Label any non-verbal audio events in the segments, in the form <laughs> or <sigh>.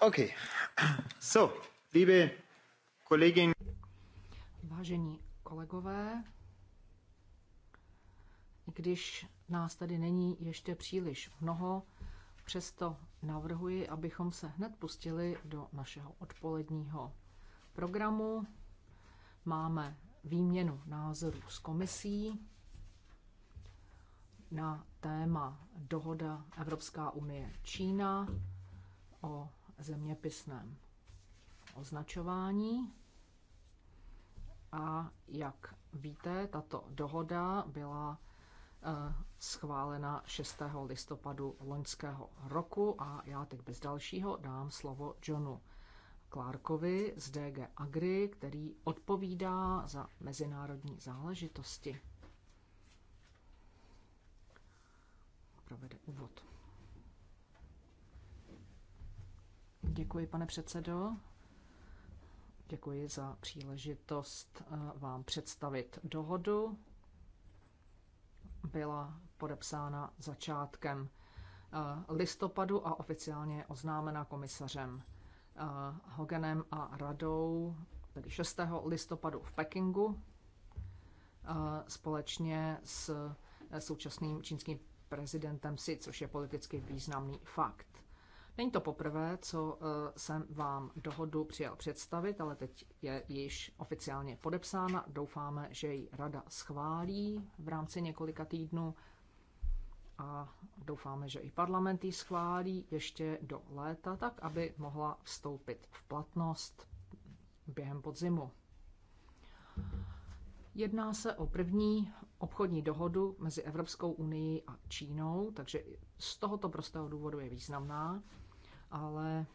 Okay. So, liebe Kollegin. Vážení kolegové, když nás tady není ještě příliš mnoho, přesto navrhuji, abychom se hned pustili do našeho odpoledního programu. Máme výměnu názorů s komisí na téma dohoda Evropská unie Čína o zeměpisném označování. A jak víte, tato dohoda byla eh, schválena 6. listopadu loňského roku a já teď bez dalšího dám slovo Johnu Clarkovi z DG Agri, který odpovídá za mezinárodní záležitosti. Provede úvod. Děkuji, pane předsedo. Děkuji za příležitost eh, vám představit dohodu. Byla podepsána začátkem eh, listopadu a oficiálně je oznámena komisařem eh, Hoganem a radou, tedy 6. listopadu v Pekingu, společně s současným čínským prezidentem Xi, což je politicky významný fakt. Není to poprvé, co eh, jsem vám dohodu přijal představit, ale teď je již oficiálně podepsána. Doufáme, že ji rada schválí v rámci několika týdnů a doufáme, že i parlament ji schválí ještě do léta, tak aby mohla vstoupit v platnost během podzimu. Jedná se o první obchodní dohodu mezi Evropskou unii a Čínou, takže z tohoto prostého důvodu je významná ale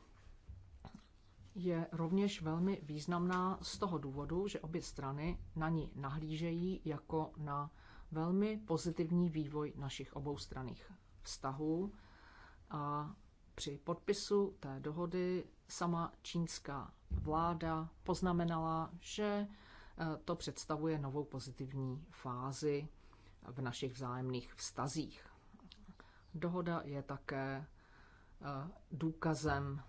je rovněž velmi významná z toho důvodu, že obě strany na ní nahlížejí jako na velmi pozitivní vývoj našich obou straných vztahů. A při podpisu té dohody sama čínská vláda poznamenala, že e, to představuje novou pozitivní fázi v našich vzájemných vztazích. Dohoda je také Eh, důkazem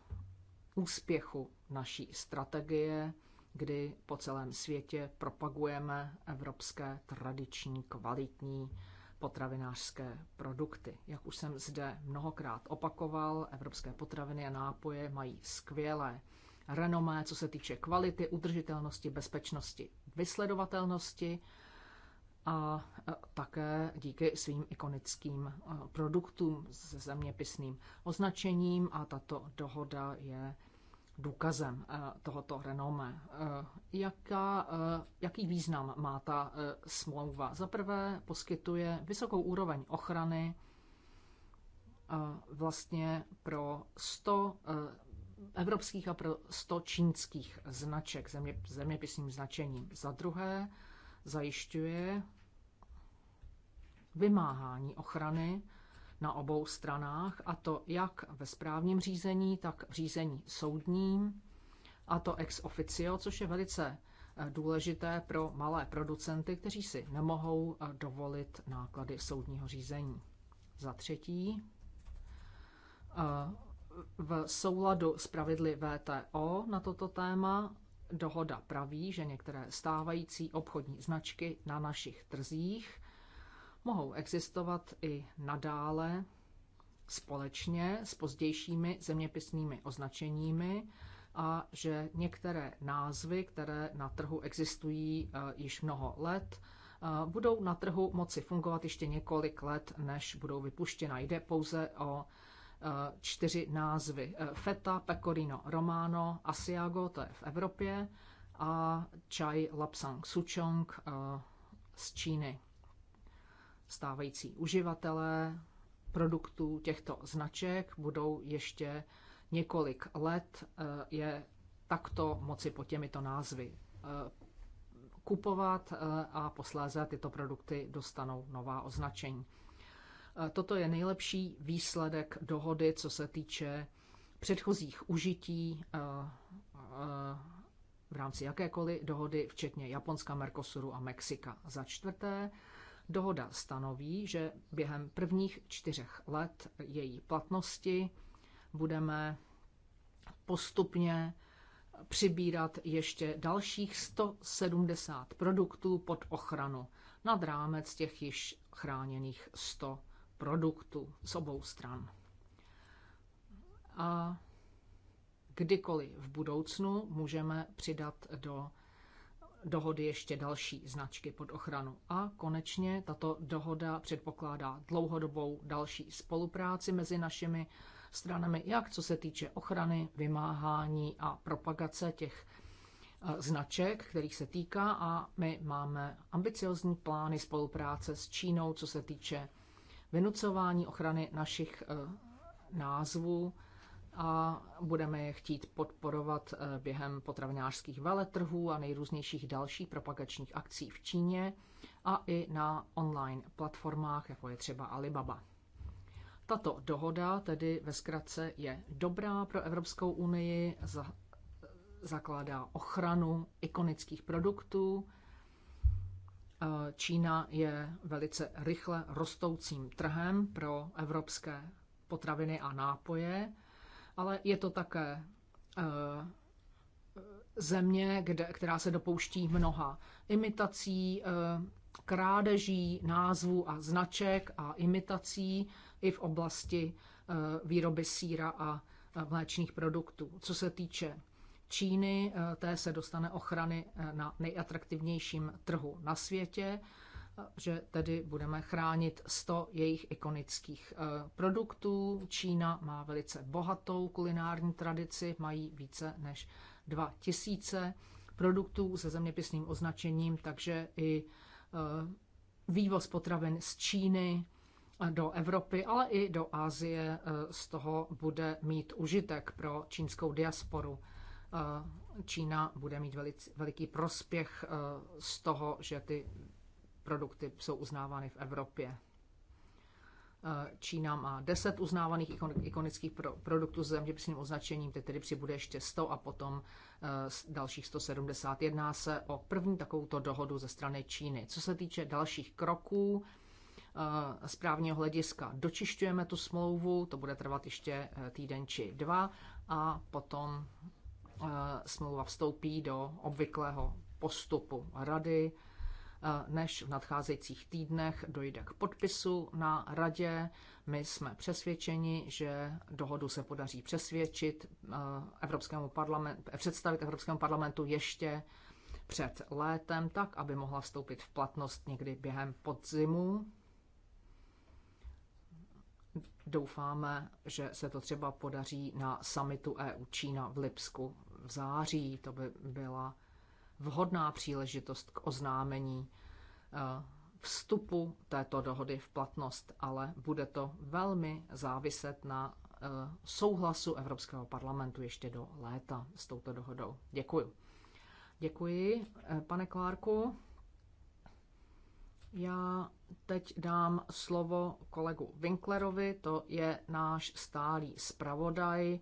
úspěchu naší strategie, kdy po celém světě propagujeme evropské tradiční kvalitní potravinářské produkty. Jak už jsem zde mnohokrát opakoval, evropské potraviny a nápoje mají skvělé renomé, co se týče kvality, udržitelnosti, bezpečnosti, vysledovatelnosti a e, také díky svým ikonickým e, produktům se zeměpisným označením a tato dohoda je důkazem e, tohoto renomé. Jaká, jaký význam má ta smlouva? Za prvé poskytuje vysokou úroveň ochrany vlastně pro 100 evropských a pro 100 čínských značek zeměpisným značením. Za druhé zajišťuje vymáhání ochrany na obou stranách, a to jak ve správním řízení, tak v řízení soudním, a to ex officio, což je velice eh, důležité pro malé producenty, kteří si nemohou eh, dovolit náklady soudního řízení. Za třetí, eh, v souladu s pravidly VTO na toto téma dohoda praví, že některé stávající obchodní značky na našich trzích mohou existovat i nadále společně s pozdějšími zeměpisnými označeními a že některé názvy, které na trhu existují eh, již mnoho let, eh, budou na trhu moci fungovat ještě několik let, než budou vypuštěna. Jde pouze o Eh, čtyři názvy. Eh, Feta, Pecorino Romano, Asiago, to je v Evropě, a čaj Lapsang Suchong eh, z Číny. Stávající uživatelé produktů těchto značek budou ještě několik let je takto moci po těmito názvy kupovat a posléze tyto produkty dostanou nová označení. Toto je nejlepší výsledek dohody, co se týče předchozích užití v rámci jakékoliv dohody, včetně Japonska, Mercosuru a Mexika. Za čtvrté, dohoda stanoví, že během prvních čtyřech let její platnosti budeme postupně přibírat ještě dalších 170 produktů pod ochranu nad rámec těch již chráněných 100 produktu z obou stran. A kdykoliv v budoucnu můžeme přidat do dohody ještě další značky pod ochranu. A konečně tato dohoda předpokládá dlouhodobou další spolupráci mezi našimi stranami, jak co se týče ochrany, vymáhání a propagace těch eh, značek, kterých se týká a my máme ambiciozní plány spolupráce s Čínou, co se týče vynucování ochrany našich eh, názvů a budeme je chtít podporovat eh, během potravinářských veletrhů a nejrůznějších dalších propagačních akcí v Číně a i na online platformách, jako je třeba Alibaba. Tato dohoda tedy ve zkratce je dobrá pro Evropskou unii, za, zakládá ochranu ikonických produktů, Eh, Čína je velice rychle rostoucím trhem pro evropské potraviny a nápoje, ale je to také eh, země, kde, která se dopouští mnoha imitací, eh, krádeží názvů a značek a imitací i v oblasti výroby síra a mléčných produktů. Co se týče Číny, eh, té se dostane ochrany eh, na nejatraktivnějším trhu na světě, eh, že tedy budeme chránit 100 jejich ikonických produktů. Čína má velice bohatou kulinární tradici, mají více než 2000 produktů se zeměpisným označením, takže i vývoz potravin z Číny do Evropy, ale i do Asie z toho bude mít užitek pro čínskou diasporu. Čína bude mít veliký prospěch eh, z toho, že ty produkty jsou uznávány v Evropě. Eh, Čína má 10 uznávaných ikonických produktů s zeměpisným označením, teď tedy přibude ještě 100 a potom eh, dalších 170. Jedná se o první takovouto dohodu ze strany Číny. Co se týče dalších kroků, z právního hlediska dočišťujeme tu smlouvu, to bude trvat ještě týden či dva a potom Eh, smlouva vstoupí do obvyklého postupu rady, eh, než v nadcházejících týdnech dojde k podpisu na radě. My jsme přesvědčeni, že dohodu se podaří přesvědčit eh, Evropskému parlamentu, představit Evropskému parlamentu ještě před létem, tak aby mohla vstoupit v platnost někdy během podzimu. Doufáme, že se to třeba podaří na summitu EU Čína v Lipsku v září. To by byla vhodná příležitost k oznámení eh, vstupu této dohody v platnost, ale bude to velmi záviset na eh, souhlasu Evropského parlamentu ještě do léta s touto dohodou. Děkuji. Děkuji, eh, pane Klárku. Já teď dám slovo kolegu Winklerovi, to je náš stálý zpravodaj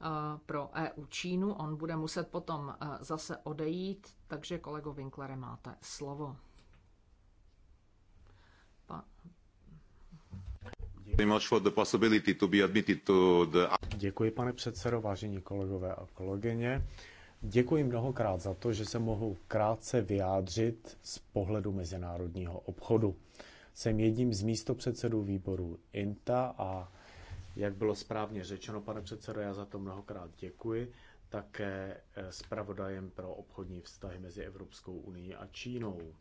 Eh, pro EU Čínu. On bude muset potom eh, zase odejít, takže kolego Winklere máte slovo. Děkuji, pane předsedo, vážení kolegové a kolegyně. Děkuji mnohokrát za to, že se mohu krátce vyjádřit z pohledu mezinárodního obchodu. Jsem jedním z místopředsedů výboru INTA a jak bylo správně řečeno, pane předsedo, já za to mnohokrát děkuji. Také eh, zpravodajem pro obchodní vztahy mezi Evropskou unii a Čínou.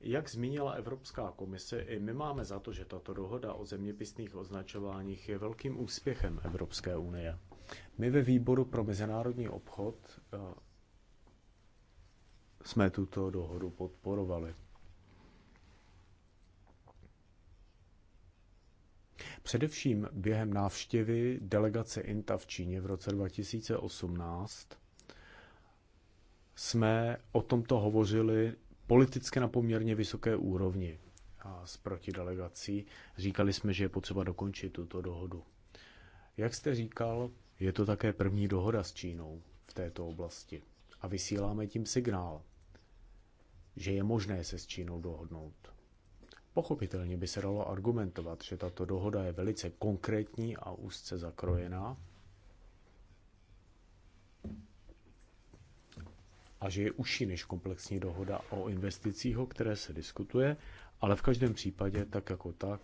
Jak zmínila Evropská komise, i my máme za to, že tato dohoda o zeměpisných označováních je velkým úspěchem Evropské unie. My ve výboru pro mezinárodní obchod eh, jsme tuto dohodu podporovali. Především během návštěvy delegace INTA v Číně v roce 2018 jsme o tomto hovořili politicky na poměrně vysoké úrovni a s protidelegací. Říkali jsme, že je potřeba dokončit tuto dohodu. Jak jste říkal, je to také první dohoda s Čínou v této oblasti. A vysíláme tím signál, že je možné se s Čínou dohodnout. Pochopitelně by se dalo argumentovat, že tato dohoda je velice konkrétní a úzce zakrojená a že je užší než komplexní dohoda o investicích, o které se diskutuje, ale v každém případě, tak jako tak,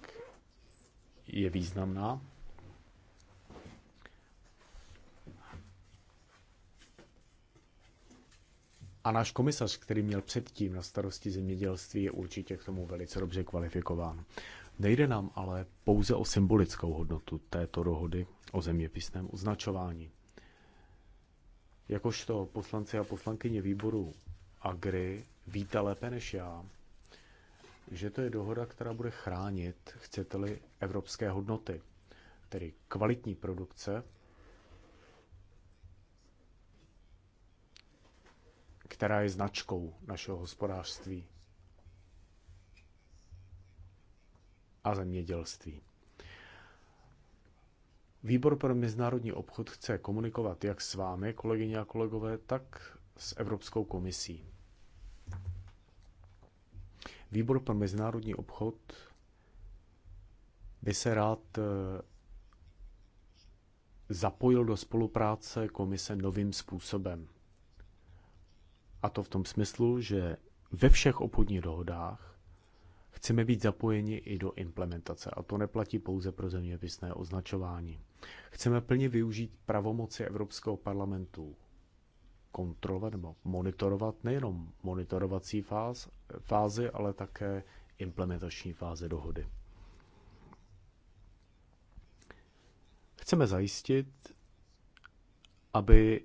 je významná A náš komisař, který měl předtím na starosti zemědělství, je určitě k tomu velice dobře kvalifikován. Nejde nám ale pouze o symbolickou hodnotu této dohody o zeměpisném označování. Jakožto poslanci a poslankyně výboru Agri víte lépe než já, že to je dohoda, která bude chránit, chcete-li, evropské hodnoty, tedy kvalitní produkce která je značkou našeho hospodářství a zemědělství. Výbor pro mezinárodní obchod chce komunikovat jak s vámi, kolegyně a kolegové, tak s Evropskou komisí. Výbor pro mezinárodní obchod by se rád eh, zapojil do spolupráce komise novým způsobem. A to v tom smyslu, že ve všech obchodních dohodách chceme být zapojeni i do implementace. A to neplatí pouze pro zeměpisné označování. Chceme plně využít pravomoci Evropského parlamentu kontrolovat nebo monitorovat nejenom monitorovací fáz, fázi, ale také implementační fáze dohody. Chceme zajistit, aby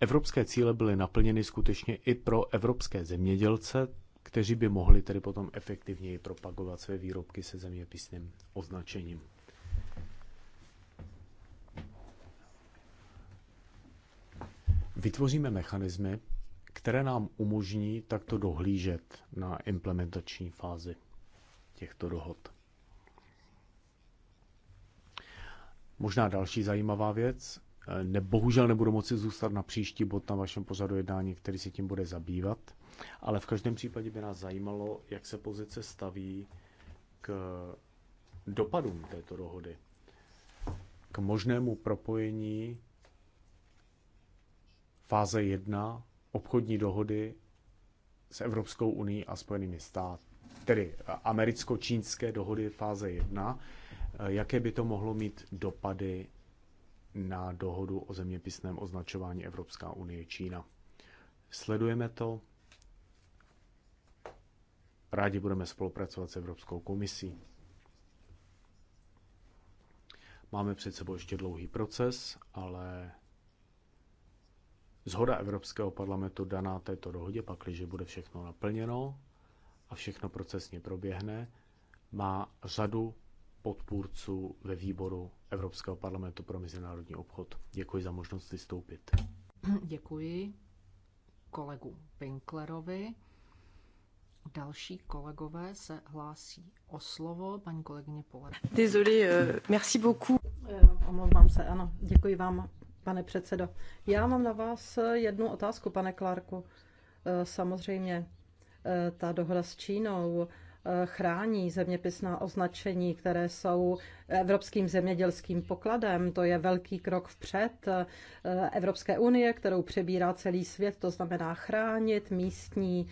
evropské cíle byly naplněny skutečně i pro evropské zemědělce, kteří by mohli tedy potom efektivněji propagovat své výrobky se zeměpisným označením. Vytvoříme mechanismy, které nám umožní takto dohlížet na implementační fázi těchto dohod. Možná další zajímavá věc, Eh, ne, bohužel nebudu moci zůstat na příští bod na vašem pořadu jednání, který se tím bude zabývat, ale v každém případě by nás zajímalo, jak se pozice staví k dopadům této dohody, k možnému propojení fáze 1 obchodní dohody s Evropskou unii a Spojenými státy, tedy americko-čínské dohody fáze 1, eh, jaké by to mohlo mít dopady na dohodu o zeměpisném označování Evropská unie Čína. Sledujeme to. Rádi budeme spolupracovat s Evropskou komisí. Máme před sebou ještě dlouhý proces, ale zhoda Evropského parlamentu daná této dohodě, pakliže bude všechno naplněno a všechno procesně proběhne, má řadu podpůrců ve výboru Evropského parlamentu pro mezinárodní obchod. Děkuji za možnost vystoupit. Děkuji kolegu Winklerovi. Další kolegové se hlásí o slovo. Paní kolegyně Polar. Désolé, euh, merci beaucoup. Eh, omlouvám se, ano. Děkuji vám, pane předsedo. Já mám na vás jednu otázku, pane Klárku. Eh, samozřejmě, eh, ta dohoda s Čínou, chrání zeměpisná označení, které jsou evropským zemědělským pokladem. To je velký krok vpřed Evropské unie, kterou přebírá celý svět. To znamená chránit místní,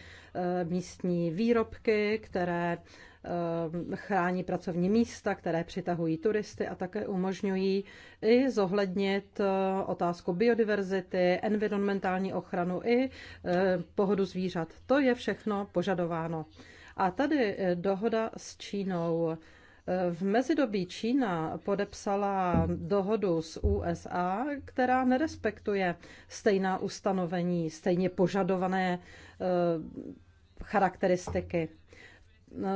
místní výrobky, které eh, chrání pracovní místa, které přitahují turisty a také umožňují i zohlednit eh, otázku biodiverzity, environmentální ochranu i eh, pohodu zvířat. To je všechno požadováno. A tady eh, dohoda s Čínou. Eh, v mezidobí Čína podepsala dohodu s USA, která nerespektuje stejná ustanovení, stejně požadované eh, charakteristiky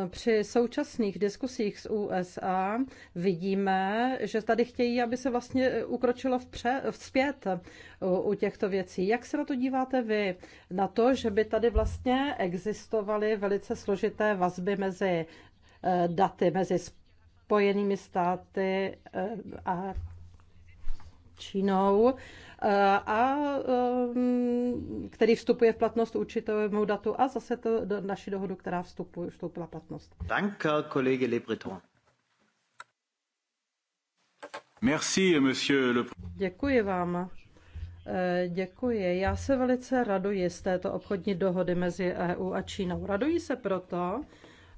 při současných diskusích s USA vidíme, že tady chtějí, aby se vlastně e, ukročilo vpře, vzpět u těchto věcí. Jak se na to díváte vy? Na to, že by tady vlastně existovaly velice složité vazby mezi e, daty, mezi Spojenými státy e, a Čínou eh, a eh, který vstupuje v platnost určitému datu a zase to do naši dohodu, která vstupuje, vstoupila platnost. Danke, kolege Le Breton. Merci, monsieur le... Děkuji vám. Eh, děkuji. Já se velice raduji z této obchodní dohody mezi EU a Čínou. Raduji se proto,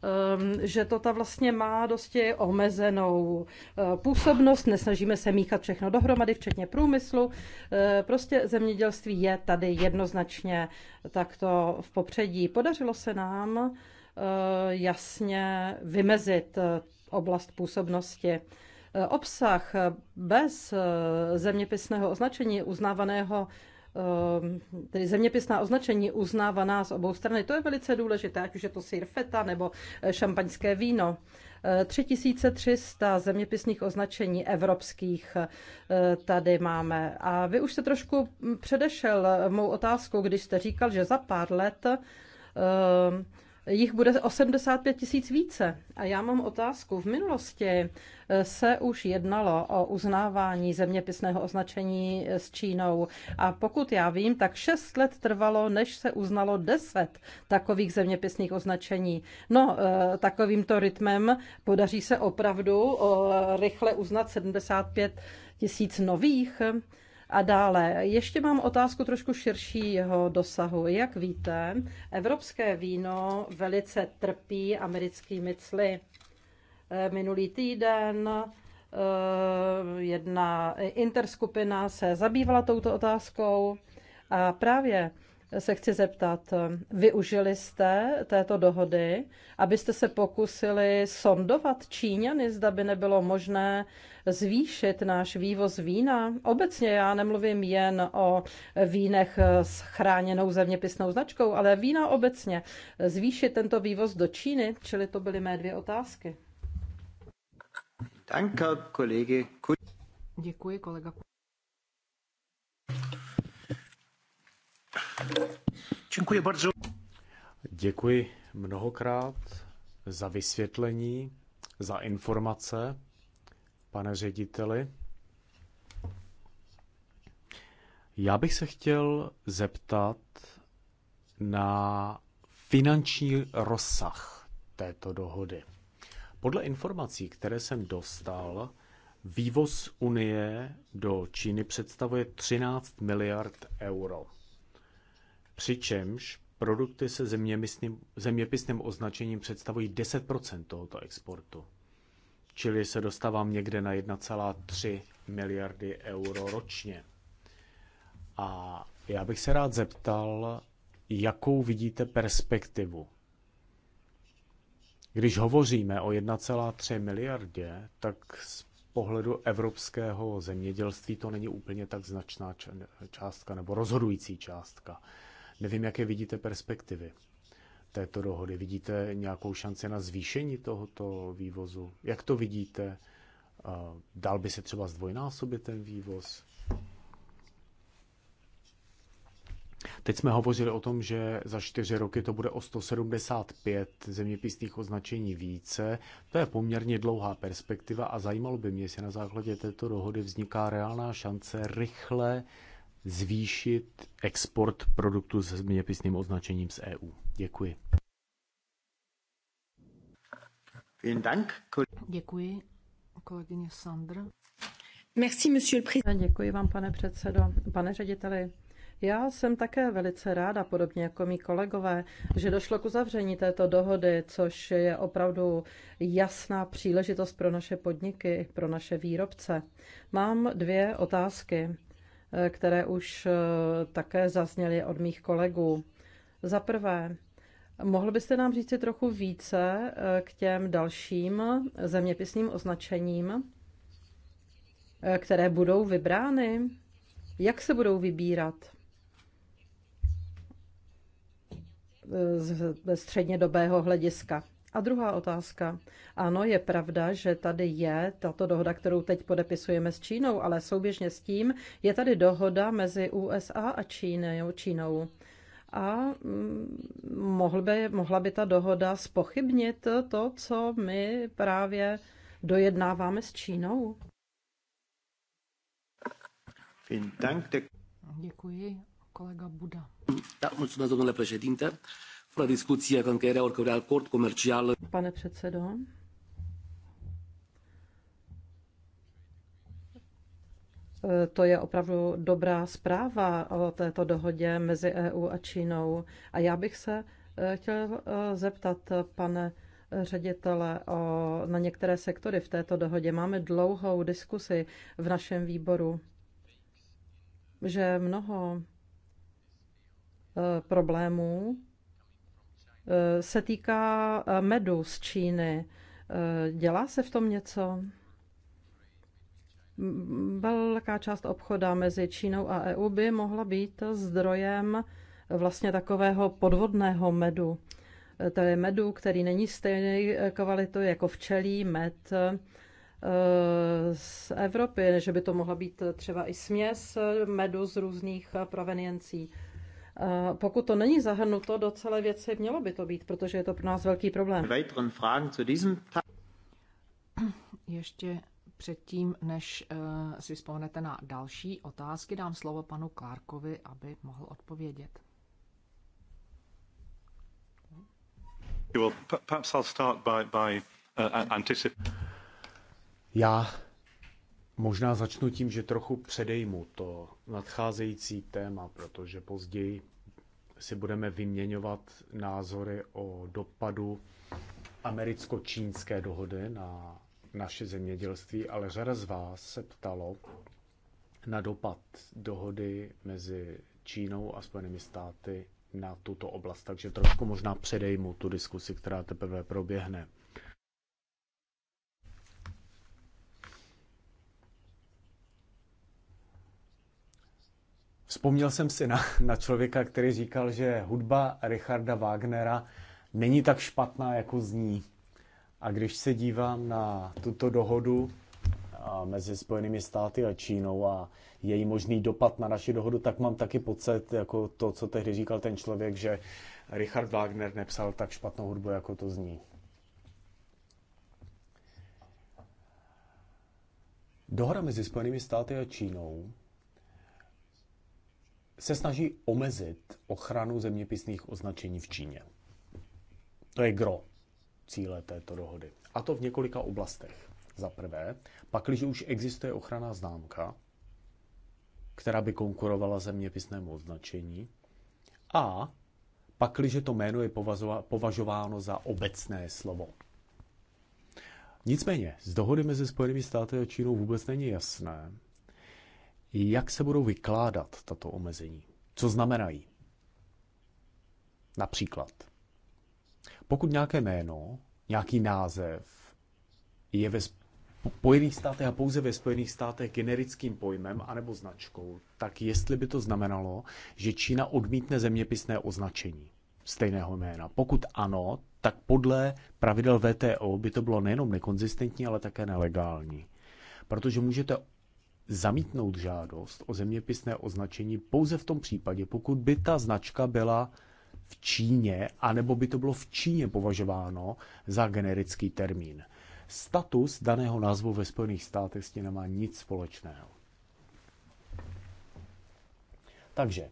Ehm, že to ta vlastně má dosti omezenou eh, působnost, nesnažíme se míchat všechno dohromady, včetně průmyslu. Eh, prostě zemědělství je tady jednoznačně takto v popředí. Podařilo se nám eh, jasně vymezit oblast působnosti. Obsah bez zeměpisného označení uznávaného Ehm, tedy zeměpisná označení uznávaná z obou strany. To je velice důležité, ať už je to sirfeta nebo eh, šampaňské víno. 3300 eh, zeměpisných označení evropských eh, tady máme. A vy už jste trošku mm, předešel mou otázku, když jste říkal, že za pár let ehm, jich bude o 75 tisíc více. A já mám otázku. V minulosti eh, se už jednalo o uznávání zeměpisného označení eh, s Čínou. A pokud já vím, tak 6 let trvalo, než se uznalo 10 takových zeměpisných označení. No, eh, takovýmto rytmem podaří se opravdu rychle uznat 75 tisíc nových. A dále, ještě mám otázku trošku širšího dosahu. Jak víte, evropské víno velice trpí americkými cly. Eh, minulý týden eh, jedna interskupina se zabývala touto otázkou a právě se chci zeptat, využili jste této dohody, abyste se pokusili sondovat Číňany, zda by nebylo možné zvýšit náš vývoz vína? Obecně já nemluvím jen o vínech s chráněnou zeměpisnou značkou, ale vína obecně. Zvýšit tento vývoz do Číny, čili to byly mé dvě otázky. kolegy. Děkuji, kolega. Děkuji bardzo. Děkuji mnohokrát za vysvětlení, za informace, pane řediteli. Já bych se chtěl zeptat na finanční rozsah této dohody. Podle informací, které jsem dostal, vývoz Unie do Číny představuje 13 miliard euro přičemž produkty se zeměpisným označením představují 10 tohoto exportu. Čili se dostávám někde na 1,3 miliardy euro ročně. A já bych se rád zeptal, jakou vidíte perspektivu když hovoříme o 1,3 miliardě, tak z pohledu evropského zemědělství to není úplně tak značná částka nebo rozhodující částka. Nevím, jaké vidíte perspektivy této dohody. Vidíte nějakou šanci na zvýšení tohoto vývozu? Jak to vidíte? Dal by se třeba zdvojnásobit ten vývoz? Teď jsme hovořili o tom, že za čtyři roky to bude o 175 zeměpisných označení více. To je poměrně dlouhá perspektiva a zajímalo by mě, jestli na základě této dohody vzniká reálná šance rychle zvýšit export produktů s zeměpisným označením z EU. Děkuji. Děkuji, kolegyně Sandra. Merci, monsieur le président. Děkuji vám, pane předsedo. Pane řediteli, já jsem také velice ráda, podobně jako mý kolegové, že došlo k uzavření této dohody, což je opravdu jasná příležitost pro naše podniky, pro naše výrobce. Mám dvě otázky které už eh, také zazněly od mých kolegů. Za prvé, mohl byste nám říci trochu více eh, k těm dalším zeměpisným označením, eh, které budou vybrány? Jak se budou vybírat? Ze střednědobého hlediska. A druhá otázka. Ano, je pravda, že tady je tato dohoda, kterou teď podepisujeme s Čínou, ale souběžně s tím je tady dohoda mezi USA a Čínou. Čínou. A mm, mohl by, mohla by ta dohoda spochybnit to, co my právě dojednáváme s Čínou? Děkuji, kolega Buda. Da, mulțumesc, domnule președinte. Pane předsedo. To je opravdu dobrá zpráva o této dohodě mezi EU a Čínou. A já bych se eh, chtěl eh, zeptat, pane ředitele o, na některé sektory v této dohodě. Máme dlouhou diskusi v našem výboru, že mnoho eh, problémů Eh, se týká eh, medu z Číny. Eh, dělá se v tom něco? Velká část obchoda mezi Čínou a EU by mohla být zdrojem vlastně takového podvodného medu. To je medu, který není stejné kvality jako včelí med z Evropy, že by to mohla být třeba i směs medu z různých proveniencí. Eh, pokud to není zahrnuto do celé věci, mělo by to být, protože je to pro nás velký problém. Ještě předtím, než eh, si vzpomenete na další otázky, dám slovo panu Klárkovi, aby mohl odpovědět. Eh, Já Možná začnu tím, že trochu předejmu to nadcházející téma, protože později si budeme vyměňovat názory o dopadu americko-čínské dohody na naše zemědělství, ale řada z vás se ptalo na dopad dohody mezi Čínou a Spojenými státy na tuto oblast, takže trošku možná předejmu tu diskusi, která teprve proběhne. Vzpomněl jsem si na, <laughs> na člověka, který říkal, že hudba Richarda Wagnera není tak špatná, jako zní. A když se dívám na tuto dohodu mezi Spojenými státy a Čínou a její možný dopad na naši dohodu, tak mám taky pocit, jako to, co tehdy říkal ten člověk, že Richard Wagner nepsal tak špatnou hudbu, jako to zní. Dohoda mezi Spojenými státy a Čínou se snaží omezit ochranu zeměpisných označení v Číně. To je gro cíle této dohody. A to v několika oblastech. Za prvé, pakliže už existuje ochranná známka, která by konkurovala zeměpisnému označení, a pakliže to jméno je považováno za obecné slovo. Nicméně, z dohody mezi Spojenými státy a Čínou vůbec není jasné, jak se budou vykládat tato omezení? Co znamenají? Například, pokud nějaké jméno, nějaký název je ve Spojených státech a pouze ve Spojených státech generickým pojmem anebo značkou, tak jestli by to znamenalo, že Čína odmítne zeměpisné označení stejného jména. Pokud ano, tak podle pravidel VTO by to bylo nejenom nekonzistentní, ale také nelegální. Protože můžete zamítnout žádost o zeměpisné označení pouze v tom případě, pokud by ta značka byla v Číně, anebo by to bylo v Číně považováno za generický termín. Status daného názvu ve Spojených státech s tím nemá nic společného. Takže,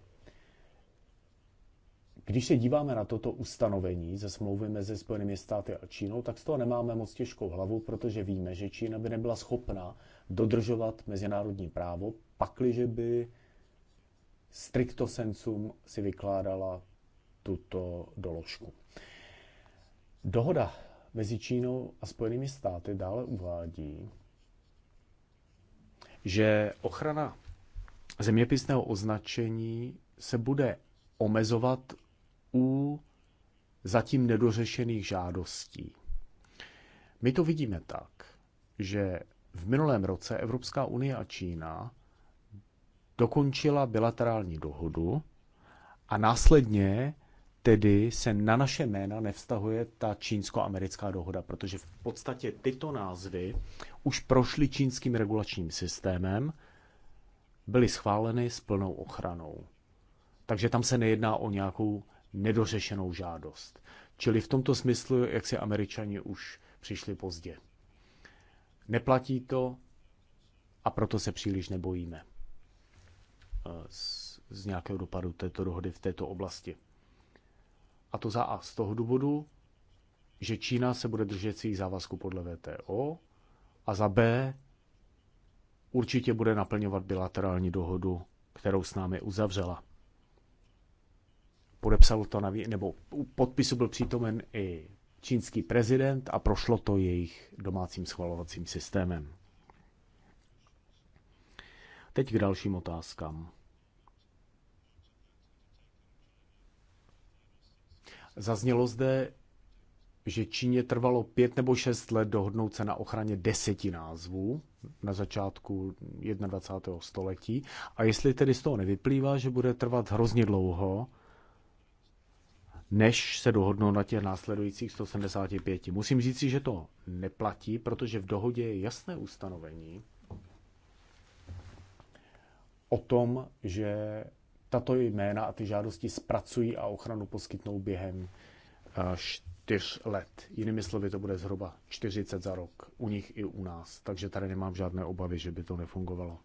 když se díváme na toto ustanovení ze smlouvy mezi Spojenými státy a Čínou, tak z toho nemáme moc těžkou hlavu, protože víme, že Čína by nebyla schopna dodržovat mezinárodní právo, pakliže by stricto sensum si vykládala tuto doložku. Dohoda mezi Čínou a Spojenými státy dále uvádí, že ochrana zeměpisného označení se bude omezovat u zatím nedořešených žádostí. My to vidíme tak, že v minulém roce Evropská unie a Čína dokončila bilaterální dohodu a následně tedy se na naše jména nevztahuje ta čínsko-americká dohoda, protože v podstatě tyto názvy už prošly čínským regulačním systémem, byly schváleny s plnou ochranou. Takže tam se nejedná o nějakou nedořešenou žádost. Čili v tomto smyslu, jak si američani už přišli pozdě. Neplatí to a proto se příliš nebojíme eh, z, z nějakého dopadu této dohody v této oblasti. A to za A z toho důvodu, že Čína se bude držet svých závazků podle VTO a za B určitě bude naplňovat bilaterální dohodu, kterou s námi uzavřela. Podepsal to na, nebo podpisu byl přítomen i čínský prezident a prošlo to jejich domácím schvalovacím systémem. Teď k dalším otázkám. Zaznělo zde, že Číně trvalo pět nebo šest let dohodnout se na ochraně deseti názvů na začátku 21. století. A jestli tedy z toho nevyplývá, že bude trvat hrozně dlouho, než se dohodnou na těch následujících 175. Musím říci, že to neplatí, protože v dohodě je jasné ustanovení o tom, že tato jména a ty žádosti zpracují a ochranu poskytnou během eh, čtyř let. Jinými slovy, to bude zhruba 40 za rok, u nich i u nás. Takže tady nemám žádné obavy, že by to nefungovalo.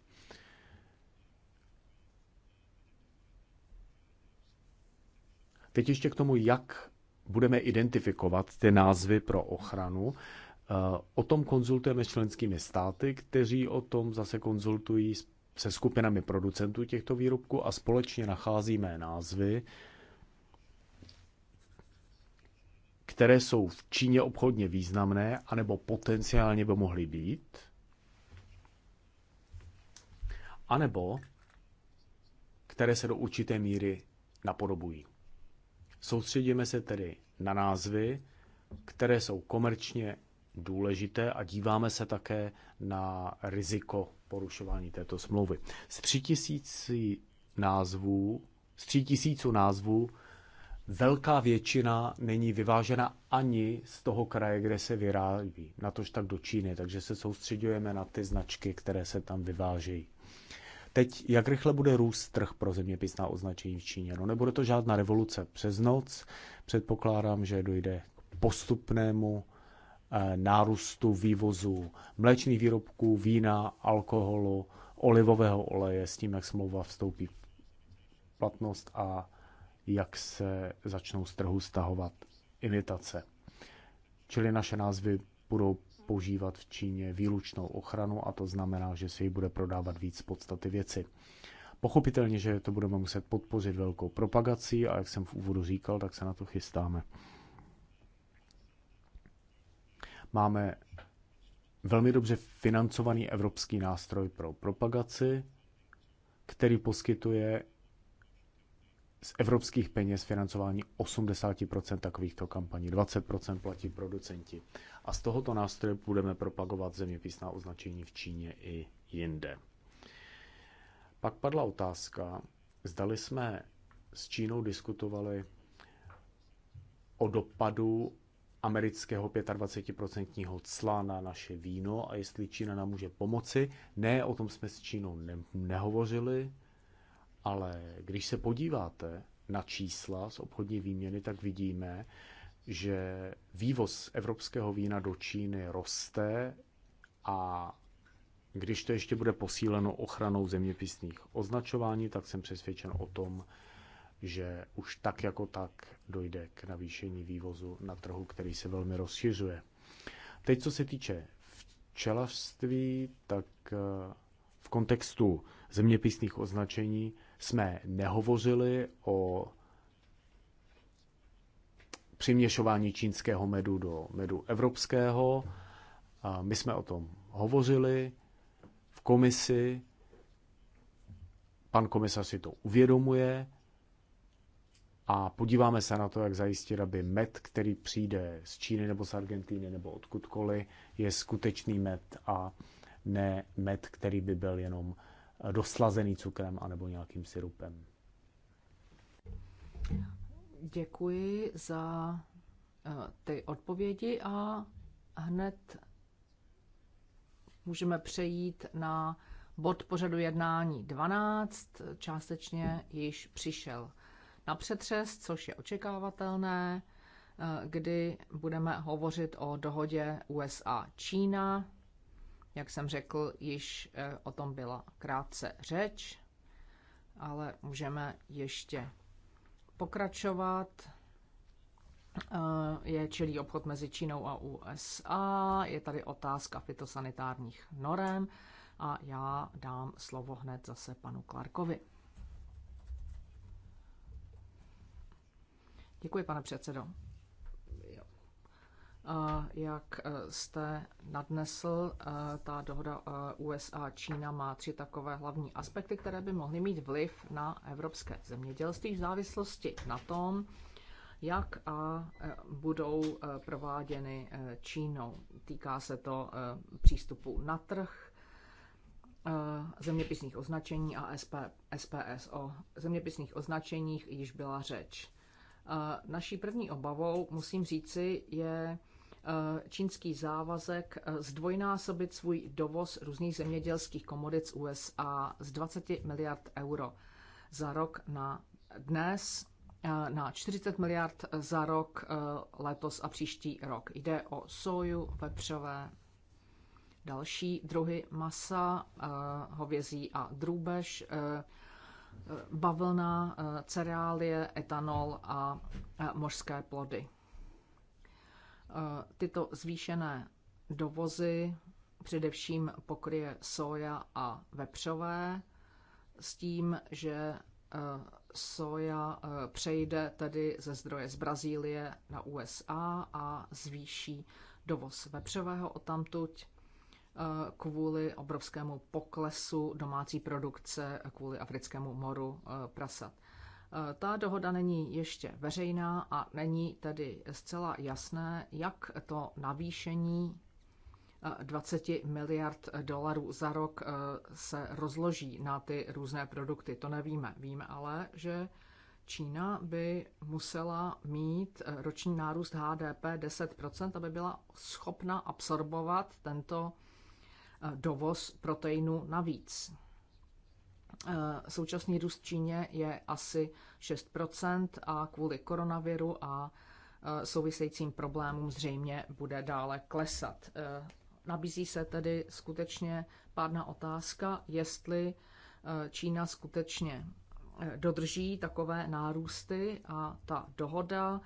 Teď ještě k tomu, jak budeme identifikovat ty názvy pro ochranu. Eh, o tom konzultujeme s členskými státy, kteří o tom zase konzultují se skupinami producentů těchto výrobků a společně nacházíme názvy, které jsou v Číně obchodně významné, anebo potenciálně by mohly být, anebo které se do určité míry napodobují. Soustředíme se tedy na názvy, které jsou komerčně důležité a díváme se také na riziko porušování této smlouvy. Z tři tisíci názvů, z tří tisíců názvů velká většina není vyvážena ani z toho kraje, kde se vyrábí, natož tak do Číny, takže se soustředujeme na ty značky, které se tam vyvážejí. Teď, jak rychle bude růst trh pro zeměpisná označení v Číně? No nebude to žádná revoluce přes noc. Předpokládám, že dojde k postupnému eh, nárůstu vývozu mléčných výrobků, vína, alkoholu, olivového oleje s tím, jak smlouva vstoupí v platnost a jak se začnou z trhu stahovat imitace. Čili naše názvy budou používat v Číně výlučnou ochranu a to znamená, že se jí bude prodávat víc podstaty věci. Pochopitelně, že to budeme muset podpořit velkou propagací a jak jsem v úvodu říkal, tak se na to chystáme. Máme velmi dobře financovaný evropský nástroj pro propagaci, který poskytuje z evropských peněz financování 80% takovýchto kampaní, 20% platí producenti. A z tohoto nástroje budeme propagovat zeměpisná označení v Číně i jinde. Pak padla otázka, zdali jsme s Čínou diskutovali o dopadu amerického 25% cla na naše víno a jestli Čína nám může pomoci. Ne, o tom jsme s Čínou ne- nehovořili, ale když se podíváte na čísla z obchodní výměny, tak vidíme, že vývoz evropského vína do Číny roste a když to ještě bude posíleno ochranou zeměpisných označování, tak jsem přesvědčen o tom, že už tak jako tak dojde k navýšení vývozu na trhu, který se velmi rozšiřuje. Teď, co se týče včelařství, tak eh, v kontextu zeměpisných označení jsme nehovořili o přiměšování čínského medu do medu evropského. A my jsme o tom hovořili v komisi. Pan komisař si to uvědomuje a podíváme se na to, jak zajistit, aby med, který přijde z Číny nebo z Argentíny nebo odkudkoliv, je skutečný med a ne med, který by byl jenom doslazený cukrem anebo nějakým syrupem. Děkuji za eh, ty odpovědi a hned můžeme přejít na bod pořadu jednání 12. Částečně již přišel na přetřes, což je očekávatelné, eh, kdy budeme hovořit o dohodě USA-Čína jak jsem řekl, již eh, o tom byla krátce řeč, ale můžeme ještě pokračovat. Eh, je čilý obchod mezi Čínou a USA, je tady otázka fitosanitárních norem a já dám slovo hned zase panu Clarkovi. Děkuji, pane předsedo. Jak e, jste nadnesl, e, ta dohoda e, USA-Čína má tři takové hlavní aspekty, které by mohly mít vliv na evropské zemědělství v závislosti na tom, jak a budou prováděny Čínou. Týká se to přístupu na trh, zeměpisných označení a SP, SPSO. Zeměpisných označeních již byla řeč. Naší první obavou, musím říci, je e, čínský závazek e, zdvojnásobit svůj dovoz různých zemědělských komodit z USA z 20 miliard euro za rok na dnes e, na 40 miliard za rok letos a příští rok. Jde o soju, vepřové, další druhy masa, hovězí a drůbež, bavlna, eh, cereálie, etanol a eh, mořské plody. Eh, tyto zvýšené dovozy především pokryje soja a vepřové s tím, že soja přejde tedy ze zdroje z Brazílie na USA a zvýší dovoz vepřového odtamtuť Eh, kvůli obrovskému poklesu domácí produkce eh, kvůli africkému moru eh, prasat. Ta dohoda není ještě veřejná a není tedy zcela jasné, jak to navýšení 20 miliard dolarů za rok se rozloží na ty různé produkty. To nevíme. Víme ale, že Čína by musela mít roční nárůst HDP 10%, aby byla schopna absorbovat tento Eh, dovoz proteinu navíc. Eh, současný růst Číně je asi 6 a kvůli koronaviru a eh, souvisejícím problémům zřejmě bude dále klesat. Nabízí se tedy skutečně pádná otázka, jestli Čína skutečně dodrží takové nárůsty a ta dohoda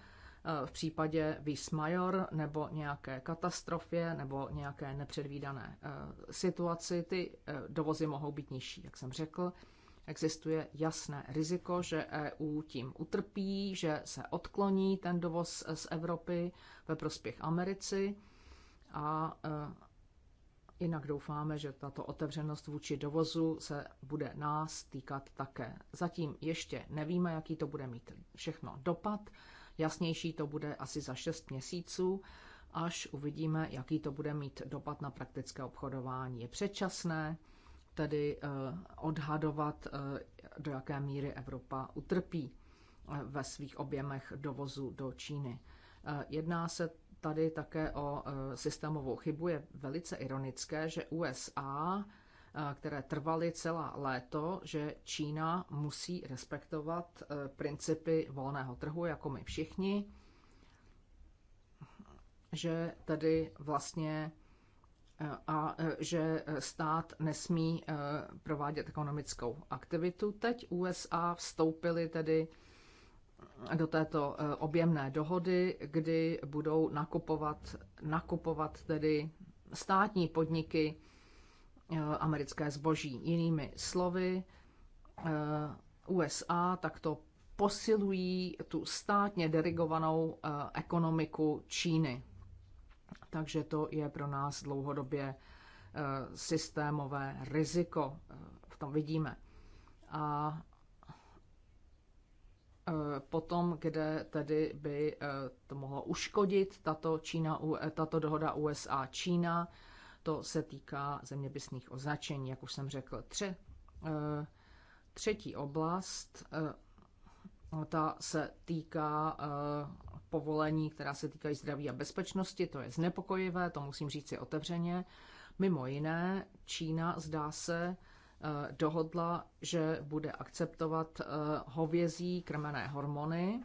v případě vis major nebo nějaké katastrofě nebo nějaké nepředvídané eh, situaci. Ty eh, dovozy mohou být nižší, jak jsem řekl. Existuje jasné riziko, že EU tím utrpí, že se odkloní ten dovoz eh, z Evropy ve prospěch Americi a Jinak doufáme, že tato otevřenost vůči dovozu se bude nás týkat také. Zatím ještě nevíme, jaký to bude mít všechno dopad. Jasnější to bude asi za 6 měsíců, až uvidíme, jaký to bude mít dopad na praktické obchodování. Je předčasné tedy eh, odhadovat, eh, do jaké míry Evropa utrpí eh, ve svých objemech dovozu do Číny. Jedná se tady také o systémovou chybu. Je velice ironické, že USA Eh, které trvaly celá léto, že Čína musí respektovat eh, principy volného trhu, jako my všichni, že tedy vlastně eh, a že stát nesmí provádět ekonomickou aktivitu. Teď USA vstoupily tedy do této objemné dohody, kdy budou nakupovat, nakupovat tedy státní podniky Eh, americké zboží. Jinými slovy, eh, USA takto posilují tu státně dirigovanou eh, ekonomiku Číny. Takže to je pro nás dlouhodobě systémové riziko. V tom vidíme. A potom, kde tedy by to mohlo uškodit tato, Čína, tato dohoda USA-Čína, to se týká zeměpisných označení, jak už jsem řekl. Tře, eh, třetí oblast, eh, ta se týká eh, povolení, která se týkají zdraví a bezpečnosti. To je znepokojivé, to musím říct si otevřeně. Mimo jiné, Čína zdá se dohodla, že bude akceptovat hovězí krmené hormony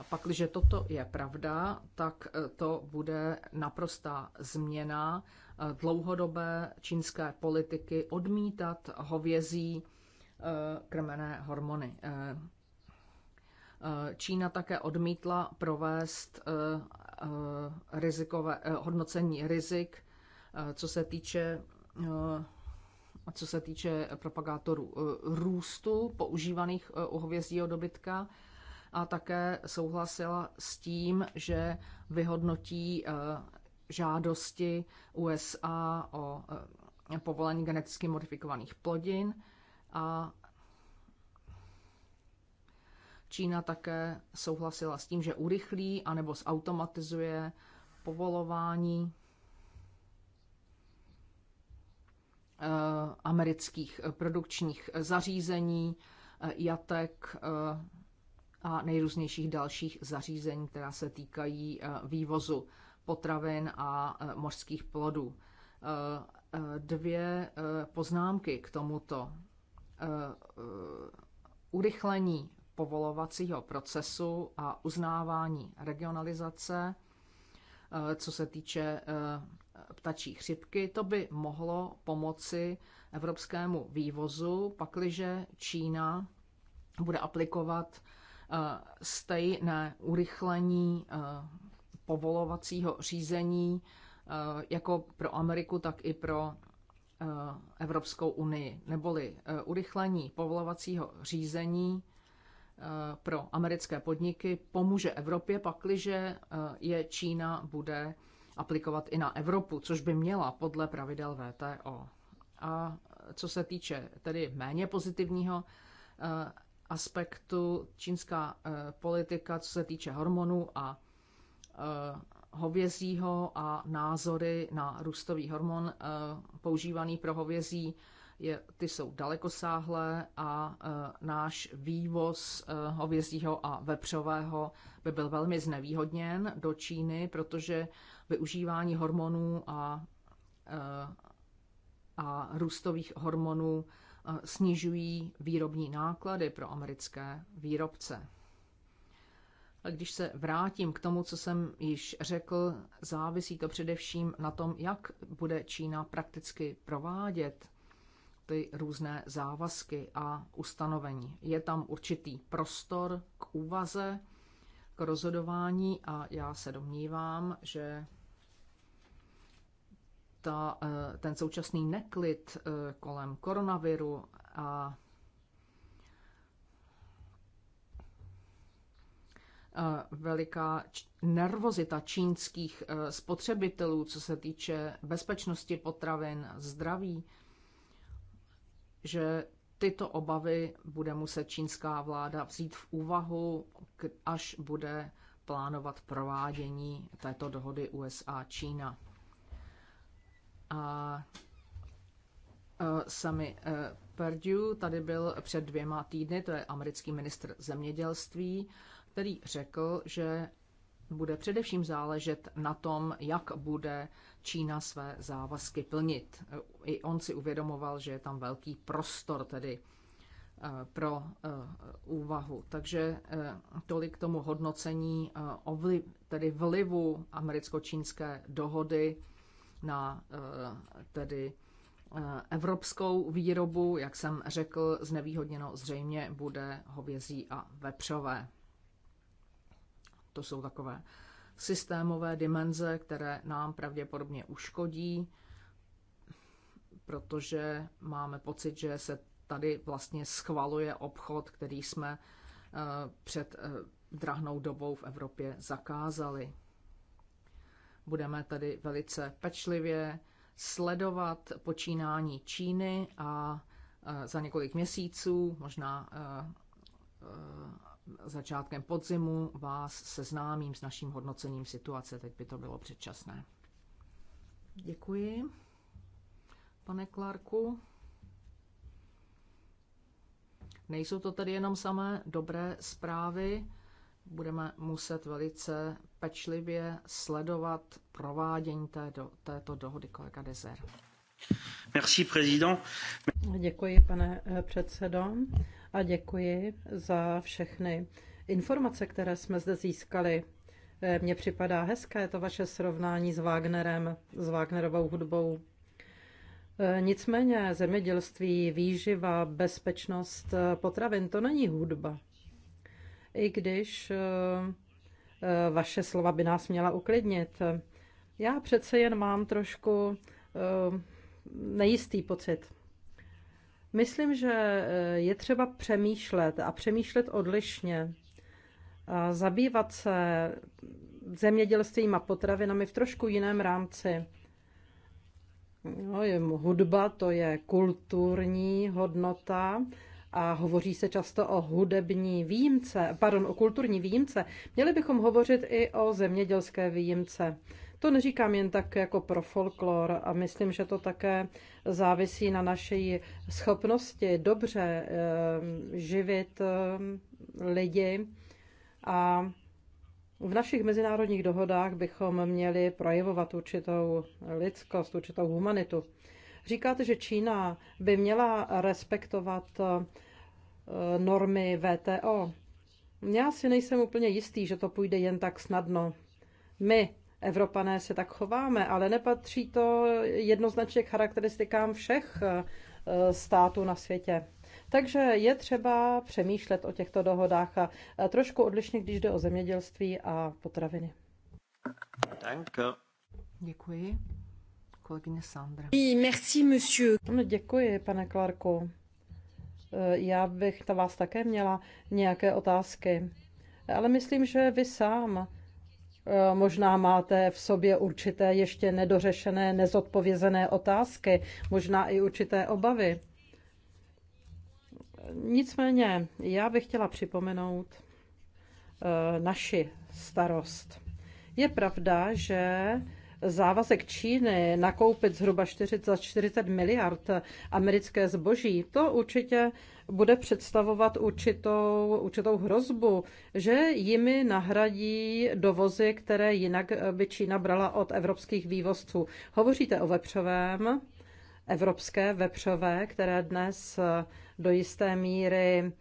a pak, když toto je pravda, tak e, to bude naprostá změna e, dlouhodobé čínské politiky odmítat hovězí e, krmené hormony. Čína také odmítla provést rizikové, hodnocení rizik, co se týče co se týče propagátorů růstu používaných u hovězího dobytka a také souhlasila s tím, že vyhodnotí eh, žádosti USA o eh, povolení geneticky modifikovaných plodin a Čína také souhlasila s tím, že urychlí anebo zautomatizuje povolování eh, amerických produkčních zařízení, jatek, a nejrůznějších dalších zařízení, která se týkají eh, vývozu potravin a eh, mořských plodů. Eh, dvě poznámky k tomuto. Urychlení povolovacího procesu a uznávání regionalizace, co se týče ptačí chřipky, to by mohlo pomoci evropskému vývozu, pakliže Čína bude aplikovat stejné urychlení povolovacího řízení jako pro Ameriku, tak i pro Evropskou unii, neboli urychlení povolovacího řízení pro americké podniky pomůže Evropě, pakliže je Čína bude aplikovat i na Evropu, což by měla podle pravidel VTO. A co se týče tedy méně pozitivního aspektu čínská eh, politika, co se týče hormonů a eh, hovězího a názory na růstový hormon eh, používaný pro hovězí, je, ty jsou dalekosáhlé a náš vývoz hovězího a vepřového by byl velmi znevýhodněn do Číny, protože využívání hormonů a, a růstových hormonů snižují výrobní náklady pro americké výrobce. A když se vrátím k tomu, co jsem již řekl, závisí to především na tom, jak bude Čína prakticky provádět ty různé závazky a ustanovení. Je tam určitý prostor k úvaze, k rozhodování a já se domnívám, že ta, eh, ten současný neklid eh, kolem koronaviru a eh, veliká nervozita čínských spotřebitelů, co se týče bezpečnosti potravin, zdraví, že tyto obavy bude muset čínská vláda vzít v úvahu, až bude plánovat provádění této dohody USA-Čína a Sami e, Perdue tady byl před dvěma týdny, to je americký ministr zemědělství, který řekl, že bude především záležet na tom, jak bude Čína své závazky plnit. E, I on si uvědomoval, že je tam velký prostor tedy e, pro úvahu. Takže tolik tomu hodnocení tedy vlivu americko-čínské dohody na eh, tedy eh, evropskou výrobu, jak jsem řekl, znevýhodněno zřejmě bude hovězí a vepřové. To jsou takové systémové dimenze, které nám pravděpodobně uškodí, protože máme pocit, že se tady vlastně schvaluje obchod, který jsme eh, před drahnou dobou v Evropě zakázali. Budeme tedy velice pečlivě sledovat počínání Číny a e, za několik měsíců, možná e, e, začátkem podzimu, vás seznámím s naším hodnocením situace. Teď by to bylo předčasné. Děkuji, pane Klárku. Nejsou to tedy jenom samé dobré zprávy budeme muset velice pečlivě sledovat provádění této, této dohody, kolega Dezer. Merci, président. Děkuji, pane eh, předsedo, a děkuji za všechny informace, které jsme zde získali. Eh, mně připadá hezké to vaše srovnání s Wagnerem, s Wagnerovou hudbou. Eh, nicméně zemědělství, výživa, bezpečnost potravin, to není hudba i když eh, eh, vaše slova by nás měla uklidnit. Já přece jen mám trošku eh, nejistý pocit. Myslím, že je třeba přemýšlet a přemýšlet odlišně. A zabývat se zemědělstvím a potravinami v trošku jiném rámci. No, je hudba to je kulturní hodnota, a hovoří se často o hudební výjimce, pardon, o kulturní výjimce, měli bychom hovořit i o zemědělské výjimce. To neříkám jen tak jako pro folklor a myslím, že to také závisí na naší schopnosti dobře eh, živit eh, lidi a v našich mezinárodních dohodách bychom měli projevovat určitou lidskost, určitou humanitu. Říkáte, že Čína by měla respektovat eh, normy VTO. Já si nejsem úplně jistý, že to půjde jen tak snadno. My, Evropané, se tak chováme, ale nepatří to jednoznačně k charakteristikám všech eh, států na světě. Takže je třeba přemýšlet o těchto dohodách a eh, trošku odlišně, když jde o zemědělství a potraviny. Danke. Děkuji kolegyně Sandra. Merci, monsieur. No, děkuji, pane Klarko. Eh, já bych ta vás také měla nějaké otázky. Ale myslím, že vy sám eh, možná máte v sobě určité ještě nedořešené, nezodpovězené otázky, možná i určité obavy. Nicméně, já bych chtěla připomenout eh, naši starost. Je pravda, že závazek Číny nakoupit zhruba 40, 40 miliard americké zboží, to určitě bude představovat určitou, určitou hrozbu, že jimi nahradí dovozy, které jinak by Čína brala od evropských vývozců. Hovoříte o vepřovém, evropské vepřové, které dnes do jisté míry eh,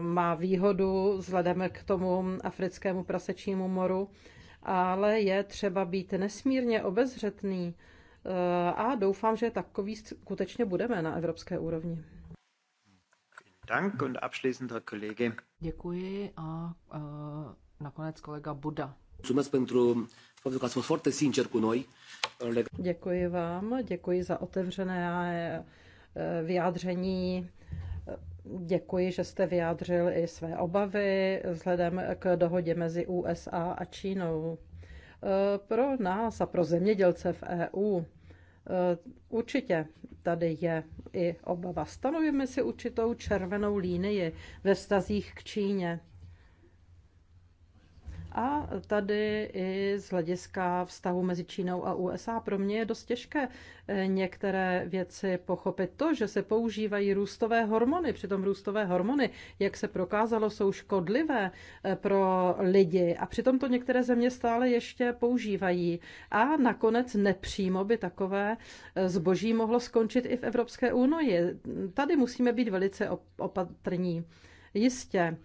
má výhodu vzhledem k tomu africkému prasečímu moru ale je třeba být nesmírně obezřetný eh, a doufám, že takový skutečně budeme na evropské úrovni. Děkuji a eh, nakonec kolega Buda. Děkuji vám, děkuji za otevřené eh, vyjádření Děkuji, že jste vyjádřil i své obavy vzhledem k dohodě mezi USA a Čínou. E, pro nás a pro zemědělce v EU e, určitě tady je i obava. Stanovíme si určitou červenou línii ve vztazích k Číně a tady i z hlediska vztahu mezi Čínou a USA pro mě je dost těžké eh, některé věci pochopit. To, že se používají růstové hormony, přitom růstové hormony, jak se prokázalo, jsou škodlivé eh, pro lidi a přitom to některé země stále ještě používají. A nakonec nepřímo by takové eh, zboží mohlo skončit i v Evropské unii. Tady musíme být velice opatrní. Jistě,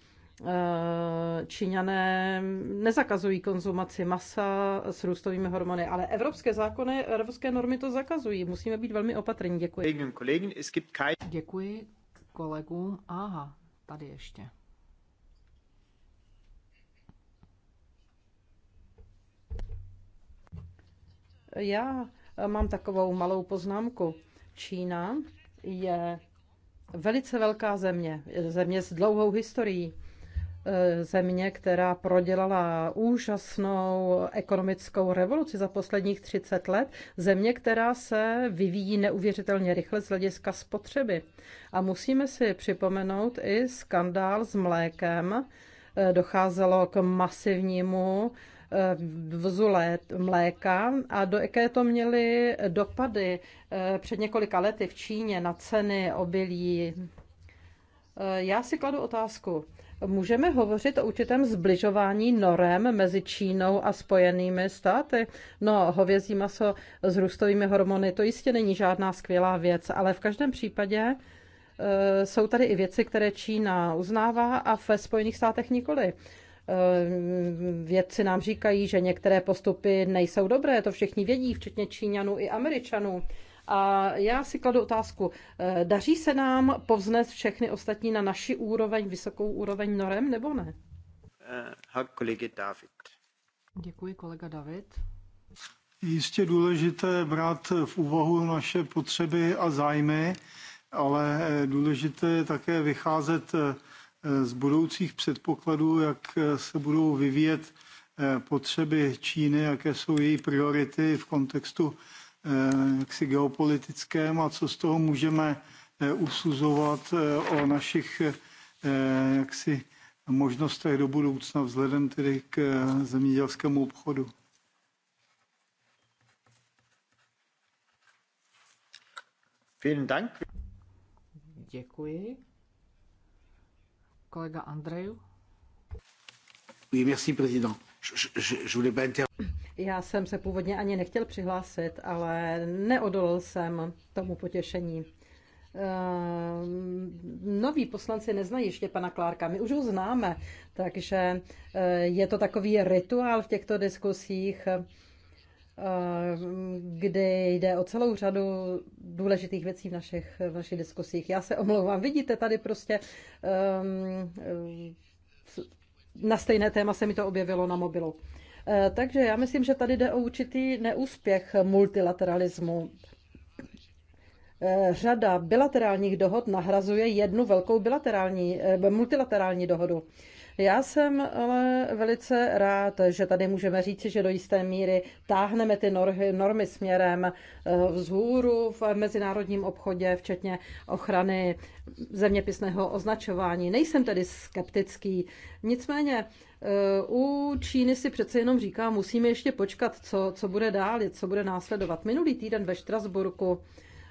Eh, Číňané nezakazují konzumaci masa s růstovými hormony, ale evropské zákony, evropské normy to zakazují. Musíme být velmi opatrní. Děkuji. Děkuji kolegům. Aha, tady ještě. Já mám takovou malou poznámku. Čína je velice velká země, země s dlouhou historií Eh, země, která prodělala úžasnou ekonomickou revoluci za posledních 30 let, země, která se vyvíjí neuvěřitelně rychle z hlediska spotřeby. A musíme si připomenout i skandál s mlékem. Eh, docházelo k masivnímu eh, vzu mléka a do jaké to měly dopady před několika lety v Číně na ceny obilí. Já si kladu otázku, Můžeme hovořit o určitém zbližování norem mezi Čínou a spojenými státy. No, hovězí maso s růstovými hormony, to jistě není žádná skvělá věc, ale v každém případě e, jsou tady i věci, které Čína uznává a ve Spojených státech nikoli. E, vědci nám říkají, že některé postupy nejsou dobré, to všichni vědí, včetně Číňanů i Američanů. A já si kladu otázku, eh, daří se nám povznést všechny ostatní na naši úroveň, vysokou úroveň norem, nebo ne? Eh, David. Děkuji, kolega David. Jistě důležité brát v úvahu naše potřeby a zájmy, ale eh, důležité je také vycházet z budoucích předpokladů, jak se budou vyvíjet potřeby Číny, jaké jsou její priority v kontextu Eh, jaksi geopolitickém a co z toho můžeme eh, usuzovat eh, o našich jaksi možnostech do budoucna vzhledem tedy k zemědělskému obchodu. Vielen Dank. Děkuji. Kolega Andreju. Oui, merci, président. Je, je, je voulais pas inter... Já jsem se původně ani nechtěl přihlásit, ale neodolal jsem tomu potěšení. Ehm, noví poslanci neznají ještě pana Klárka, my už ho známe, takže eh, je to takový rituál v těchto diskusích, eh, kdy jde o celou řadu důležitých věcí v našich, v našich diskusích. Já se omlouvám, vidíte tady prostě ehm, na stejné téma se mi to objevilo na mobilu. Eh, takže já myslím, že tady jde o určitý neúspěch multilateralismu. Eh, řada bilaterálních dohod nahrazuje jednu velkou bilaterální, eh, multilaterální dohodu. Já jsem ale velice rád, že tady můžeme říci, že do jisté míry táhneme ty normy směrem eh, vzhůru v mezinárodním obchodě, včetně ochrany zeměpisného označování. Nejsem tedy skeptický, nicméně eh, u Číny si přece jenom říká, musíme ještě počkat, co, co bude dál, co bude následovat. Minulý týden ve Štrasburku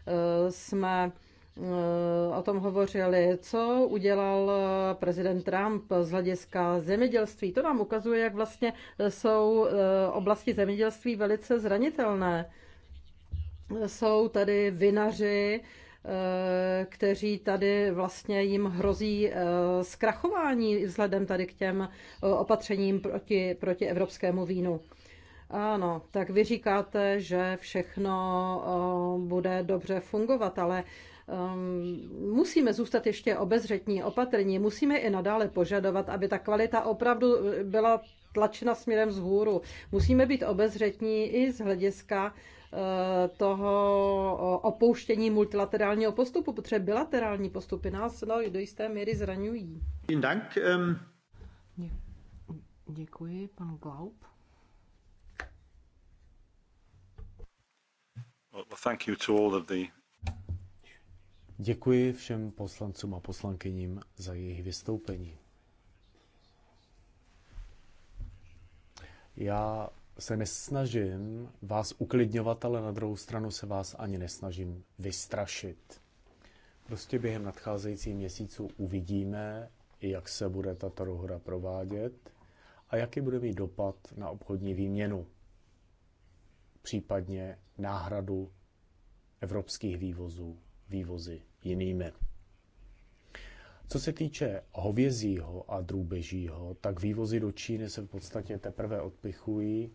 eh, jsme Eh, o tom hovořili, co udělal eh, prezident Trump z hlediska zemědělství. To nám ukazuje, jak vlastně eh, jsou oblasti zemědělství velice zranitelné. Jsou tady vinaři, kteří tady vlastně jim hrozí zkrachování vzhledem tady k těm opatřením proti, proti evropskému vínu. Ano, tak vy říkáte, že všechno bude dobře fungovat, ale Ehm, musíme zůstat ještě obezřetní, opatrní, musíme i nadále požadovat, aby ta kvalita opravdu byla tlačena směrem vzhůru. Musíme být obezřetní i z hlediska eh, toho opouštění multilaterálního postupu, protože bilaterální postupy nás no, do jisté míry zraňují. Ehm. Děkuji, pan Glaub. Well, thank you to all of the Děkuji všem poslancům a poslankyním za jejich vystoupení. Já se nesnažím vás uklidňovat, ale na druhou stranu se vás ani nesnažím vystrašit. Prostě během nadcházejících měsíců uvidíme, jak se bude tato dohoda provádět a jaký bude mít dopad na obchodní výměnu, případně náhradu evropských vývozů vývozy jinými. Co se týče hovězího a drůbežího, tak vývozy do Číny se v podstatě teprve odpichují.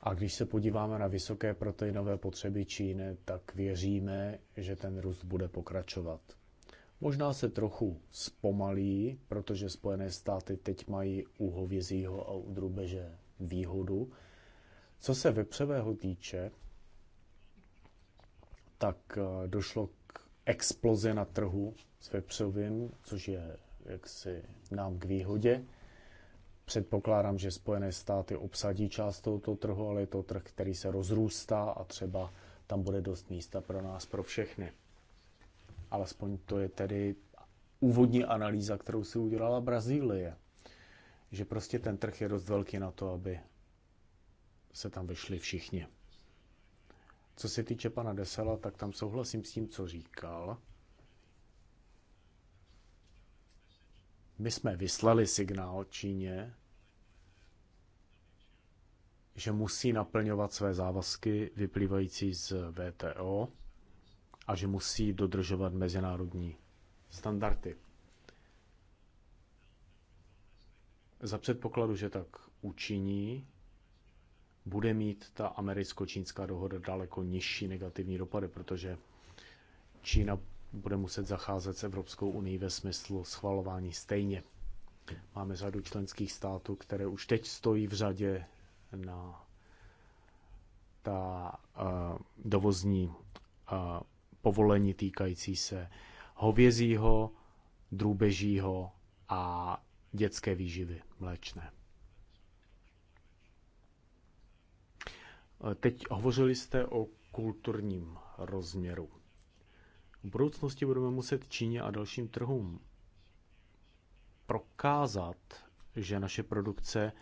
A když se podíváme na vysoké proteinové potřeby Číny, tak věříme, že ten růst bude pokračovat. Možná se trochu zpomalí, protože Spojené státy teď mají u hovězího a u drůbeže výhodu. Co se vepřového týče, tak eh, došlo k explozi na trhu s vepřovým, což je jaksi nám k výhodě. Předpokládám, že Spojené státy obsadí část tohoto trhu, ale je to trh, který se rozrůstá a třeba tam bude dost místa pro nás, pro všechny. Alespoň to je tedy úvodní analýza, kterou si udělala Brazílie. Že prostě ten trh je dost velký na to, aby se tam vyšli všichni. Co se týče pana Desela, tak tam souhlasím s tím, co říkal. My jsme vyslali signál Číně, že musí naplňovat své závazky vyplývající z VTO a že musí dodržovat mezinárodní standardy. Za předpokladu, že tak učiní, bude mít ta americko-čínská dohoda daleko nižší negativní dopady, protože Čína bude muset zacházet s Evropskou unii ve smyslu schvalování stejně. Máme řadu členských států, které už teď stojí v řadě na ta uh, dovozní uh, povolení týkající se hovězího, drůbežího a dětské výživy mléčné. Teď hovořili jste o kulturním rozměru. V budoucnosti budeme muset Číně a dalším trhům prokázat, že naše produkce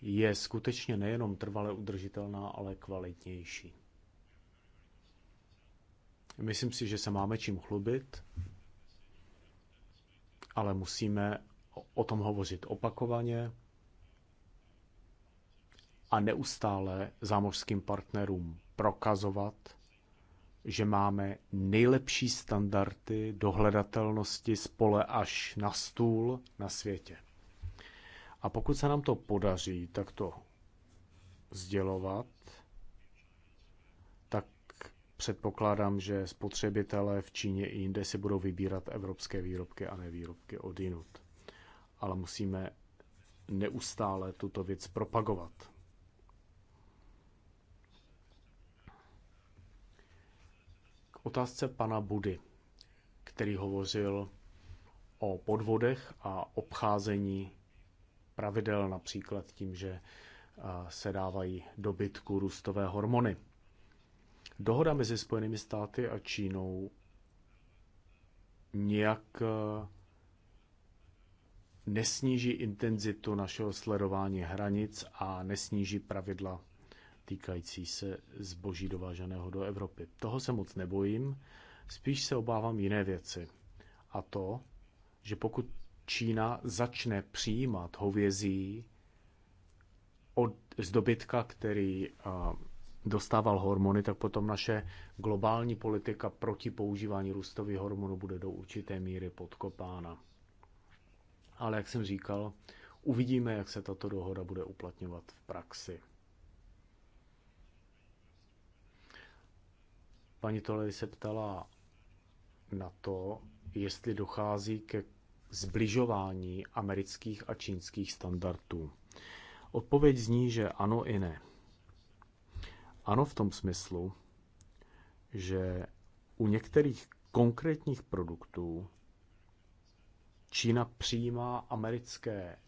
je skutečně nejenom trvale udržitelná, ale kvalitnější. Myslím si, že se máme čím chlubit, ale musíme o tom hovořit opakovaně, a neustále zámořským partnerům prokazovat, že máme nejlepší standardy dohledatelnosti spole až na stůl na světě. A pokud se nám to podaří takto sdělovat, tak předpokládám, že spotřebitelé v Číně i jinde si budou vybírat evropské výrobky a ne výrobky od jinut. Ale musíme neustále tuto věc propagovat. otázce pana Budy, který hovořil o podvodech a obcházení pravidel, například tím, že se dávají dobytku růstové hormony. Dohoda mezi Spojenými státy a Čínou nijak nesníží intenzitu našeho sledování hranic a nesníží pravidla týkající se zboží dováženého do Evropy. Toho se moc nebojím, spíš se obávám jiné věci. A to, že pokud Čína začne přijímat hovězí od, zdobytka, který dostával hormony, tak potom naše globální politika proti používání růstových hormonů bude do určité míry podkopána. Ale jak jsem říkal, uvidíme, jak se tato dohoda bude uplatňovat v praxi. Paní Tolej se ptala na to, jestli dochází ke zbližování amerických a čínských standardů. Odpověď zní, že ano i ne. Ano v tom smyslu, že u některých konkrétních produktů Čína přijímá americké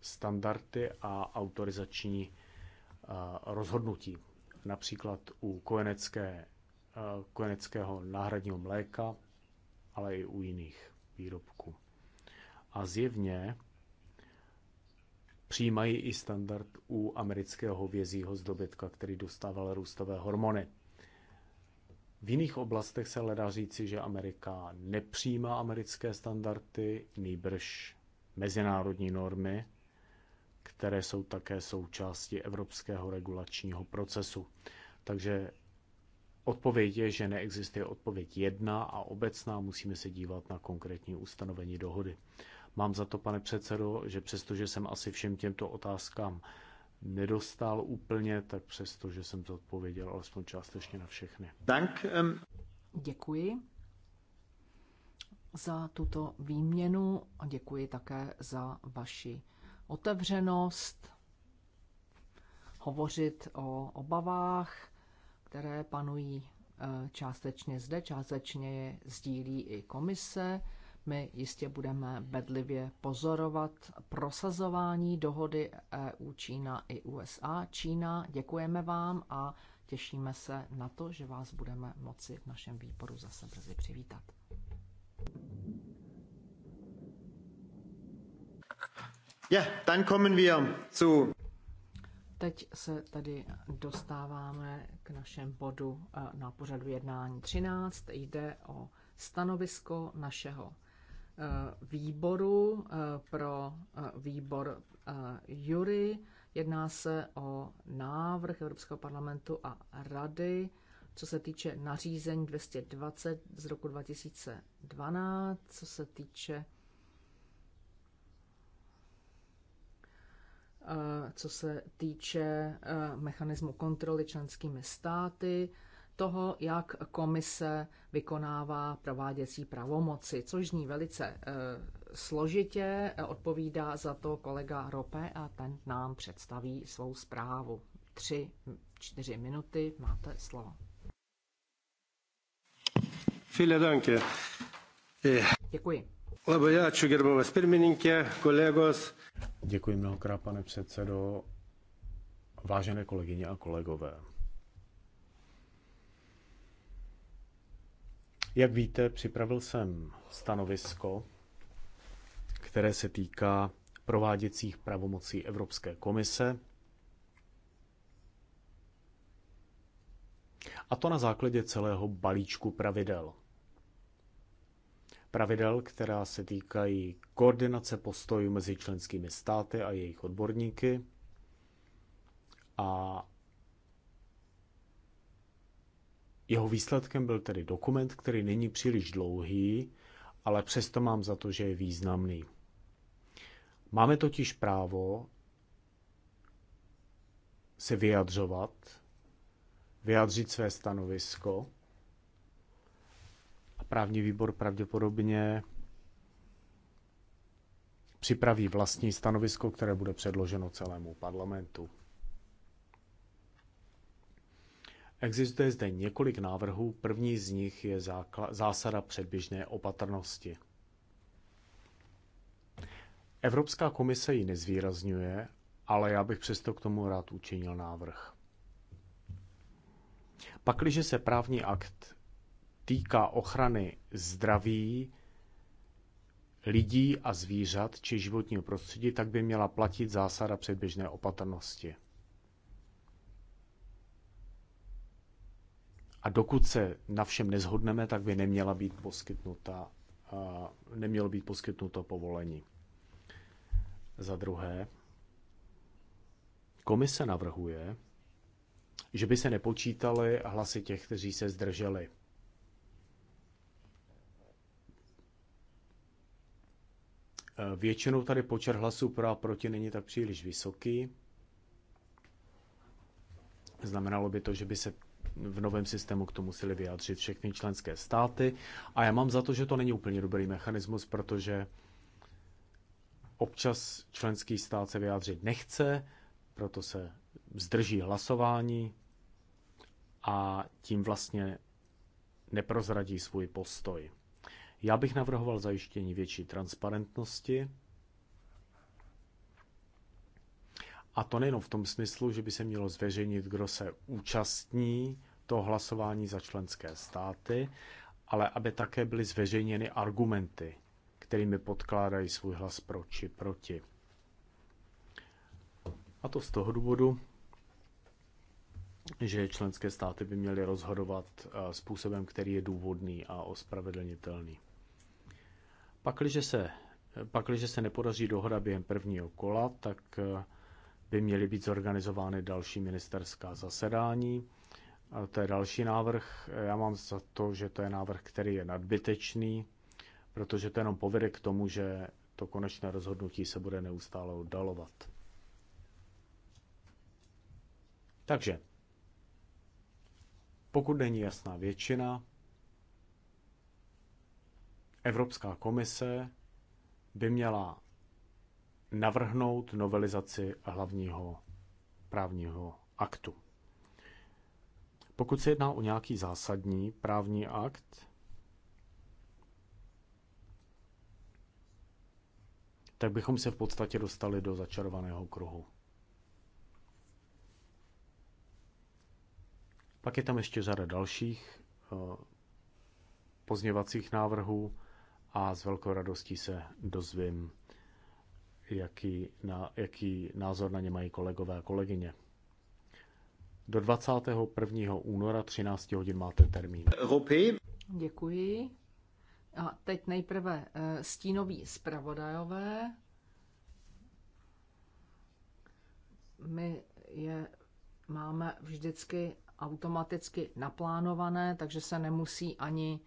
standardy a autorizační eh, rozhodnutí. Například u kojenecké kojeneckého náhradního mléka, ale i u jiných výrobků. A zjevně přijímají i standard u amerického hovězího zdobytka, který dostával růstové hormony. V jiných oblastech se hledá říci, že Amerika nepřijímá americké standardy, nýbrž mezinárodní normy, které jsou také součástí evropského regulačního procesu. Takže Odpověď je, že neexistuje odpověď jedna a obecná, musíme se dívat na konkrétní ustanovení dohody. Mám za to, pane předsedo, že přestože jsem asi všem těmto otázkám nedostal úplně, tak přesto, že jsem to odpověděl alespoň částečně na všechny. Dank. Děkuji za tuto výměnu a děkuji také za vaši otevřenost hovořit o obavách které panují eh, částečně zde, částečně je sdílí i komise. My jistě budeme bedlivě pozorovat prosazování dohody EU Čína i USA. Čína, děkujeme vám a těšíme se na to, že vás budeme moci v našem výboru zase brzy přivítat. Ja, dann kommen wir zu Teď se tady dostáváme k našem bodu eh, na pořadu jednání 13. Jde o stanovisko našeho eh, výboru eh, pro výbor Jury. Jedná se o návrh Evropského parlamentu a rady, co se týče nařízení 220 z roku 2012, co se týče co se týče e, mechanismu kontroly členskými státy, toho, jak komise vykonává prováděcí pravomoci, což zní velice e, složitě, e, odpovídá za to kolega Rope a ten nám představí svou zprávu. Tři, čtyři minuty, máte slovo. Děkuji. Labai ačiū, pirmininkė, kolegos. Děkuji mnohokrát, pane předsedo. Vážené kolegyně a kolegové. Jak víte, připravil jsem stanovisko, které se týká prováděcích pravomocí Evropské komise. A to na základě celého balíčku pravidel pravidel, která se týkají koordinace postojů mezi členskými státy a jejich odborníky a Jeho výsledkem byl tedy dokument, který není příliš dlouhý, ale přesto mám za to, že je významný. Máme totiž právo se vyjadřovat, vyjádřit své stanovisko právní výbor pravděpodobně připraví vlastní stanovisko, které bude předloženo celému parlamentu. Existuje zde několik návrhů, první z nich je zásada předběžné opatrnosti. Evropská komise ji nezvýrazňuje, ale já bych přesto k tomu rád učinil návrh. Pakliže se právní akt týká ochrany zdraví lidí a zvířat či životního prostředí, tak by měla platit zásada předběžné opatrnosti. A dokud se na všem nezhodneme, tak by neměla být poskytnuta, nemělo být poskytnuto povolení. Za druhé, komise navrhuje, že by se nepočítali hlasy těch, kteří se zdrželi. Většinou tady počet hlasů pro a proti není tak příliš vysoký. Znamenalo by to, že by se v novém systému k tomu museli vyjádřit všechny členské státy. A já mám za to, že to není úplně dobrý mechanismus, protože občas členský stát se vyjádřit nechce, proto se zdrží hlasování a tím vlastně neprozradí svůj postoj. Já bych navrhoval zajištění větší transparentnosti. A to nejenom v tom smyslu, že by se mělo zveřejnit, kdo se účastní toho hlasování za členské státy, ale aby také byly zveřejněny argumenty, kterými podkládají svůj hlas pro či proti. A to z toho důvodu, že členské státy by měly rozhodovat eh, způsobem, který je důvodný a ospravedlnitelný. Pakliže se, pakliže se nepodaří dohoda během prvního kola, tak eh, by měly být zorganizovány další ministerská zasedání. A to je další návrh. Já mám za to, že to je návrh, který je nadbytečný, protože to jenom povede k tomu, že to konečné rozhodnutí se bude neustále oddalovat. Takže, pokud není jasná většina, Evropská komise by měla navrhnout novelizaci hlavního právního aktu. Pokud se jedná o nějaký zásadní právní akt, tak bychom se v podstatě dostali do začarovaného kruhu. Pak je tam ještě řada dalších eh, pozněvacích návrhů, a s velkou radostí se dozvím, jaký, na, jaký názor na ně mají kolegové a kolegyně. Do 21. února 13 hodin máte termín. Ropy. Děkuji. A teď nejprve eh, stínoví zpravodajové. My je máme vždycky automaticky naplánované, takže se nemusí ani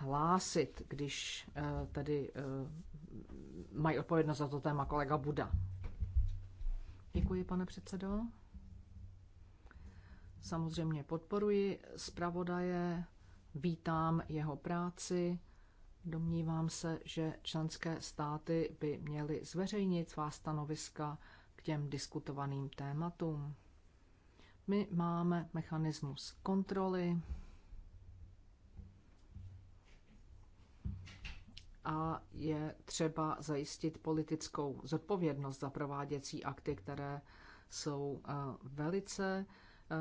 hlásit, když eh, tedy eh, mají odpovědnost za to téma kolega Buda. Děkuji, pane předsedo. Samozřejmě podporuji zpravodaje, vítám jeho práci. Domnívám se, že členské státy by měly zveřejnit svá stanoviska k těm diskutovaným tématům. My máme mechanismus kontroly, a je třeba zajistit politickou zodpovědnost za prováděcí akty, které jsou eh, velice eh,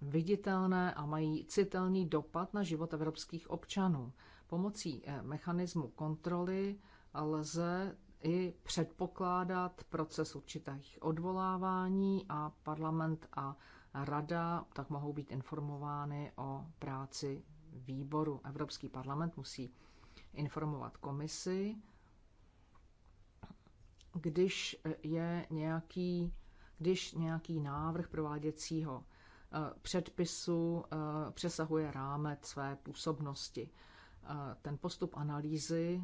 viditelné a mají citelný dopad na život evropských občanů. Pomocí eh, mechanismu kontroly lze i předpokládat proces určitých odvolávání a parlament a rada tak mohou být informovány o práci výboru. Evropský parlament musí informovat komisi, když je nějaký, když nějaký návrh prováděcího eh, předpisu eh, přesahuje rámec své působnosti. Eh, ten postup analýzy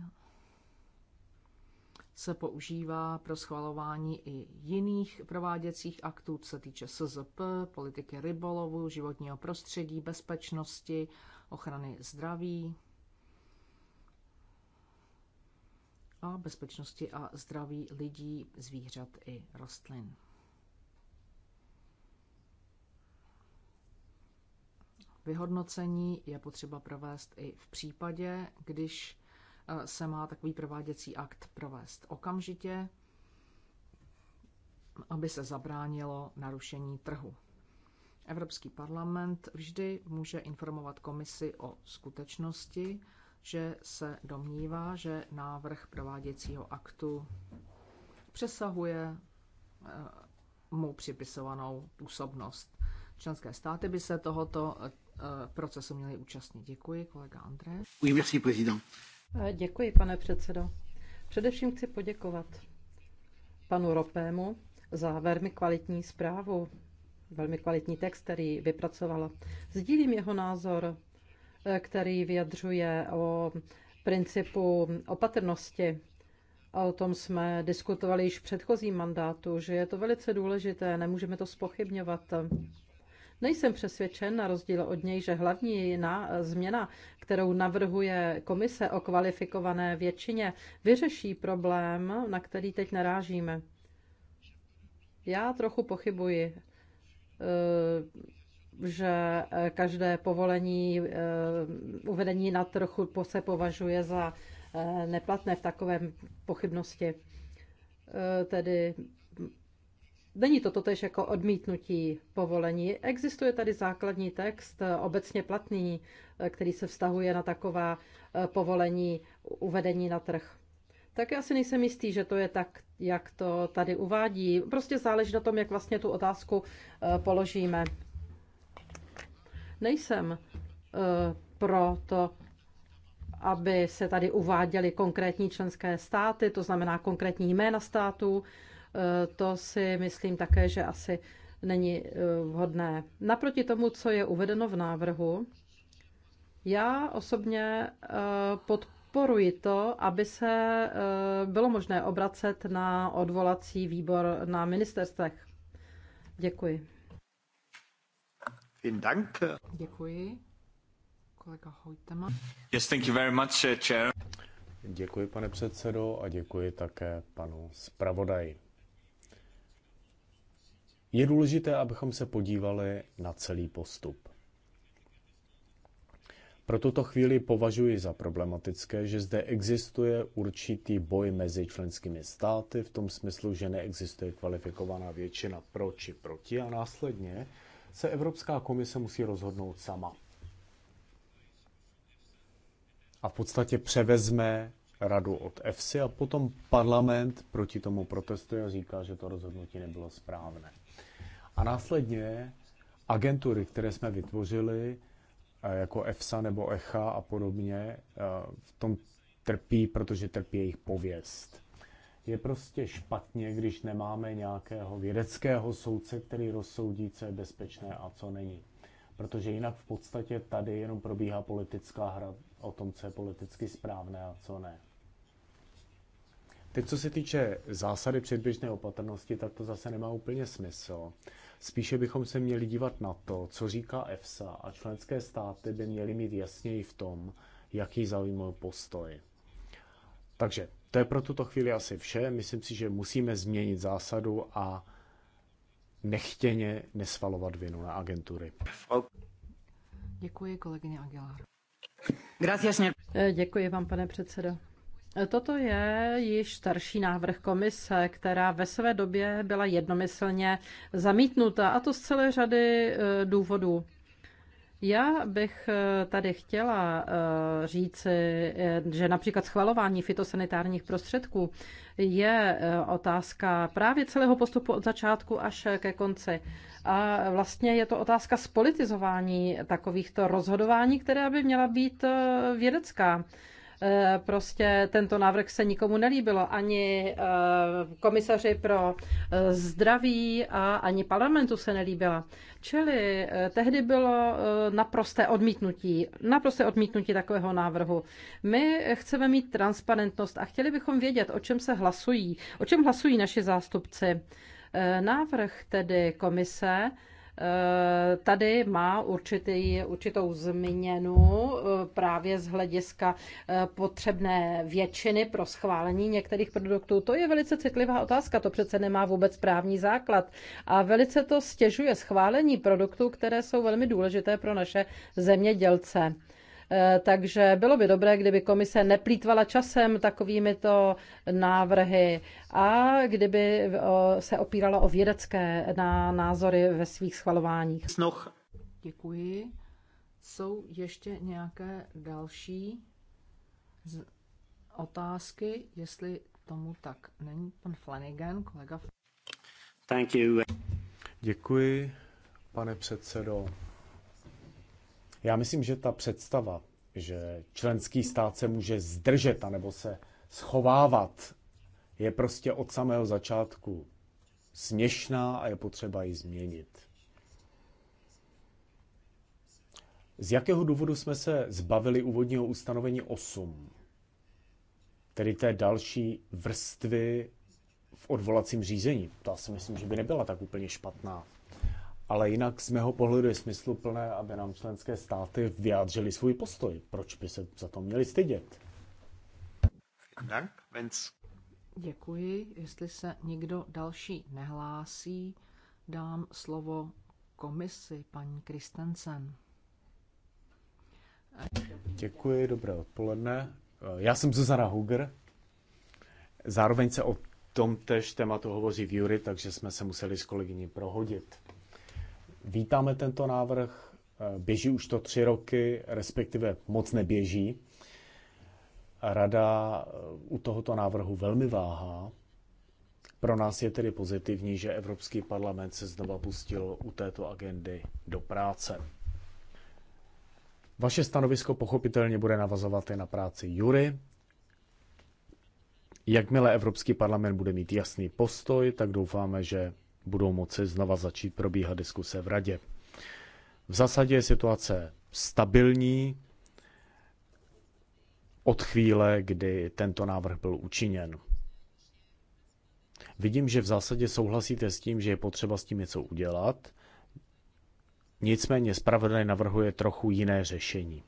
se používá pro schvalování i jiných prováděcích aktů, co se týče SZP, politiky rybolovu, životního prostředí, bezpečnosti, ochrany zdraví, a bezpečnosti a zdraví lidí, zvířat i rostlin. Vyhodnocení je potřeba provést i v případě, když eh, se má takový prováděcí akt provést okamžitě, aby se zabránilo narušení trhu. Evropský parlament vždy může informovat komisi o skutečnosti, že se domnívá, že návrh prováděcího aktu přesahuje eh, mu připisovanou působnost. Členské státy by se tohoto eh, procesu měly účastnit. Děkuji, kolega André. Eh, děkuji, pane předsedo. Především chci poděkovat panu Ropému za velmi kvalitní zprávu, velmi kvalitní text, který vypracovala. Sdílím jeho názor, který vyjadřuje o principu opatrnosti. A o tom jsme diskutovali již v předchozím mandátu, že je to velice důležité, nemůžeme to spochybňovat. Nejsem přesvědčen, na rozdíl od něj, že hlavní na, změna, kterou navrhuje komise o kvalifikované většině, vyřeší problém, na který teď narážíme. Já trochu pochybuji že eh, každé povolení eh, uvedení na trochu se považuje za eh, neplatné v takovém pochybnosti. Tedy není to totež jako odmítnutí povolení. Existuje tady základní text, obecně platný, který se vztahuje na taková povolení uvedení na trh. Tak já si nejsem jistý, že to je tak, jak to tady uvádí. Prostě záleží na tom, jak vlastně tu otázku položíme. Nejsem eh, pro to, aby se tady uváděly konkrétní členské státy, to znamená konkrétní jména států. Eh, to si myslím také, že asi není eh, vhodné. Naproti tomu, co je uvedeno v návrhu, já osobně podporuji to, aby se bylo možné obracet na odvolací výbor na ministerstvech. Děkuji. Děkuji. Kolega Hojtema. Yes, thank you very much, uh, chair. Děkuji, pane předsedo, a děkuji také panu zpravodaji. Je důležité, abychom se podívali na celý postup. Pro tuto chvíli považuji za problematické, že zde existuje určitý boj mezi členskými státy v tom smyslu, že neexistuje kvalifikovaná většina pro či proti a následně se Evropská komise musí rozhodnout sama. A v podstatě převezme radu od EFSI a potom parlament proti tomu protestuje a říká, že to rozhodnutí nebylo správné. A následně agentury, které jsme vytvořili, eh, jako EFSA nebo ECHA a podobně, eh, v tom trpí, protože trpí jejich pověst. Je prostě špatně, když nemáme nějakého vědeckého soudce, který rozsoudí, co je bezpečné a co není. Protože jinak v podstatě tady jenom probíhá politická hra o tom, co je politicky správné a co ne. Teď, co se týče zásady předběžné opatrnosti, tak to zase nemá úplně smysl. Spíše bychom se měli dívat na to, co říká EFSA a členské státy by měly mít jasněji v tom, jaký zaujmou postoj. Takže to je pro tuto chvíli asi vše. Myslím si, že musíme změnit zásadu a nechtěně nesvalovat vinu na agentury. Děkuji kolegyně Aguilar. Eh, děkuji vám, pane předsedo. Eh, toto je již starší návrh komise, která ve své době byla jednomyslně zamítnuta, a to z celé řady eh, důvodů. Já bych eh, tady chtěla eh, říci, eh, že například schvalování fitosanitárních prostředků je otázka právě celého postupu od začátku až ke konci. A vlastně je to otázka spolitizování takovýchto rozhodování, která by měla být vědecká. Eh, prostě tento návrh se nikomu nelíbilo, ani eh, komisaři pro eh, zdraví a ani parlamentu se nelíbila. Čili tehdy bylo naprosté odmítnutí, naprosté odmítnutí takového návrhu. My chceme mít transparentnost a chtěli bychom vědět, o čem se hlasují, o čem hlasují naši zástupci. Návrh tedy komise Tady má určitý, určitou změnu eh, právě z hlediska eh, potřebné většiny pro schválení některých produktů. To je velice citlivá otázka, to přece nemá vůbec právní základ a velice to stěžuje schválení produktů, které jsou velmi důležité pro naše zemědělce. Eh, takže bylo by dobré, kdyby komise neplýtvala časem takovými to návrhy a kdyby eh, se opírala o vědecké názory ve svých schvalováních. Snoch. Děkuji. Jsou ještě nějaké další otázky, jestli tomu tak není. Pan Flanagan, kolega. Thank you. Děkuji, pane předsedo. Já myslím, že ta představa, že členský stát se může zdržet anebo se schovávat, je prostě od samého začátku směšná a je potřeba ji změnit. Z jakého důvodu jsme se zbavili úvodního ustanovení 8, tedy té další vrstvy v odvolacím řízení? To asi myslím, že by nebyla tak úplně špatná ale jinak z mého pohledu je smysluplné, aby nám členské státy vyjádřili svůj postoj. Proč by se za to měli stydět? Děkuji. Jestli se nikdo další nehlásí, dám slovo komisi paní Kristensen. Děkuji, dobré odpoledne. Já jsem Zuzana Huger. Zároveň se o tom tež tématu hovoří v Jury, takže jsme se museli s kolegyní prohodit. Vítáme tento návrh, eh, běží už to tři roky, respektive moc neběží. Rada eh, u tohoto návrhu velmi váhá. Pro nás je tedy pozitivní, že Evropský parlament se znova pustil u této agendy do práce. Vaše stanovisko pochopitelně bude navazovat i na práci Jury. Jakmile Evropský parlament bude mít jasný postoj, tak doufáme, že budou moci znova začít probíhat diskuse v radě. V zásadě je situace stabilní od chvíle, kdy tento návrh byl učiněn. Vidím, že v zásadě souhlasíte s tím, že je potřeba s tím něco udělat, nicméně spravedlně navrhuje trochu jiné řešení.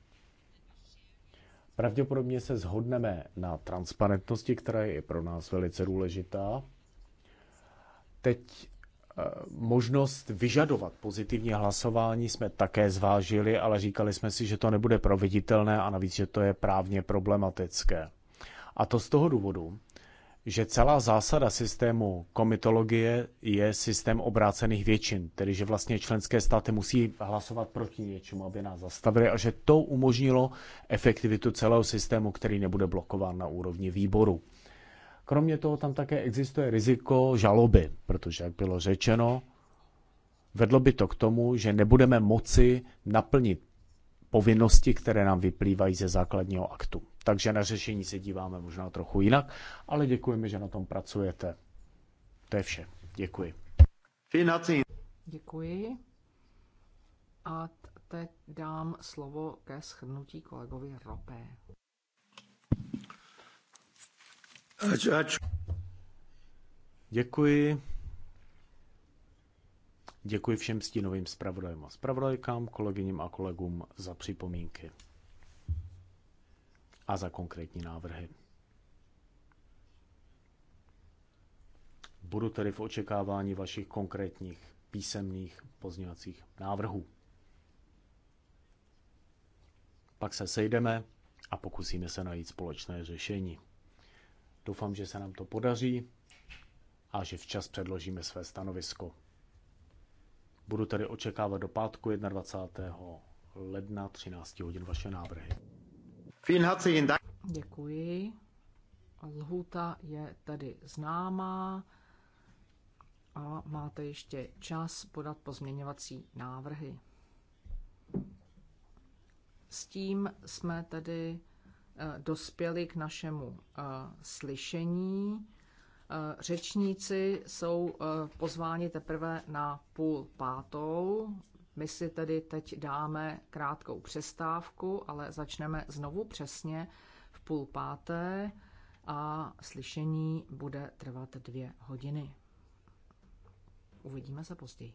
Pravděpodobně se shodneme na transparentnosti, která je pro nás velice důležitá. Teď možnost vyžadovat pozitivní hlasování jsme také zvážili, ale říkali jsme si, že to nebude proveditelné a navíc, že to je právně problematické. A to z toho důvodu, že celá zásada systému komitologie je systém obrácených většin, tedy že vlastně členské státy musí hlasovat proti něčemu, aby nás zastavili a že to umožnilo efektivitu celého systému, který nebude blokován na úrovni výboru. Kromě toho tam také existuje riziko žaloby, protože, jak bylo řečeno, vedlo by to k tomu, že nebudeme moci naplnit povinnosti, které nám vyplývají ze základního aktu. Takže na řešení se díváme možná trochu jinak, ale děkujeme, že na tom pracujete. To je vše. Děkuji. Děkuji. A teď dám slovo ke shrnutí kolegovi Ropé. Ač, ač. Děkuji. Děkuji všem stínovým zpravodajům a zpravodajkám, kolegyním a kolegům za připomínky a za konkrétní návrhy. Budu tedy v očekávání vašich konkrétních písemných pozněvacích návrhů. Pak se sejdeme a pokusíme se najít společné řešení. Doufám, že se nám to podaří a že včas předložíme své stanovisko. Budu tady očekávat do pátku 21. ledna 13 hodin vaše návrhy. Děkuji. Lhuta je tedy známá a máte ještě čas podat pozměňovací návrhy. S tím jsme tedy Eh, dospěli k našemu eh, slyšení. Eh, řečníci jsou pozváni teprve na půl pátou. My si tedy teď dáme krátkou přestávku, ale začneme znovu přesně v půl páté a slyšení bude trvat dvě hodiny. Uvidíme se později.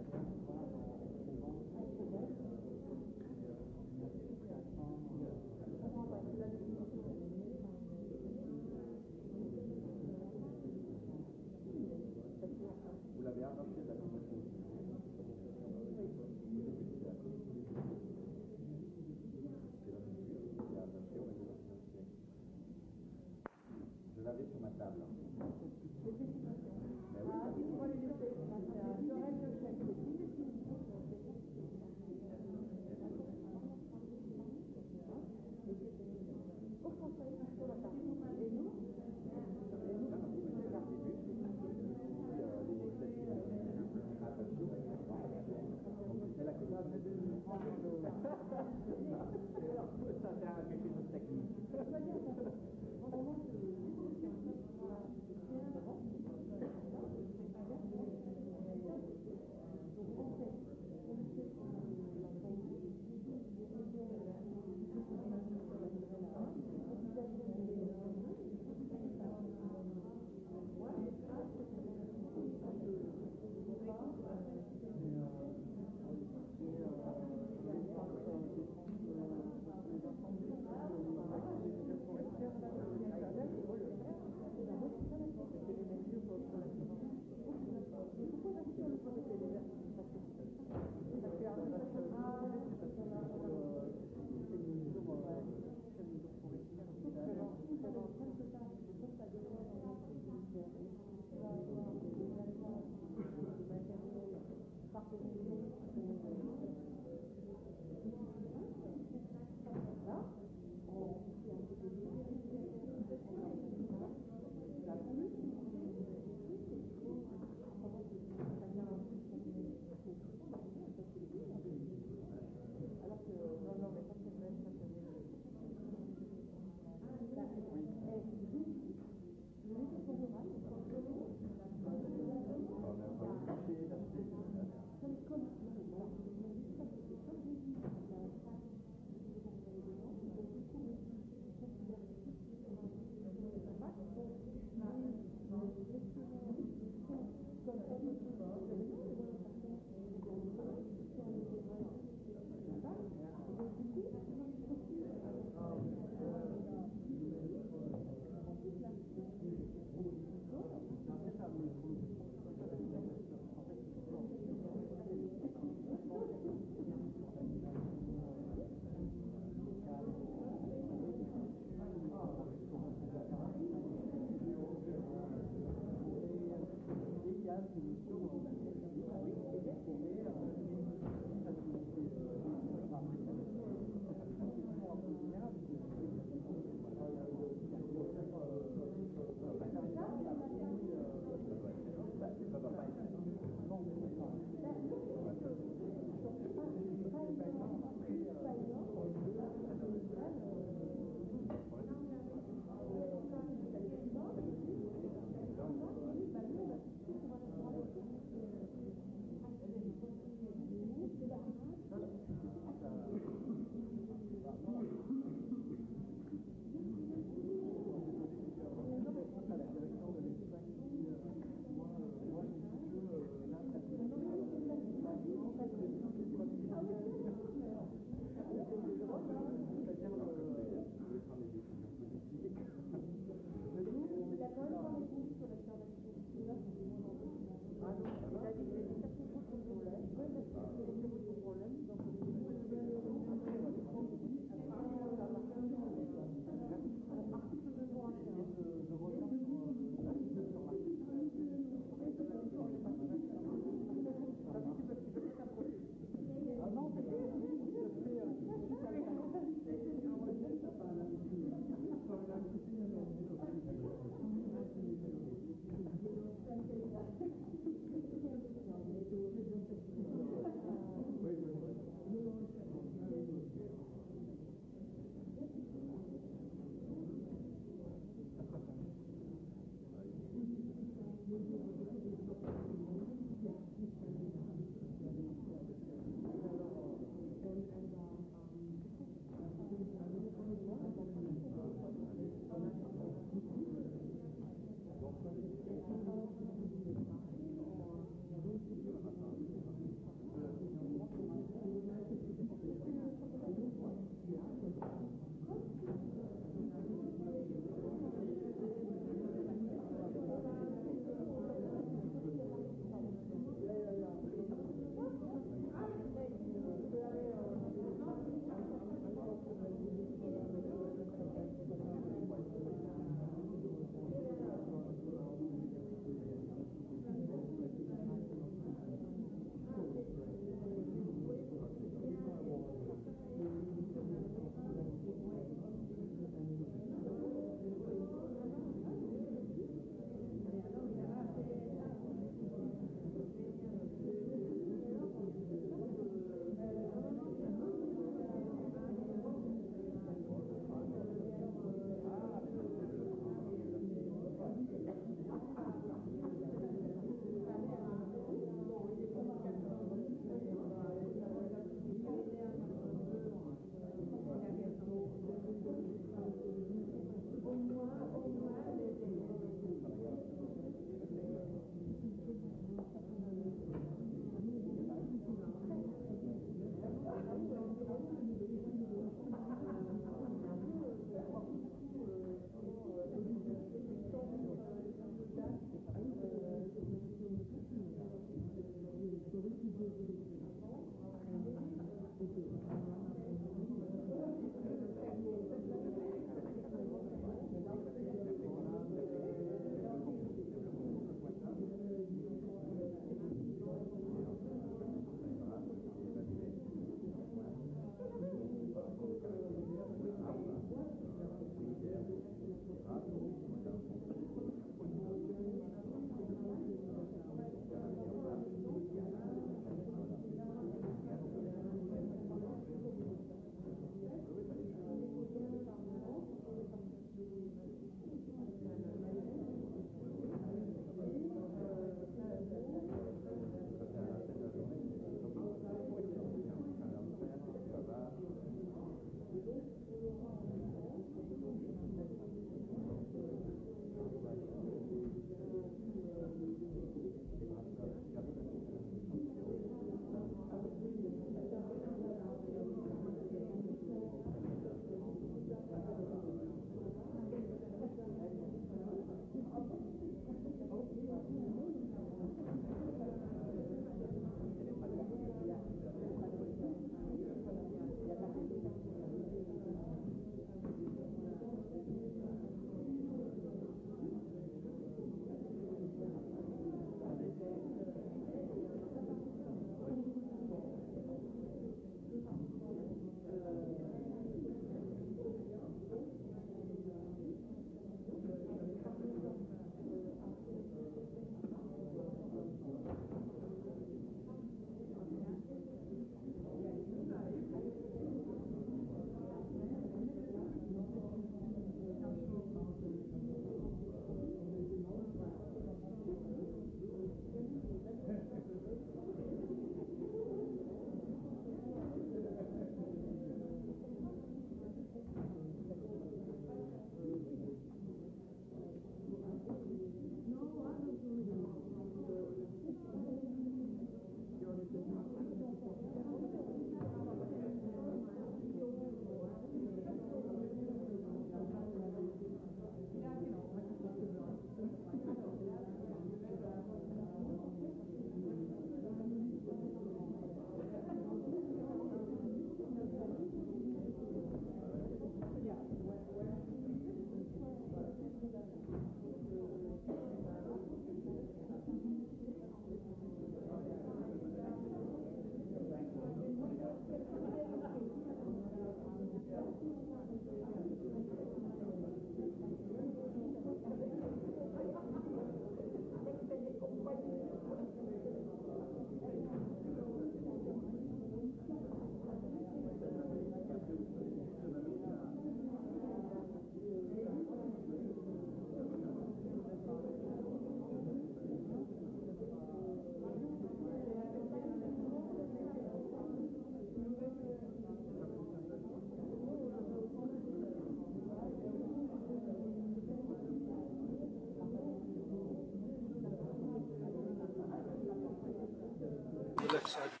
zde vsadím.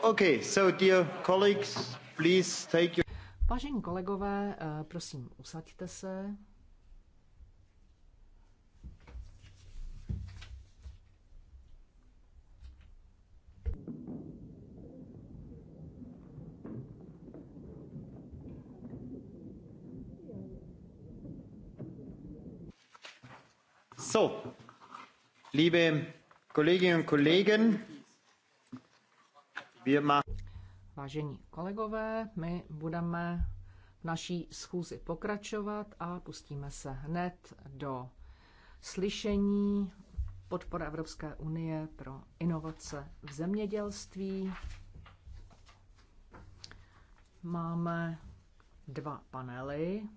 Okay, so dear colleagues, please take your... Vážení kolegové, eh, prosím, usaďte se. So, liebe Kolleginnen und Kollegen, Vážení kolegové, my budeme v naší schůzi pokračovat a pustíme se hned do slyšení podpora Evropské unie pro inovace v zemědělství. Máme dva panely.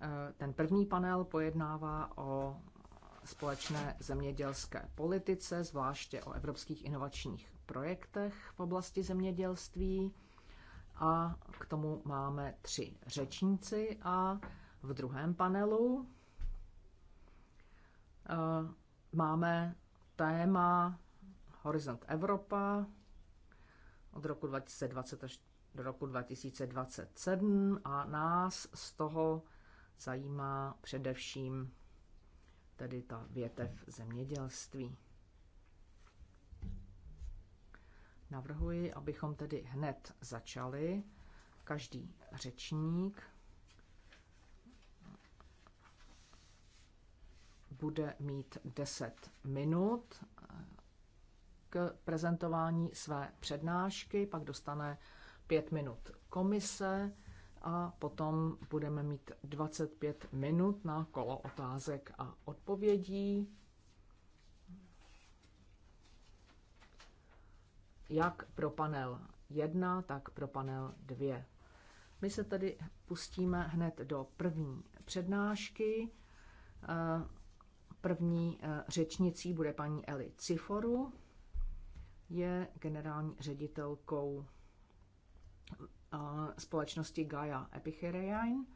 Eh, ten první panel pojednává o společné zemědělské politice, zvláště o evropských inovačních projektech v oblasti zemědělství. A k tomu máme tři řečníci a v druhém panelu eh, máme téma Horizont Evropa od roku 2020 až do roku 2027 a nás z toho zajímá především tedy ta větev zemědělství. Navrhuji, abychom tedy hned začali. Každý řečník bude mít 10 minut k prezentování své přednášky, pak dostane 5 minut komise a potom budeme mít 25 minut na kolo otázek a odpovědí. jak pro panel 1, tak pro panel 2. My se tedy pustíme hned do první přednášky. Eh, první eh, řečnicí bude paní Eli Ciforu, je generální ředitelkou eh, společnosti Gaia Epicherein.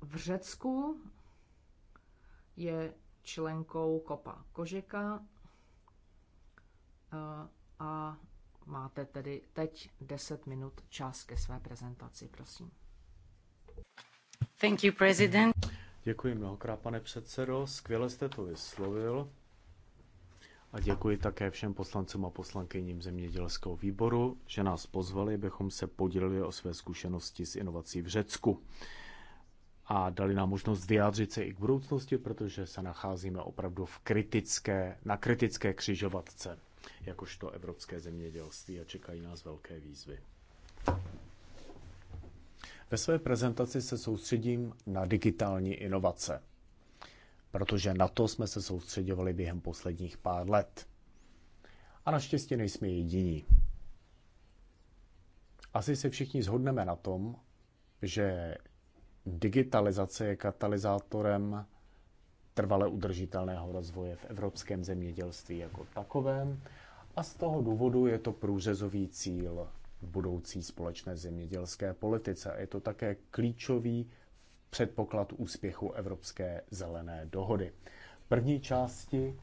V Řecku je členkou Kopa Kožeka Eh, a máte tedy teď 10 minut čas ke své prezentaci, prosím. Thank you, president. Děkuji mnohokrát, pane předsedo. Skvěle jste to vyslovil. A děkuji také všem poslancům a poslankyním zemědělského výboru, že nás pozvali, abychom se podělili o své zkušenosti s inovací v Řecku. A dali nám možnost vyjádřit se i k budoucnosti, protože se nacházíme opravdu v kritické, na kritické křižovatce jakožto evropské zemědělství a čekají nás velké výzvy. Ve své prezentaci se soustředím na digitální inovace, protože na to jsme se soustředovali během posledních pár let. A naštěstí nejsme jediní. Asi se všichni zhodneme na tom, že digitalizace je katalyzátorem trvale udržitelného rozvoje v evropském zemědělství jako takovém a z toho důvodu je to průřezový cíl v budoucí společné zemědělské politice. Je to také klíčový předpoklad úspěchu Evropské zelené dohody. V první části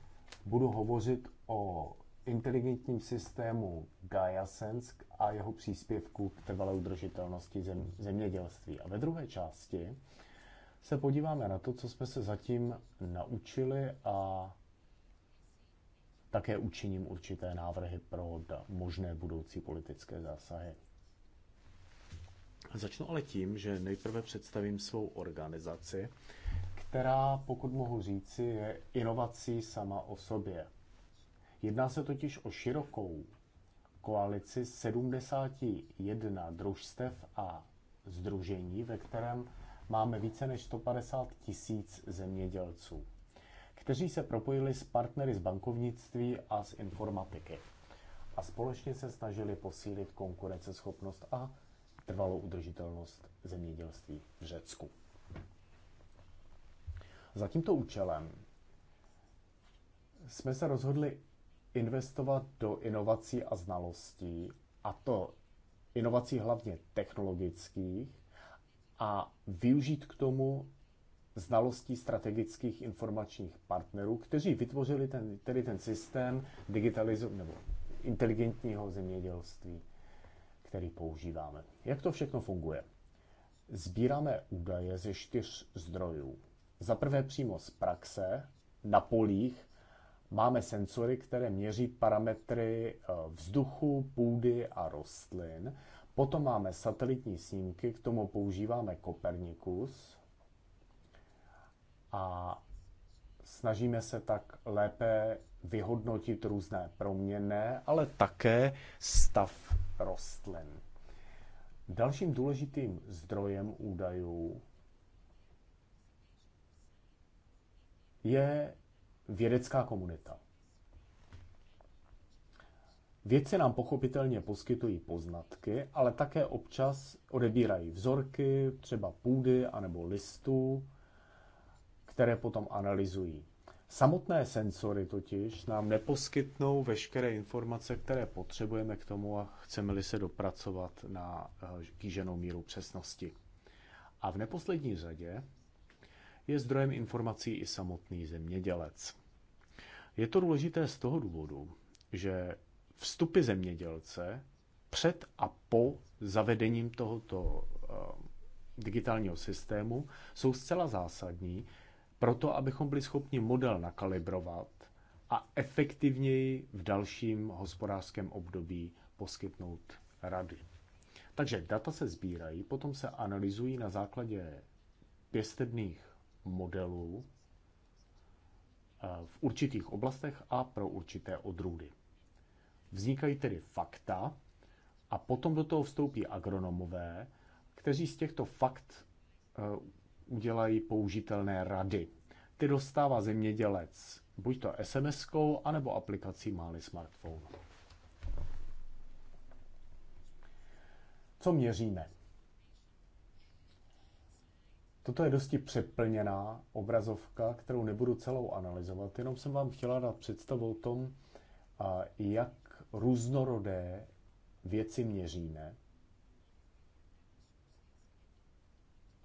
budu hovořit o inteligentním systému GaiaSense a jeho příspěvku k trvalé udržitelnosti zem, zemědělství. A ve druhé části se podíváme na to, co jsme se zatím naučili a také učiním určité návrhy pro možné budoucí politické zásahy. Začnu ale tím, že nejprve představím svou organizaci, která, pokud mohu říci, je inovací sama o sobě. Jedná se totiž o širokou koalici 71 družstev a združení, ve kterém máme více než 150 tisíc zemědělců, kteří se propojili s partnery z bankovnictví a z informatiky a společně se snažili posílit konkurenceschopnost a trvalou udržitelnost zemědělství v Řecku. Za tímto účelem jsme se rozhodli investovat do inovací a znalostí, a to inovací hlavně technologických, a využít k tomu znalostí strategických informačních partnerů, kteří vytvořili ten, tedy ten systém digitalizo- nebo inteligentního zemědělství, který používáme. Jak to všechno funguje? Sbíráme údaje ze čtyř zdrojů. Za prvé přímo z praxe, na polích, máme senzory, které měří parametry eh, vzduchu, půdy a rostlin Potom máme satelitní snímky, k tomu používáme Kopernikus a snažíme se tak lépe vyhodnotit různé proměny, ale také stav rostlin. Dalším důležitým zdrojem údajů je vědecká komunita. Vědci nám pochopitelně poskytují poznatky, ale také občas odebírají vzorky, třeba půdy anebo listů, které potom analyzují. Samotné senzory totiž nám neposkytnou veškeré informace, které potřebujeme k tomu a chceme-li se dopracovat na eh, kýženou míru přesnosti. A v neposlední řadě je zdrojem informací i samotný zemědělec. Je to důležité z toho důvodu, že vstupy zemědělce před a po zavedením tohoto eh, digitálního systému jsou zcela zásadní pro to, abychom byli schopni model nakalibrovat a efektivněji v dalším hospodářském období poskytnout rady. Takže data se sbírají, potom se analyzují na základě pěstebných modelů eh, v určitých oblastech a pro určité odrůdy. Vznikají tedy fakta a potom do toho vstoupí agronomové, kteří z těchto fakt eh, udělají použitelné rady. Ty dostává zemědělec buď to SMS-kou, anebo aplikací máli smartphone. Co měříme? Toto je dosti přeplněná obrazovka, kterou nebudu celou analyzovat, jenom jsem vám chtěla dát představu o tom, eh, jak různorodé věci měříme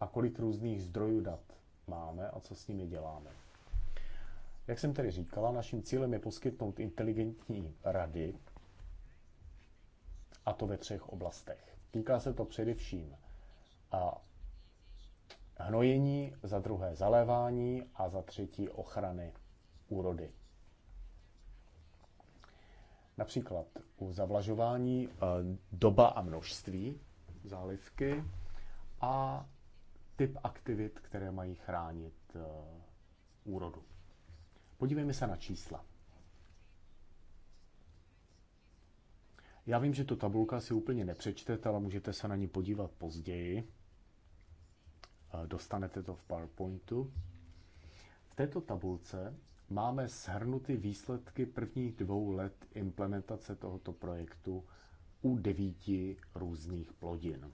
a kolik různých zdrojů dat máme a co s nimi děláme. Jak jsem tedy říkala, naším cílem je poskytnout inteligentní rady, a to ve třech oblastech. Týká se to především a hnojení, za druhé zalévání a za třetí ochrany úrody. Například u zavlažování eh, doba a množství zálivky a typ aktivit, které mají chránit eh, úrodu. Podívejme se na čísla. Já vím, že tu tabulka si úplně nepřečtete, ale můžete se na ní podívat později. Eh, dostanete to v PowerPointu. V této tabulce máme shrnuty výsledky prvních dvou let implementace tohoto projektu u devíti různých plodin.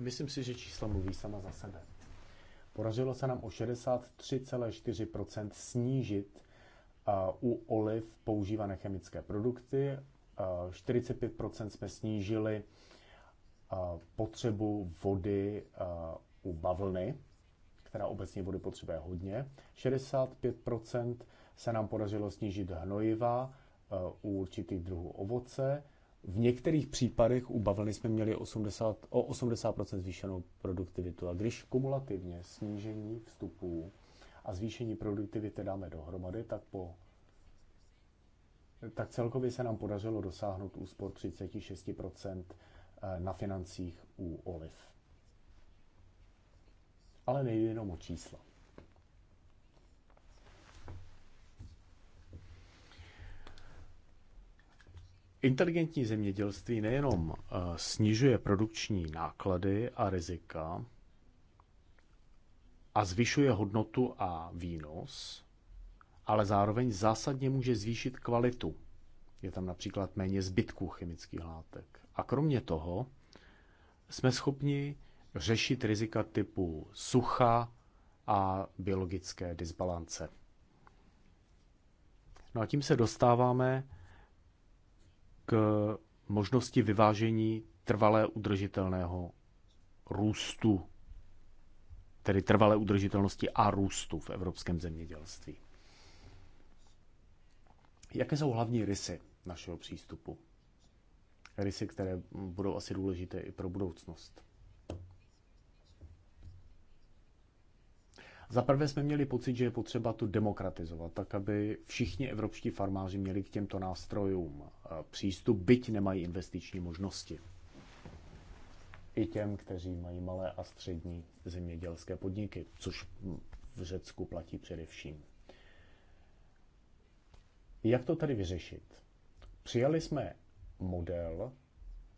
Myslím si, že čísla mluví sama za sebe. Podařilo se nám o 63,4 snížit u oliv používané chemické produkty. 45 jsme snížili potřebu vody u bavlny teda obecně vody potřebuje hodně. 65% se nám podařilo snížit hnojiva eh, u určitých druhů ovoce. V některých případech u bavlny jsme měli 80, o 80% zvýšenou produktivitu. A když kumulativně snížení vstupů a zvýšení produktivity dáme dohromady, tak po tak celkově se nám podařilo dosáhnout úspor 36% eh, na financích u oliv ale nejde jenom o čísla. Inteligentní zemědělství nejenom eh, snižuje produkční náklady a rizika a zvyšuje hodnotu a výnos, ale zároveň zásadně může zvýšit kvalitu. Je tam například méně zbytků chemických látek. A kromě toho jsme schopni řešit rizika typu sucha a biologické disbalance. No a tím se dostáváme k možnosti vyvážení trvalé udržitelného růstu, tedy trvalé udržitelnosti a růstu v evropském zemědělství. Jaké jsou hlavní rysy našeho přístupu? Rysy, které budou asi důležité i pro budoucnost. Za prvé jsme měli pocit, že je potřeba to demokratizovat, tak aby všichni evropští farmáři měli k těmto nástrojům eh, přístup, byť nemají investiční možnosti. I těm, kteří mají malé a střední zemědělské podniky, což v Řecku platí především. Jak to tady vyřešit? Přijali jsme model,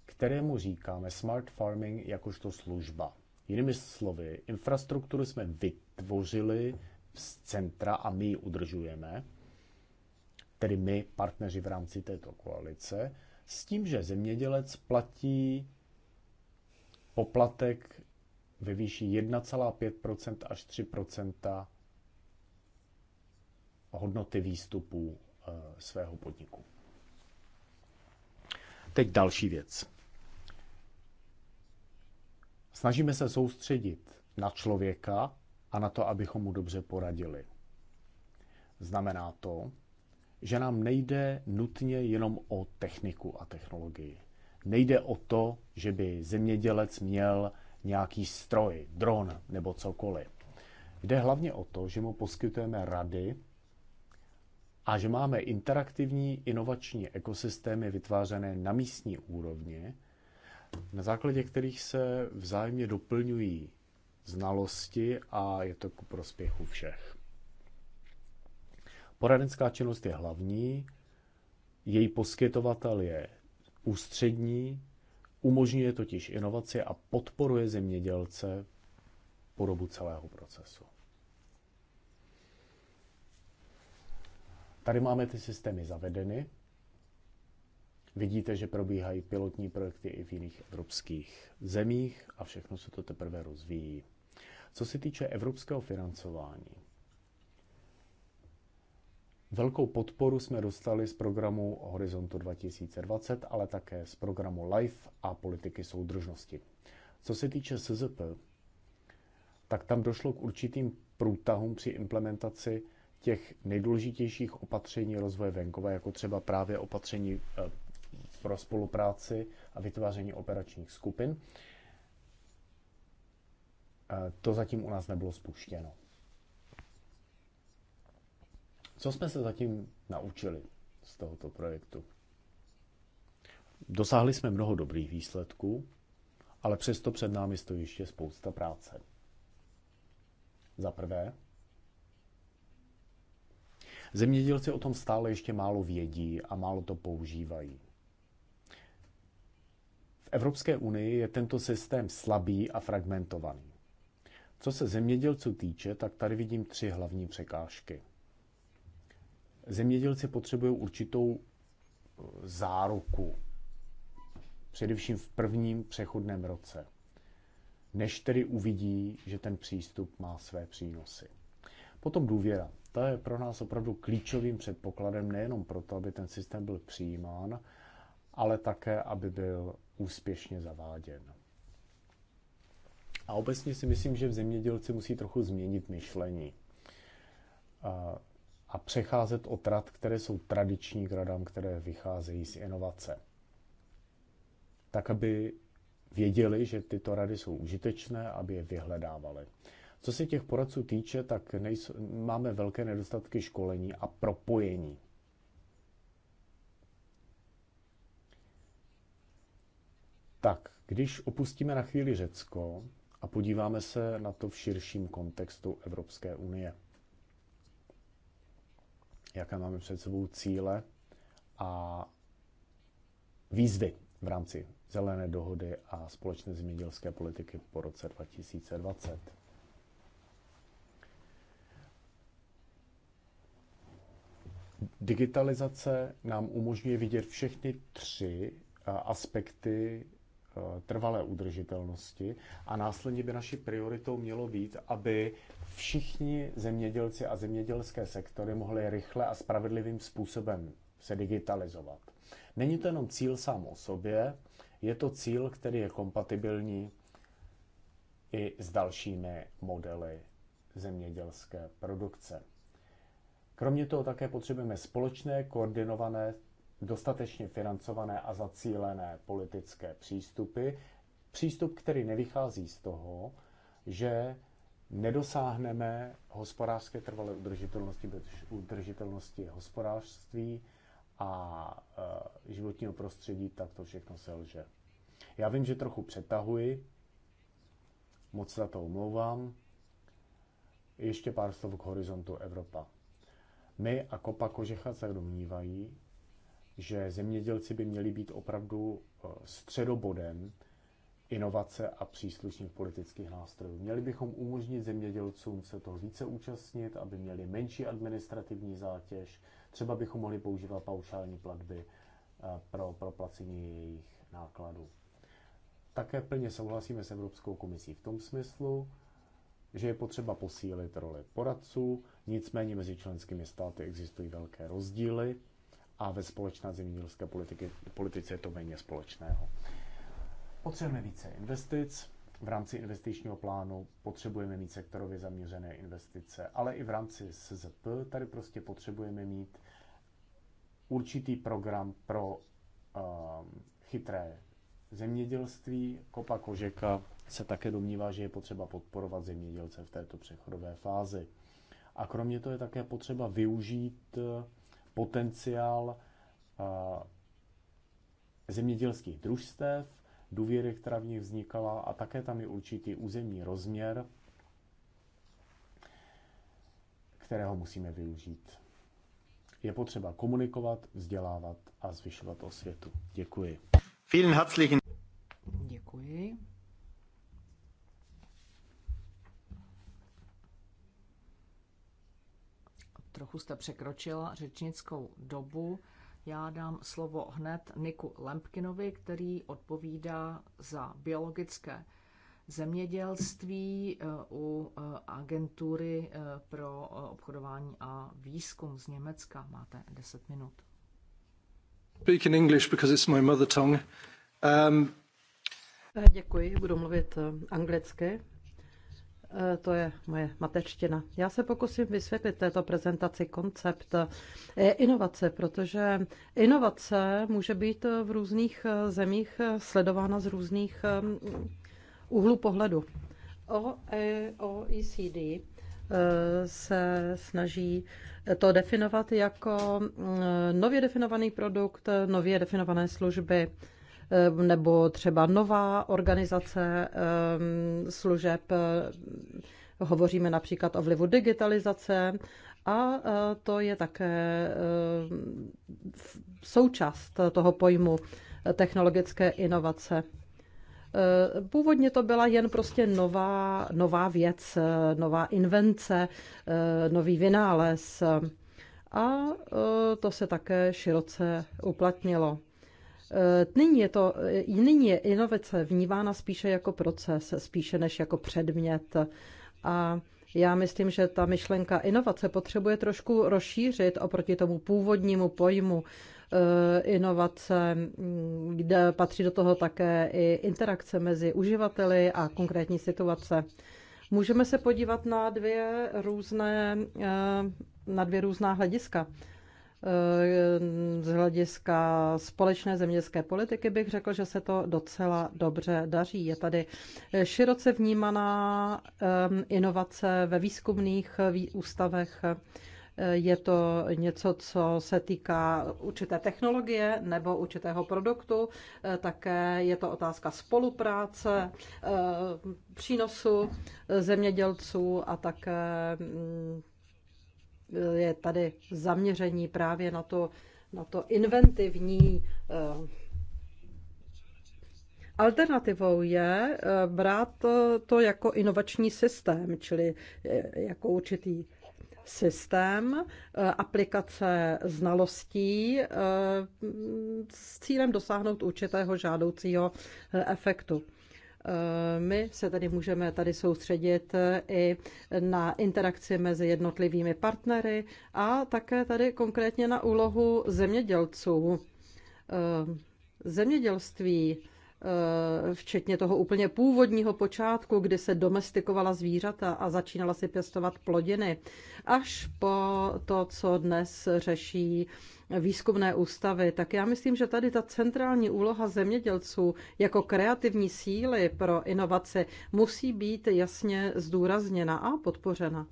kterému říkáme smart farming jakožto služba. Jinými slovy, infrastrukturu jsme vytvořili z centra a my ji udržujeme, tedy my, partneři v rámci této koalice, s tím, že zemědělec platí poplatek ve výši 1,5 až 3 hodnoty výstupů eh, svého podniku. Teď další věc. Snažíme se soustředit na člověka a na to, abychom mu dobře poradili. Znamená to, že nám nejde nutně jenom o techniku a technologii. Nejde o to, že by zemědělec měl nějaký stroj, dron nebo cokoliv. Jde hlavně o to, že mu poskytujeme rady a že máme interaktivní inovační ekosystémy vytvářené na místní úrovni, na základě kterých se vzájemně doplňují znalosti a je to ku prospěchu všech. Poradenská činnost je hlavní, její poskytovatel je ústřední, umožňuje totiž inovaci a podporuje zemědělce po dobu celého procesu. Tady máme ty systémy zavedeny, Vidíte, že probíhají pilotní projekty i v jiných evropských zemích a všechno se to teprve rozvíjí. Co se týče evropského financování, velkou podporu jsme dostali z programu Horizontu 2020, ale také z programu LIFE a politiky soudržnosti. Co se týče SZP, tak tam došlo k určitým průtahům při implementaci těch nejdůležitějších opatření rozvoje venkova, jako třeba právě opatření eh, pro spolupráci a vytváření operačních skupin. E, to zatím u nás nebylo spuštěno. Co jsme se zatím naučili z tohoto projektu? Dosáhli jsme mnoho dobrých výsledků, ale přesto před námi stojí ještě spousta práce. Za prvé, zemědělci o tom stále ještě málo vědí a málo to používají. Evropské unii je tento systém slabý a fragmentovaný. Co se zemědělců týče, tak tady vidím tři hlavní překážky. Zemědělci potřebují určitou eh, záruku, především v prvním přechodném roce, než tedy uvidí, že ten přístup má své přínosy. Potom důvěra. Ta je pro nás opravdu klíčovým předpokladem nejenom proto, aby ten systém byl přijímán, ale také, aby byl úspěšně zaváděn. A obecně si myslím, že v zemědělci musí trochu změnit myšlení a, a přecházet od rad, které jsou tradiční k radám, které vycházejí z inovace. Tak, aby věděli, že tyto rady jsou užitečné, aby je vyhledávali. Co se těch poradců týče, tak nejsou, máme velké nedostatky školení a propojení Tak, když opustíme na chvíli Řecko a podíváme se na to v širším kontextu Evropské unie, jaké máme před sebou cíle a výzvy v rámci zelené dohody a společné zemědělské politiky po roce 2020. Digitalizace nám umožňuje vidět všechny tři aspekty Eh, trvalé udržitelnosti a následně by naší prioritou mělo být, aby všichni zemědělci a zemědělské sektory mohli rychle a spravedlivým způsobem se digitalizovat. Není to jenom cíl sám o sobě, je to cíl, který je kompatibilní i s dalšími modely zemědělské produkce. Kromě toho také potřebujeme společné koordinované dostatečně financované a zacílené politické přístupy. Přístup, který nevychází z toho, že nedosáhneme hospodářské trvalé udržitelnosti bez udržitelnosti hospodářství a e, životního prostředí, tak to všechno selže. Já vím, že trochu přetahuji, moc za to omlouvám. Ještě pár slov k horizontu Evropa. My a Kopa Kožecha se domnívají, že zemědělci by měli být opravdu eh, středobodem inovace a příslušných politických nástrojů. Měli bychom umožnit zemědělcům se toho více účastnit, aby měli menší administrativní zátěž. Třeba bychom mohli používat paušální platby eh, pro proplacení jejich nákladů. Také plně souhlasíme s Evropskou komisí v tom smyslu, že je potřeba posílit roli poradců, nicméně mezi členskými státy existují velké rozdíly a ve společné zemědělské politiky, politice je to méně společného. Potřebujeme více investic, v rámci investičního plánu potřebujeme mít sektorově zaměřené investice, ale i v rámci SZP tady prostě potřebujeme mít určitý program pro um, chytré zemědělství. Kopa Kožeka se také domnívá, že je potřeba podporovat zemědělce v této přechodové fázi. A kromě toho je také potřeba využít potenciál zemědělských družstev, důvěry, která v nich vznikala a také tam je určitý územní rozměr, kterého musíme využít. Je potřeba komunikovat, vzdělávat a zvyšovat osvětu. Děkuji. Vielen herzlichen Děkuji. trochu jste překročila řečnickou dobu. Já dám slovo hned Niku Lempkinovi, který odpovídá za biologické zemědělství eh, u eh, agentury eh, pro obchodování a výzkum z Německa. Máte 10 minut. Speak in English because it's my mother tongue. Um... Děkuji, budu mluvit anglicky. Eh, to je moje mateřština. Já se pokusím vysvětlit této prezentaci koncept eh, inovace, protože inovace může být eh, v různých zemích sledována z různých úhlů pohledu. OECD se snaží to definovat jako mm, nově definovaný produkt, nově definované služby Eh, nebo třeba nová organizace eh, služeb. Eh, hovoříme například o vlivu digitalizace a to je také součást toho pojmu technologické inovace. Původně to byla jen prostě nová, nová věc, nová invence, nový vynález. A to se také široce uplatnilo. Eh, nyní je, to, eh, nyní je inovace vnívána spíše jako proces, spíše než jako předmět. A já myslím, že ta myšlenka inovace potřebuje trošku rozšířit oproti tomu původnímu pojmu eh, inovace, mm, kde patří do toho také i interakce mezi uživateli a konkrétní situace. Můžeme se podívat na dvě různé, na dvě různá hlediska z hlediska společné zemědělské politiky bych řekl, že se to docela dobře daří. Je tady široce vnímaná inovace ve výzkumných ústavech. Je to něco, co se týká určité technologie nebo určitého produktu, e, také je to otázka spolupráce, e, přínosu zemědělců a také mm, je tady zaměření právě na to, na to inventivní. Eh, alternativou je eh, brát to jako inovační systém, čili eh, jako určitý systém aplikace znalostí s cílem dosáhnout určitého žádoucího efektu. Eh, my se tady můžeme tady soustředit eh, i na interakci mezi jednotlivými partnery a také tady konkrétně na úlohu zemědělců. Eh, zemědělství Eh, včetně toho úplně původního počátku, kdy se domestikovala zvířata a začínala si pěstovat plodiny, až po to, co dnes řeší výzkumné ústavy, tak já myslím, že tady ta centrální úloha zemědělců jako kreativní síly pro inovace musí být jasně zdůrazněna a podpořena.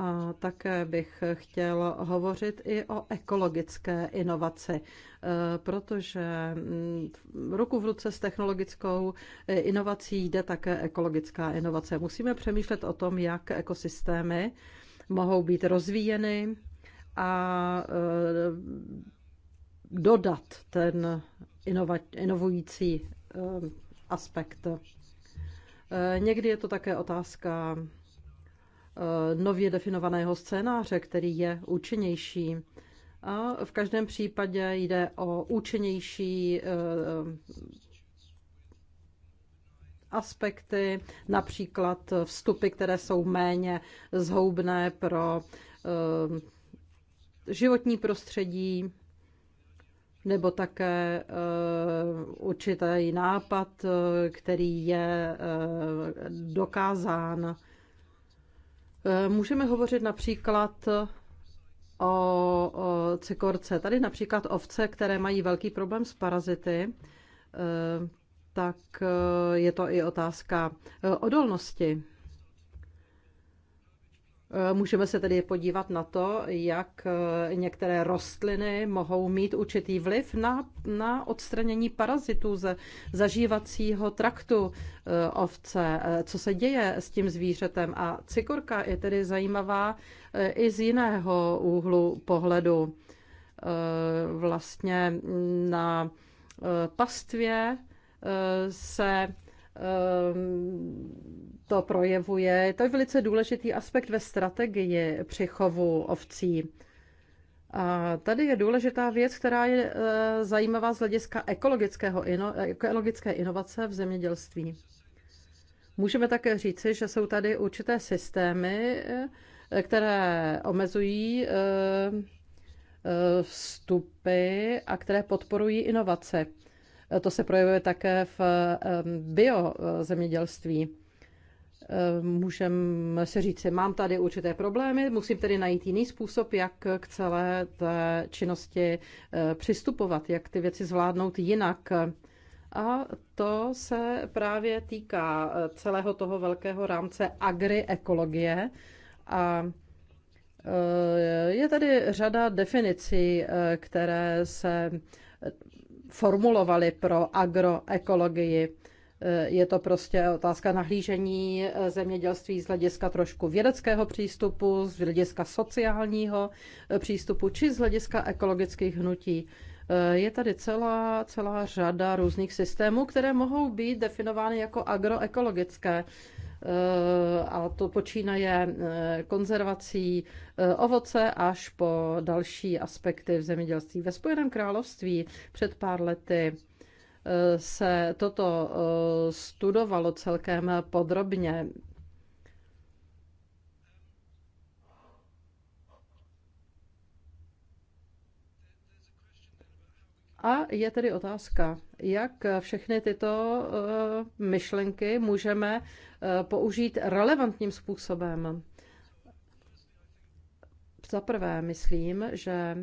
A také bych chtěl hovořit i o ekologické inovaci, e, protože mm, ruku v ruce s technologickou e, inovací jde také ekologická inovace. Musíme přemýšlet o tom, jak ekosystémy mohou být rozvíjeny a e, dodat ten inova, inovující aspekt. Někdy je to také otázka Eh, nově definovaného scénáře, který je účinnější. A v každém případě jde o účinnější eh, aspekty, například vstupy, které jsou méně zhoubné pro eh, životní prostředí, nebo také určitý nápad, který je dokázán Eh, můžeme hovořit například eh, o, o cikorce. Tady například ovce, které mají velký problém s parazity, eh, tak je to i otázka odolnosti. Eh, můžeme se tedy podívat na to, jak eh, některé rostliny mohou mít určitý vliv na, na odstranění parazitů ze zažívacího traktu eh, ovce, co se děje s tím zvířetem. A cikorka je tedy zajímavá i z jiného úhlu pohledu. Vlastně na pastvě se to projevuje. To je velice důležitý aspekt ve strategii při chovu ovcí. A tady je důležitá věc, která je e, zajímavá z hlediska ekologického, ekologické inovace v zemědělství. Můžeme také říci, že jsou tady určité systémy, e, které omezují e, vstupy a které podporují inovace. To se projevuje také v biozemědělství můžeme si říct, že mám tady určité problémy, musím tedy najít jiný způsob, jak k celé té činnosti eh, přistupovat, jak ty věci zvládnout jinak. A to se právě týká eh, celého toho velkého rámce agriekologie. A eh, je tady řada definicí, které se formulovaly pro agroekologii. Eh, je to prostě otázka nahlížení eh, zemědělství z hlediska trošku vědeckého přístupu, z hlediska sociálního eh, přístupu či z hlediska ekologických hnutí. Je tady celá, celá řada různých systémů, které mohou být definovány jako agroekologické. A to počínaje konzervací ovoce až po další aspekty v zemědělství. Ve Spojeném království před pár lety se toto eh, studovalo celkem podrobně. A je tedy otázka, jak všechny tyto eh, myšlenky můžeme eh, použít relevantním způsobem. Za prvé, myslím, že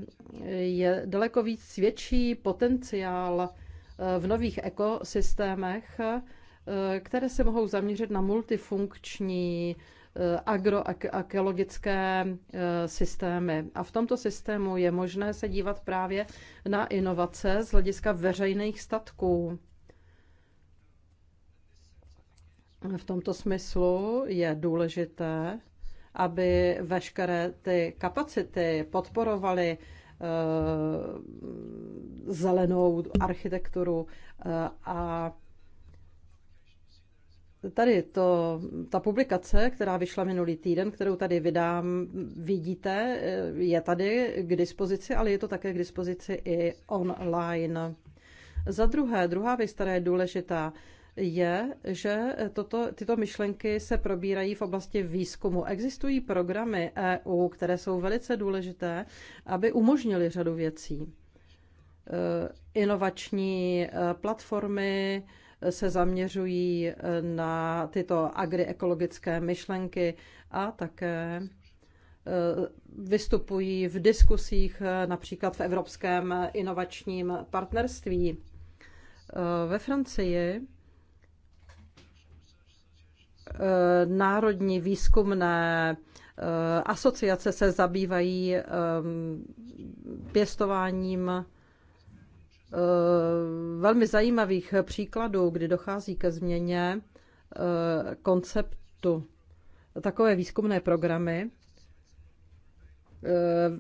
je daleko víc větší potenciál v nových ekosystémech, eh, které se mohou zaměřit na multifunkční eh, agroekologické eh, systémy. A v tomto systému je možné se dívat právě na inovace z hlediska veřejných statků. V tomto smyslu je důležité, aby veškeré ty kapacity podporovaly Eh, zelenou architekturu eh, a Tady to, ta publikace, která vyšla minulý týden, kterou tady vydám, vidíte, eh, je tady k dispozici, ale je to také k dispozici i online. Za druhé, druhá věc, která je důležitá, je, že toto, tyto myšlenky se probírají v oblasti výzkumu. Existují programy EU, které jsou velice důležité, aby umožnili řadu věcí. E, inovační e, platformy e, se zaměřují na tyto agriekologické myšlenky a také vystupují v diskusích například v Evropském inovačním partnerství. Ve Francii Eh, národní výzkumné eh, asociace se zabývají eh, pěstováním velmi zajímavých příkladů, kdy dochází ke změně konceptu. Takové výzkumné programy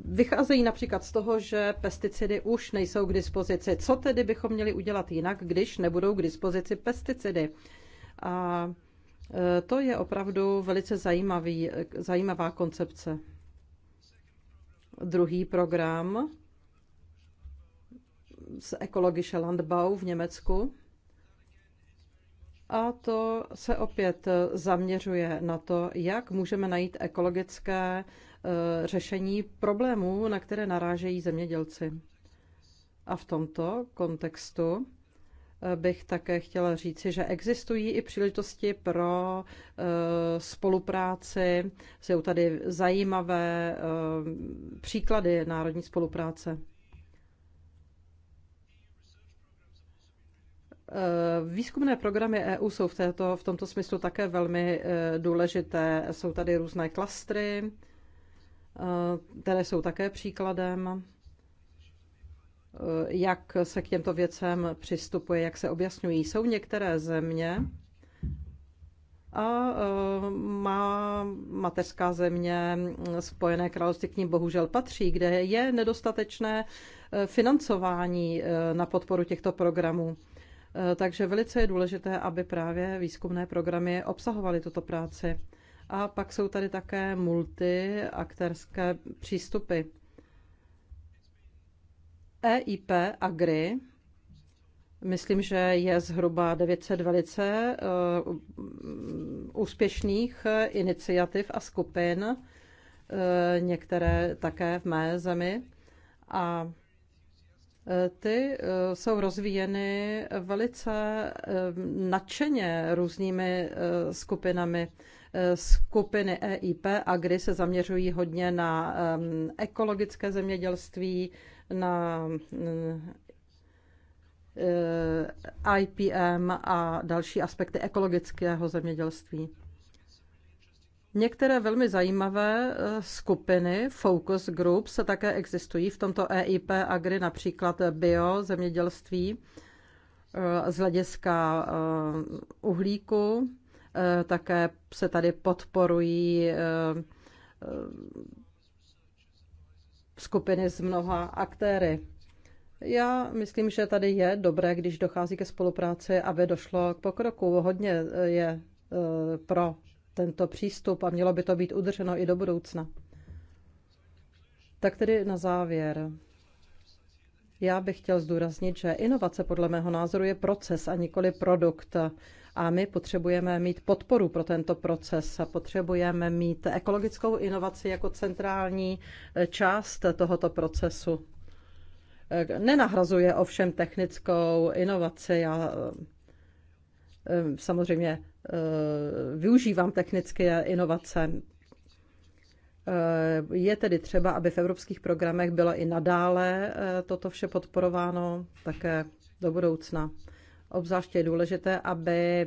vycházejí například z toho, že pesticidy už nejsou k dispozici. Co tedy bychom měli udělat jinak, když nebudou k dispozici pesticidy? A Eh, to je opravdu velice zajímavý, eh, zajímavá koncepce. Druhý program z ekologische Landbau v Německu. A to se opět eh, zaměřuje na to, jak můžeme najít ekologické řešení problémů, na které narážejí zemědělci. A v tomto kontextu bych také chtěla říci, že existují i příležitosti pro eh, spolupráci. Jsou tady zajímavé eh, příklady národní spolupráce. Eh, výzkumné programy EU jsou v, této, v tomto smyslu také velmi důležité. Jsou tady různé klastry, které jsou také příkladem. Eh, jak se k těmto věcem přistupuje, jak se objasňují. Jsou některé země, a eh, má mateřská země eh, Spojené království k ním bohužel patří, kde je nedostatečné financování na podporu těchto programů. Takže velice je důležité, aby právě výzkumné programy obsahovaly tuto práci. A pak jsou tady také multiaktérské přístupy. EIP Agri, myslím, že je zhruba 900 velice eh, úspěšných iniciativ a skupin, eh, některé také v mé zemi. A eh, ty jsou rozvíjeny velice nadšeně různými skupinami. Skupiny EIP a kdy se zaměřují hodně na ekologické zemědělství, na eh, eh, IPM a další aspekty ekologického zemědělství. Některé velmi zajímavé eh, skupiny, focus groups, také existují v tomto EIP Agri, například bio, zemědělství, z hlediska uhlíku. Také se tady podporují skupiny s mnoha aktéry. Já myslím, že tady je dobré, když dochází ke spolupráci, aby došlo k pokroku. Hodně eh, je eh, pro tento přístup a mělo by to být udrženo i do budoucna. Tak tedy na závěr. Já bych chtěl zdůraznit, že inovace podle mého názoru je proces a nikoli produkt. A my potřebujeme mít podporu pro tento proces a potřebujeme mít ekologickou inovaci jako centrální eh, část tohoto procesu. Eh, nenahrazuje ovšem technickou inovaci. Já eh, samozřejmě využívám technické inovace. Je tedy třeba, aby v evropských programech bylo i nadále toto vše podporováno také do budoucna. Obzvláště je důležité, aby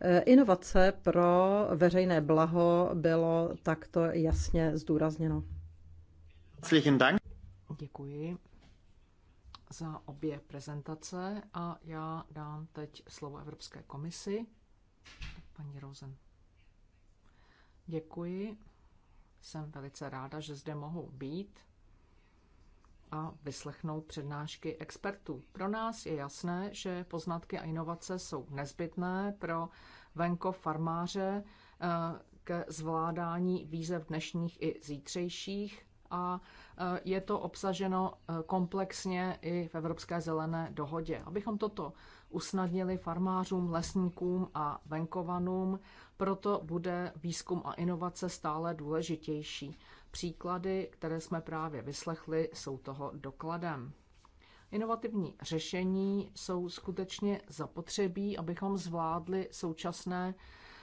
eh, inovace pro veřejné blaho bylo takto jasně zdůrazněno. Děkuji za obě prezentace a já dám teď slovo Evropské komisi. Paní Rosen. Děkuji. Jsem velice ráda, že zde mohu být a vyslechnout přednášky expertů. Pro nás je jasné, že poznatky a inovace jsou nezbytné pro venkov farmáře eh, ke zvládání výzev dnešních i zítřejších a eh, je to obsaženo eh, komplexně i v Evropské zelené dohodě. Abychom toto usnadnili farmářům, lesníkům a venkovanům, proto bude výzkum a inovace stále důležitější. Příklady, které jsme právě vyslechli, jsou toho dokladem. Inovativní řešení jsou skutečně zapotřebí, abychom zvládli současné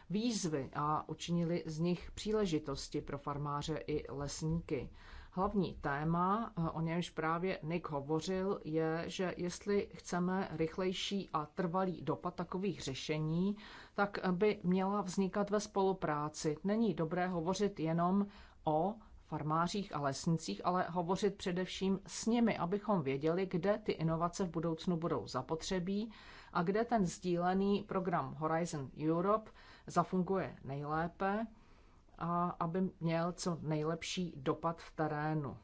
výzvy a učinili z nich příležitosti pro farmáře i lesníky. Hlavní téma, eh, o němž právě Nick hovořil, je, že jestli chceme rychlejší a trvalý dopad takových řešení, tak by měla vznikat ve spolupráci. Není dobré hovořit jenom o farmářích a lesnicích, ale hovořit především s nimi, abychom věděli, kde ty inovace v budoucnu budou zapotřebí a kde ten sdílený program Horizon Europe zafunguje nejlépe a aby měl co nejlepší dopad v terénu.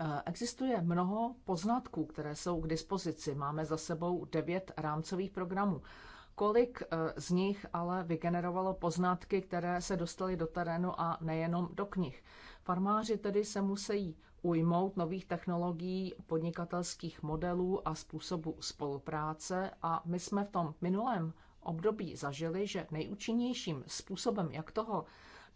Eh, existuje mnoho poznatků, které jsou k dispozici. Máme za sebou devět rámcových programů. Kolik eh, z nich ale vygenerovalo poznatky, které se dostaly do terénu a nejenom do knih? Farmáři tedy se musí ujmout nových technologií, podnikatelských modelů a způsobu spolupráce a my jsme v tom minulém období zažili, že nejúčinnějším způsobem, jak toho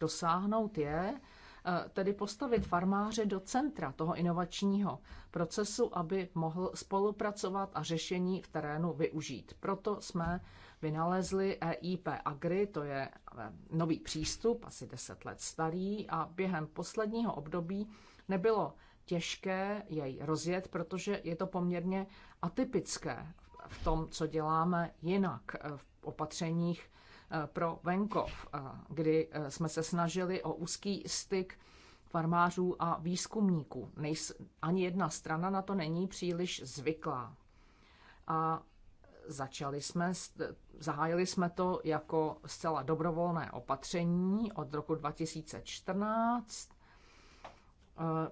dosáhnout, je eh, tedy postavit farmáře do centra toho inovačního procesu, aby mohl spolupracovat a řešení v terénu využít. Proto jsme vynalezli EIP Agri, to je eh, nový přístup, asi 10 let starý, a během posledního období nebylo těžké jej rozjet, protože je to poměrně atypické v tom, co děláme jinak eh, v opatřeních Eh, pro venkov, eh, kdy eh, jsme se snažili o úzký styk farmářů a výzkumníků. ani jedna strana na to není příliš zvyklá. A začali jsme, zahájili jsme to jako zcela dobrovolné opatření od roku 2014.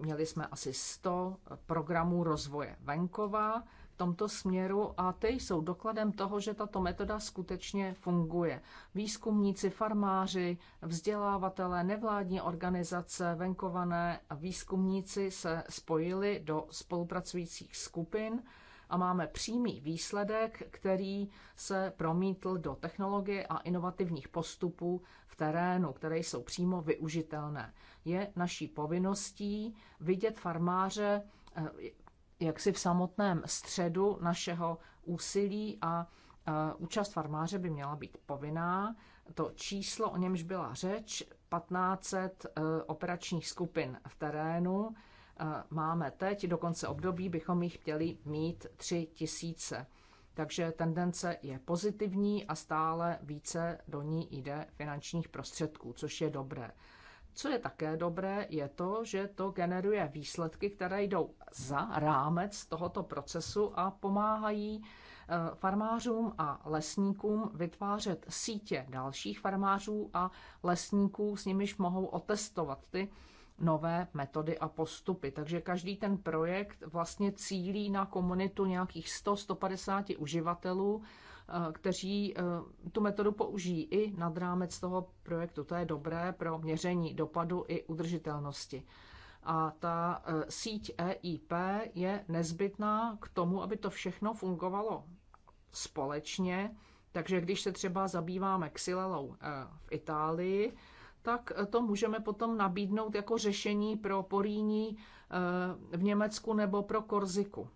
Měli jsme asi 100 programů rozvoje venkova tomto směru a ty jsou dokladem toho, že tato metoda skutečně funguje. Výzkumníci, farmáři, vzdělávatelé, nevládní organizace, venkované a výzkumníci se spojili do spolupracujících skupin a máme přímý výsledek, který se promítl do technologie a inovativních postupů v terénu, které jsou přímo využitelné. Je naší povinností vidět farmáře eh, jaksi v samotném středu našeho úsilí a účast farmáře by měla být povinná. To číslo, o němž byla řeč, 1500 e, operačních skupin v terénu e, máme teď, do konce období bychom jich chtěli mít 3000. Takže tendence je pozitivní a stále více do ní jde finančních prostředků, což je dobré. Co je také dobré, je to, že to generuje výsledky, které jdou za rámec tohoto procesu a pomáhají eh, farmářům a lesníkům vytvářet sítě dalších farmářů a lesníků, s nimiž mohou otestovat ty nové metody a postupy. Takže každý ten projekt vlastně cílí na komunitu nějakých 100-150 uživatelů Eh, kteří eh, tu metodu použijí i nad rámec toho projektu. To je dobré pro měření dopadu i udržitelnosti. A ta eh, síť EIP je nezbytná k tomu, aby to všechno fungovalo společně. Takže když se třeba zabýváme xylelou v Itálii, tak to můžeme potom nabídnout jako řešení pro Poríní v Německu nebo pro Korziku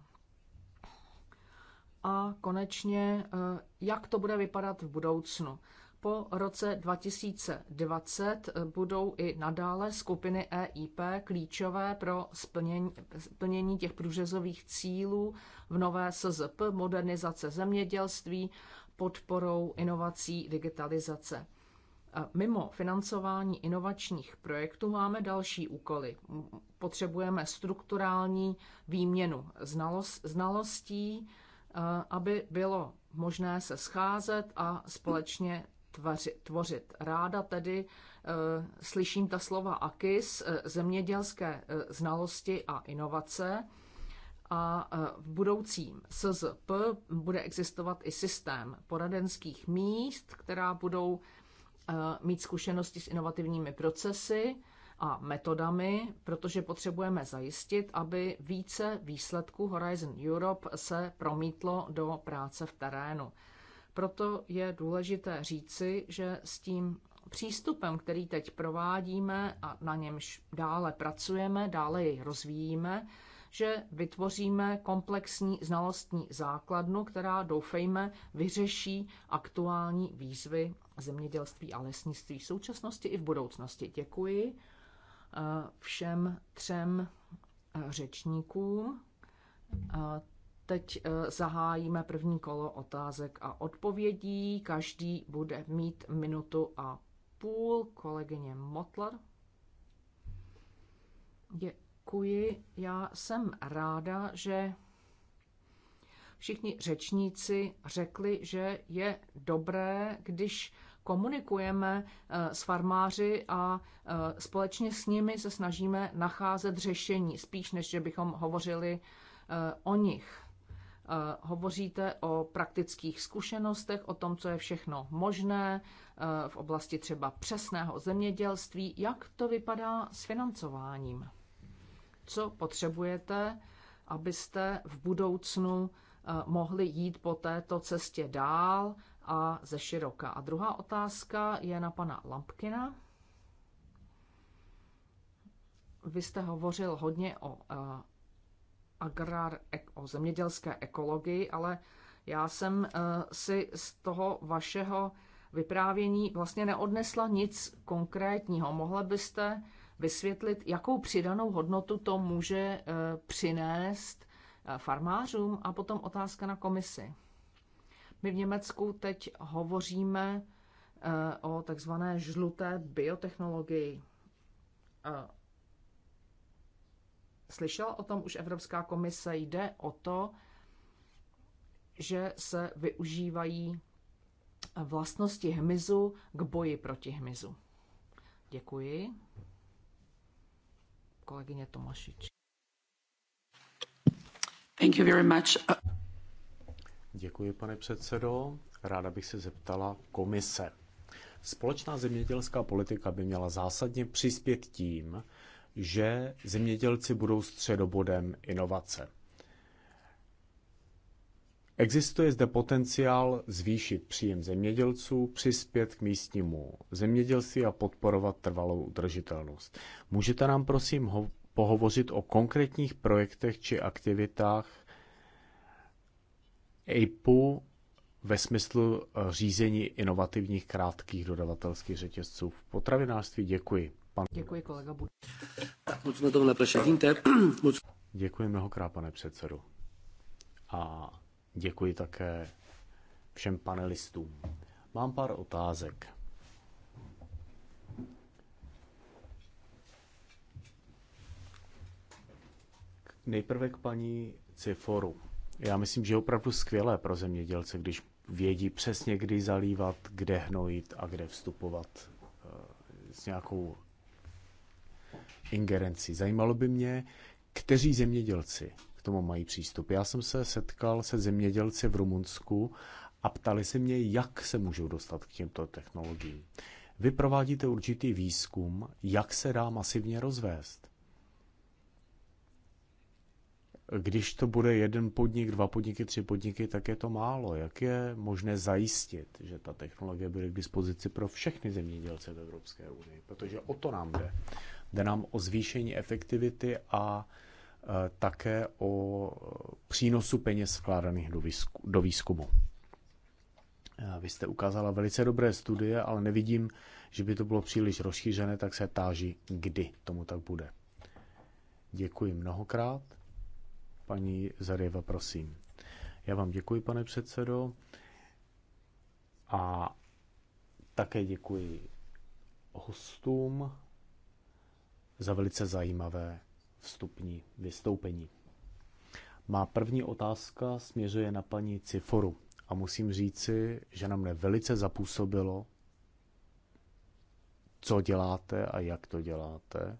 a konečně, eh, jak to bude vypadat v budoucnu. Po roce 2020 eh, budou i nadále skupiny EIP klíčové pro splnění, splnění těch průřezových cílů v nové SZP, modernizace zemědělství, podporou inovací, digitalizace. Eh, mimo financování inovačních projektů máme další úkoly. Potřebujeme strukturální výměnu znalost, znalostí, Eh, aby bylo možné se scházet a společně tvořit. Ráda tedy eh, slyším ta slova AKIS, eh, zemědělské znalosti a inovace. A v budoucím SZP bude existovat i systém poradenských míst, která budou mít zkušenosti s inovativními procesy a metodami, protože potřebujeme zajistit, aby více výsledků Horizon Europe se promítlo do práce v terénu. Proto je důležité říci, že s tím přístupem, který teď provádíme a na němž dále pracujeme, dále jej rozvíjíme, že vytvoříme komplexní znalostní základnu, která doufejme vyřeší aktuální výzvy zemědělství a lesnictví v současnosti i v budoucnosti. Děkuji všem třem řečníkům. Teď e, zahájíme první kolo otázek a odpovědí. Každý bude mít minutu a půl. Kolegyně Motler. Děkuji. Já jsem ráda, že všichni řečníci řekli, že je dobré, když komunikujeme eh, s farmáři a eh, společně s nimi se snažíme nacházet řešení, spíš než že bychom hovořili eh, o nich. Hovoříte o praktických zkušenostech, o tom, co je všechno možné v oblasti třeba přesného zemědělství. Jak to vypadá s financováním? Co potřebujete, abyste v budoucnu mohli jít po této cestě dál a ze široka. A druhá otázka je na pana Lampkina. Vy jste hovořil hodně o eh, agrár, o zemědělské ekologii, ale já jsem eh, si z toho vašeho vyprávění vlastně neodnesla nic konkrétního. Mohla byste vysvětlit, jakou přidanou hodnotu to může eh, přinést farmářům a potom otázka na komisi. My v Německu teď hovoříme eh, o takzvané žluté biotechnologii. Eh, slyšela o tom už Evropská komise, jde o to, že se využívají vlastnosti hmyzu k boji proti hmyzu. Děkuji. Kolegyně Tomašič. Thank you very much. Děkuji, pane předsedo. Ráda bych se zeptala komise. Společná zemědělská politika by měla zásadně přispět tím, že zemědělci budou středobodem inovace. Existuje zde potenciál zvýšit příjem zemědělců, přispět k místnímu zemědělství a podporovat trvalou udržitelnost. Můžete nám prosím ho- pohovořit o konkrétních projektech či aktivitách, APU ve smyslu eh, řízení inovativních krátkých dodavatelských řetězců v potravinářství. Děkuji. Pan... Děkuji, kolega Bud. <clears throat> Děkuji mnohokrát, pane předsedu. A děkuji také všem panelistům. Mám pár otázek. Nejprve k paní Ciforu. Já myslím, že je opravdu skvělé pro zemědělce, když vědí přesně, kdy zalívat, kde hnojit a kde vstupovat eh, s nějakou ingerenci. Zajímalo by mě, kteří zemědělci k tomu mají přístup. Já jsem se setkal se zemědělci v Rumunsku a ptali se mě, jak se můžou dostat k těmto technologiím. Vy provádíte určitý výzkum, jak se dá masivně rozvést. Když to bude jeden podnik, dva podniky, tři podniky, tak je to málo. Jak je možné zajistit, že ta technologie bude k dispozici pro všechny zemědělce v Evropské unii? Protože o to nám jde. Jde nám o zvýšení efektivity a e, také o e, přínosu peněz vkládaných do, výzku, do výzkumu. E, vy jste ukázala velice dobré studie, ale nevidím, že by to bylo příliš rozšířené, tak se táží, kdy tomu tak bude. Děkuji mnohokrát. Paní Zaryva, prosím. Já vám děkuji, pane předsedo, a také děkuji hostům za velice zajímavé vstupní vystoupení. Má první otázka směřuje na paní Ciforu a musím říci, že na mne velice zapůsobilo, co děláte a jak to děláte.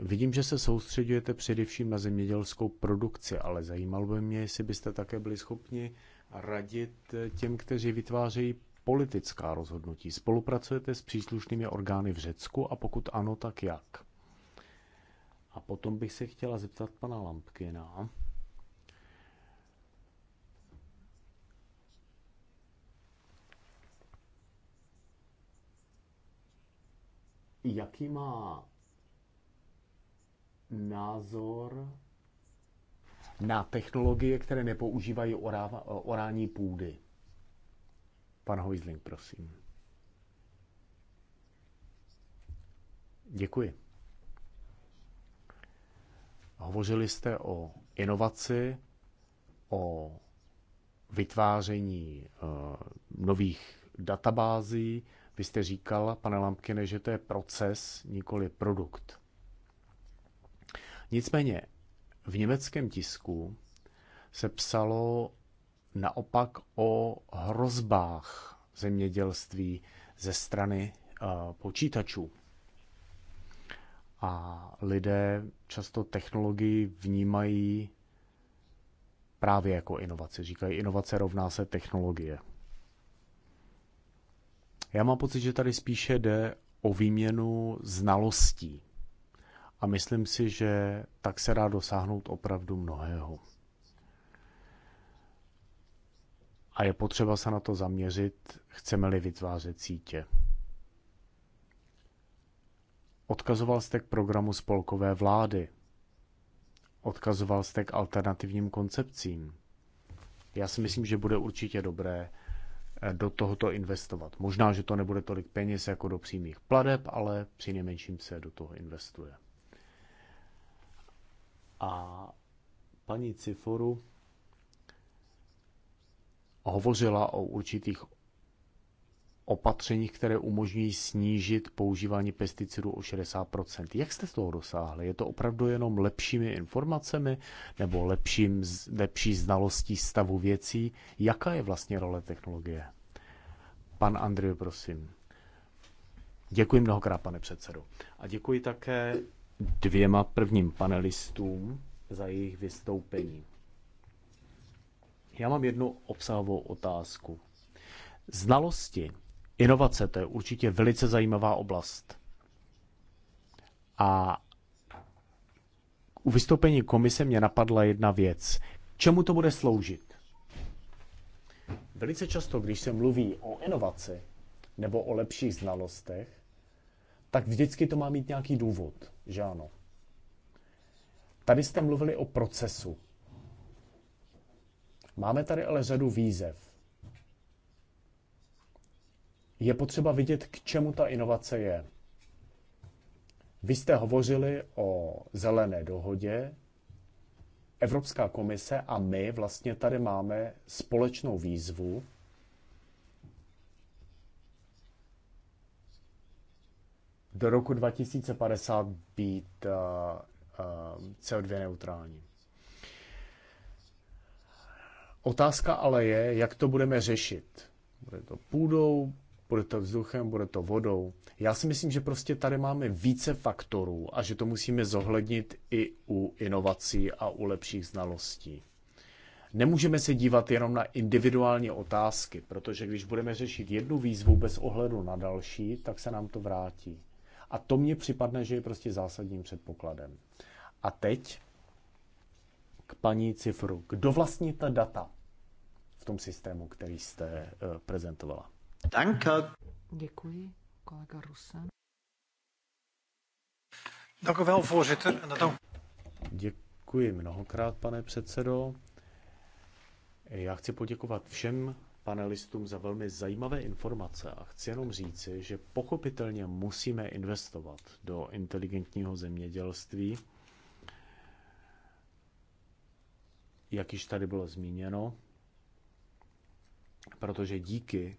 Vidím, že se soustředujete především na zemědělskou produkci, ale zajímalo by mě, jestli byste také byli schopni radit těm, kteří vytvářejí politická rozhodnutí. Spolupracujete s příslušnými orgány v Řecku a pokud ano, tak jak? A potom bych se chtěla zeptat pana Lampkina. Jaký má názor na technologie, které nepoužívají oráva, orální půdy. Pan Hojzling, prosím. Děkuji. Hovořili jste o inovaci, o vytváření eh, nových databází. Vy jste říkal, pane Lampkine, že to je proces, nikoli produkt. Nicméně v německém tisku se psalo naopak o hrozbách zemědělství ze strany eh, počítačů. A lidé často technologii vnímají právě jako inovace. Říkají, inovace rovná se technologie. Já mám pocit, že tady spíše jde o výměnu znalostí a myslím si, že tak se dá dosáhnout opravdu mnohého. A je potřeba se na to zaměřit, chceme-li vytvářet sítě. Odkazoval jste k programu spolkové vlády. Odkazoval jste k alternativním koncepcím. Já si myslím, že bude určitě dobré eh, do tohoto investovat. Možná, že to nebude tolik peněz jako do přímých pladeb, ale při nejmenším se do toho investuje a paní Ciforu hovořila o určitých opatřeních, které umožňují snížit používání pesticidů o 60%. Jak jste z toho dosáhli? Je to opravdu jenom lepšími informacemi nebo lepším, lepší znalostí stavu věcí? Jaká je vlastně role technologie? Pan Andrej, prosím. Děkuji mnohokrát, pane předsedo. A děkuji také dvěma prvním panelistům za jejich vystoupení. Já mám jednu obsahovou otázku. Znalosti, inovace, to je určitě velice zajímavá oblast. A u vystoupení komise mě napadla jedna věc. K čemu to bude sloužit? Velice často, když se mluví o inovaci nebo o lepších znalostech, tak vždycky to má mít nějaký důvod, že ano. Tady jste mluvili o procesu. Máme tady ale řadu výzev. Je potřeba vidět, k čemu ta inovace je. Vy jste hovořili o zelené dohodě. Evropská komise a my vlastně tady máme společnou výzvu, do roku 2050 být eh, eh, CO2 neutrální. Otázka ale je, jak to budeme řešit. Bude to půdou, bude to vzduchem, bude to vodou. Já si myslím, že prostě tady máme více faktorů a že to musíme zohlednit i u inovací a u lepších znalostí. Nemůžeme se dívat jenom na individuální otázky, protože když budeme řešit jednu výzvu bez ohledu na další, tak se nám to vrátí. A to mně připadne, že je prostě zásadním předpokladem. A teď k paní Cifru. Kdo vlastní ta data v tom systému, který jste eh, prezentovala? Danka. Děkuji, kolega Rusan. Eh, Děkuji mnohokrát, pane předsedo. Já chci poděkovat všem panelistům za velmi zajímavé informace a chci jenom říci, že pochopitelně musíme investovat do inteligentního zemědělství. Jak již tady bylo zmíněno, protože díky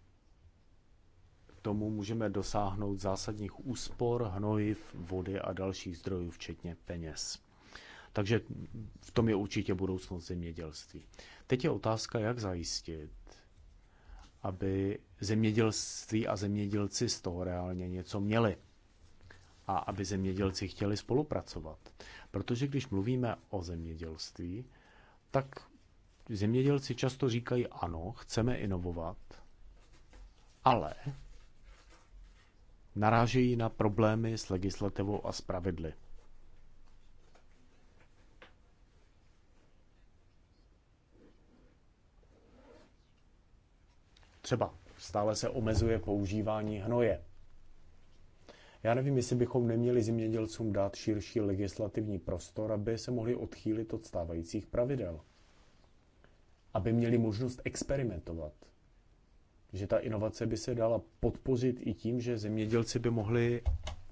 tomu můžeme dosáhnout zásadních úspor, hnojiv, vody a dalších zdrojů, včetně peněz. Takže v tom je určitě budoucnost zemědělství. Teď je otázka, jak zajistit, aby zemědělství a zemědělci z toho reálně něco měli a aby zemědělci chtěli spolupracovat. Protože když mluvíme o zemědělství, tak zemědělci často říkají ano, chceme inovovat, ale narážejí na problémy s legislativou a s pravidly. Třeba stále se omezuje používání hnoje. Já nevím, jestli bychom neměli zemědělcům dát širší legislativní prostor, aby se mohli odchýlit od stávajících pravidel. Aby měli možnost experimentovat. Že ta inovace by se dala podpořit i tím, že zemědělci by mohli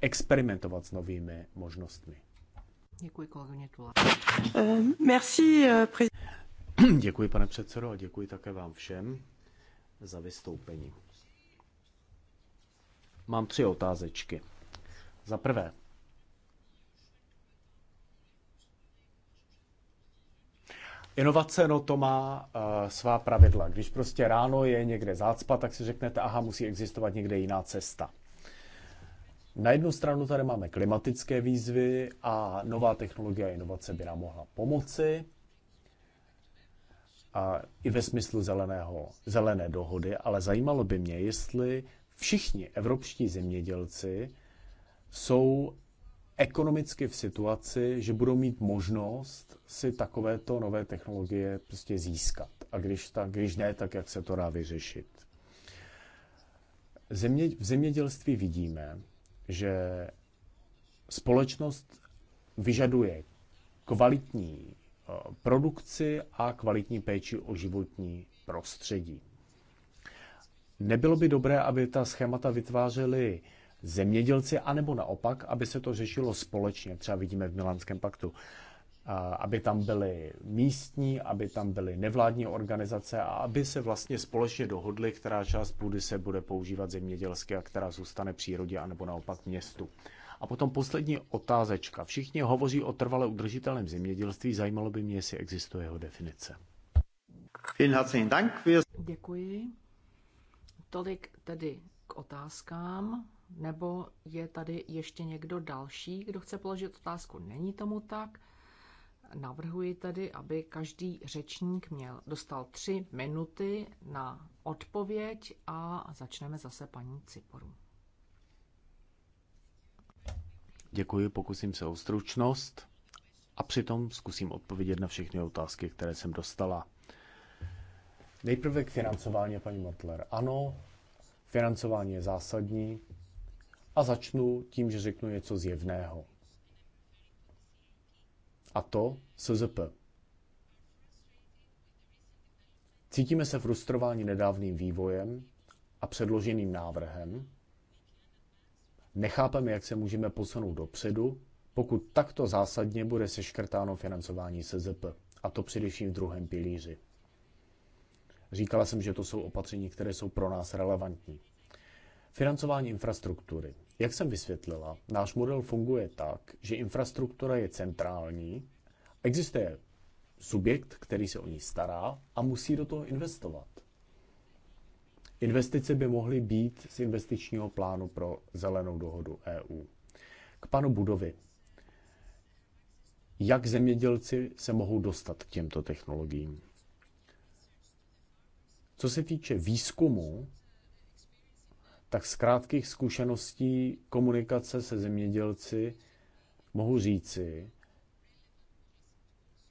experimentovat s novými možnostmi. Děkuji, kolegyně Tula. Uh, eh, merci, uh, Děkuji, pane předsedo, a děkuji také vám všem za vystoupení. Mám tři otázečky. Za prvé, Inovace, no to má uh, svá pravidla. Když prostě ráno je někde zácpa, tak si řeknete, aha, musí existovat někde jiná cesta. Na jednu stranu tady máme klimatické výzvy a nová technologie a inovace by nám mohla pomoci a i ve smyslu zeleného, zelené dohody, ale zajímalo by mě, jestli všichni evropští zemědělci jsou ekonomicky v situaci, že budou mít možnost si takovéto nové technologie prostě získat. A když, tak, když ne, tak jak se to dá vyřešit. Země, v zemědělství vidíme, že společnost vyžaduje kvalitní produkci a kvalitní péči o životní prostředí. Nebylo by dobré, aby ta schémata vytvářely zemědělci, anebo naopak, aby se to řešilo společně, třeba vidíme v Milánském paktu, aby tam byly místní, aby tam byly nevládní organizace a aby se vlastně společně dohodly, která část půdy se bude používat zemědělsky a která zůstane přírodě, anebo naopak městu. A potom poslední otázečka. Všichni hovoří o trvale udržitelném zemědělství, zajímalo by mě, jestli existuje jeho definice. Děkuji. Tolik tedy k otázkám, nebo je tady ještě někdo další, kdo chce položit otázku? Není tomu tak. Navrhuji tedy, aby každý řečník měl, dostal tři minuty na odpověď a začneme zase paní Ciporu. Děkuji, pokusím se o stručnost a přitom zkusím odpovědět na všechny otázky, které jsem dostala. Nejprve k financování, paní Matler. Ano, financování je zásadní a začnu tím, že řeknu něco zjevného. A to SZP. Cítíme se frustrováni nedávným vývojem a předloženým návrhem, Nechápeme, jak se můžeme posunout dopředu, pokud takto zásadně bude seškrtáno financování SZP, a to především v druhém pilíři. Říkala jsem, že to jsou opatření, které jsou pro nás relevantní. Financování infrastruktury. Jak jsem vysvětlila, náš model funguje tak, že infrastruktura je centrální, existuje subjekt, který se o ní stará a musí do toho investovat. Investice by mohly být z investičního plánu pro zelenou dohodu EU. K panu Budovi. Jak zemědělci se mohou dostat k těmto technologiím? Co se týče výzkumu, tak z krátkých zkušeností komunikace se zemědělci mohu říci,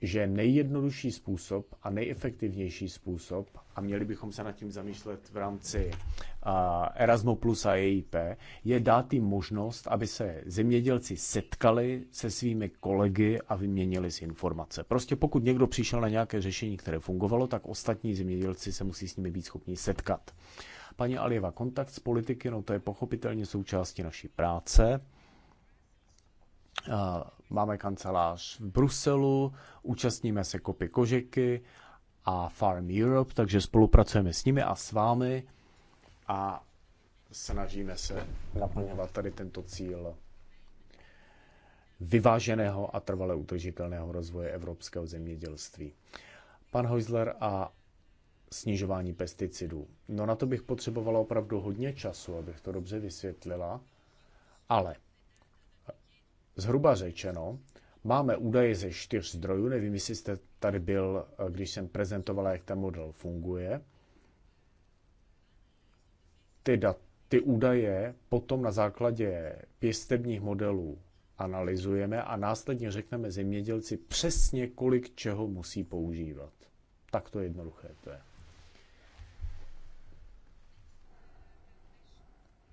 že nejjednodušší způsob a nejefektivnější způsob, a měli bychom se nad tím zamýšlet v rámci Erasmus Plus a EIP, je dát jim možnost, aby se zemědělci setkali se svými kolegy a vyměnili si informace. Prostě pokud někdo přišel na nějaké řešení, které fungovalo, tak ostatní zemědělci se musí s nimi být schopni setkat. Paní Alieva, kontakt s politiky, no to je pochopitelně součástí naší práce. Eh, máme kancelář v Bruselu, účastníme se kopy Kožeky a Farm Europe, takže spolupracujeme s nimi a s vámi a snažíme se naplňovat tady tento cíl vyváženého a trvale udržitelného rozvoje evropského zemědělství. Pan Heusler a snižování pesticidů. No na to bych potřebovala opravdu hodně času, abych to dobře vysvětlila, ale Zhruba řečeno, máme údaje ze čtyř zdrojů, nevím, jestli jste tady byl, eh, když jsem prezentoval, jak ten model funguje. Ty, dat, ty údaje potom na základě pěstebních modelů analyzujeme a následně řekneme zemědělci přesně, kolik čeho musí používat. Tak to je jednoduché to je.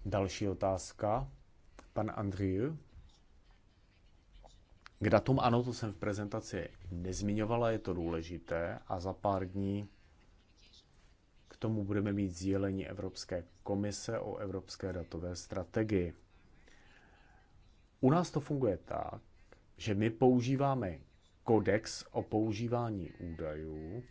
Další otázka. Pan Andrieu. K datum ano, to jsem v prezentaci nezmiňovala, je to důležité a za pár dní k tomu budeme mít sdělení Evropské komise o Evropské datové strategii. U nás to funguje tak, že my používáme kodex o používání údajů,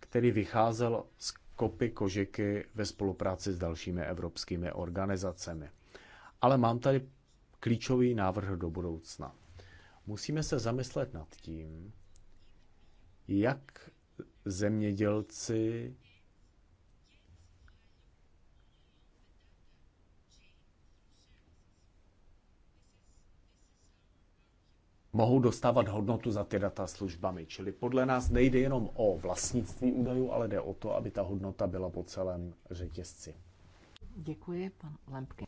který vycházel z kopy kožiky ve spolupráci s dalšími evropskými organizacemi. Ale mám tady klíčový návrh do budoucna. Musíme se zamyslet nad tím, jak zemědělci mohou dostávat hodnotu za ty data službami. Čili podle nás nejde jenom o vlastnictví údajů, ale jde o to, aby ta hodnota byla po celém řetězci. Děkuji, pan Lempke.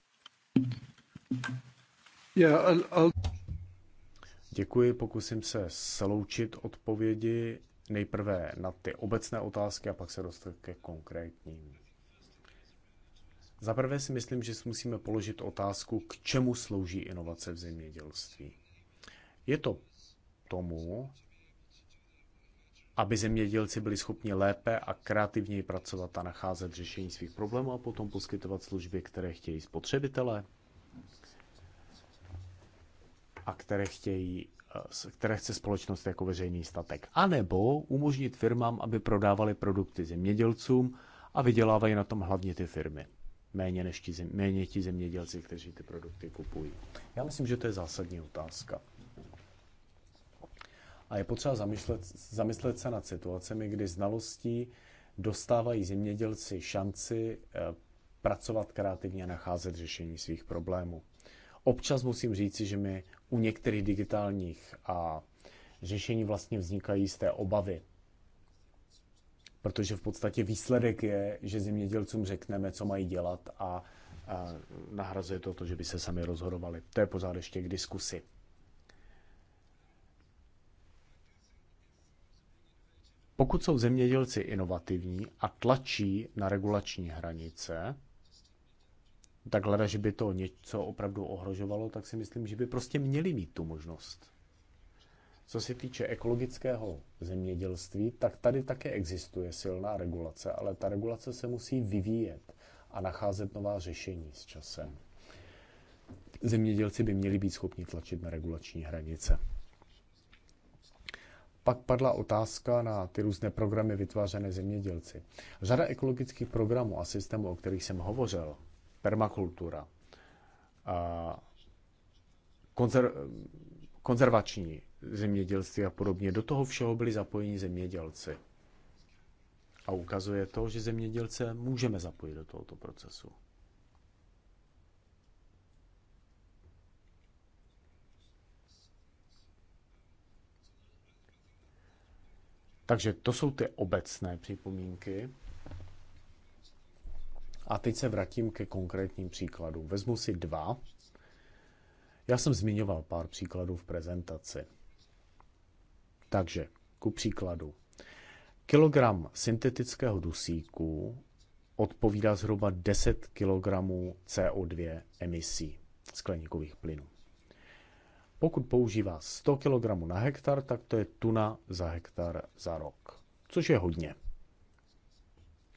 Děkuji, pokusím se sloučit odpovědi nejprve na ty obecné otázky a pak se dostat ke konkrétním. Za prvé si myslím, že si musíme položit otázku, k čemu slouží inovace v zemědělství. Je to tomu, aby zemědělci byli schopni lépe a kreativněji pracovat a nacházet řešení svých problémů a potom poskytovat služby, které chtějí spotřebitelé? a které chtějí eh, které chce společnost jako veřejný statek. A nebo umožnit firmám, aby prodávali produkty zemědělcům a vydělávají na tom hlavně ty firmy. Méně, než ti, zem, méně ti zemědělci, kteří ty produkty kupují. Já myslím, že to je zásadní otázka. A je potřeba zamyslet, zamyslet se nad situacemi, kdy znalostí dostávají zemědělci šanci eh, pracovat kreativně a nacházet řešení svých problémů občas musím říci, že mi u některých digitálních a řešení vlastně vznikají z té obavy. Protože v podstatě výsledek je, že zemědělcům řekneme, co mají dělat a, a nahrazuje to to, že by se sami rozhodovali. To je pořád ještě k diskusi. Pokud jsou zemědělci inovativní a tlačí na regulační hranice, tak hleda, že by to něco opravdu ohrožovalo, tak si myslím, že by prostě měli mít tu možnost. Co se týče ekologického zemědělství, tak tady také existuje silná regulace, ale ta regulace se musí vyvíjet a nacházet nová řešení s časem. Zemědělci by měli být schopni tlačit na regulační hranice. Pak padla otázka na ty různé programy vytvářené zemědělci. Řada ekologických programů a systémů, o kterých jsem hovořil, permakultura, konzer, konzervační zemědělství a podobně. Do toho všeho byli zapojeni zemědělci. A ukazuje to, že zemědělce můžeme zapojit do tohoto procesu. Takže to jsou ty obecné připomínky. A teď se vrátím ke konkrétním příkladům. Vezmu si dva. Já jsem zmiňoval pár příkladů v prezentaci. Takže, ku příkladu. Kilogram syntetického dusíku odpovídá zhruba 10 kg CO2 emisí skleníkových plynů. Pokud používá 100 kg na hektar, tak to je tuna za hektar za rok, což je hodně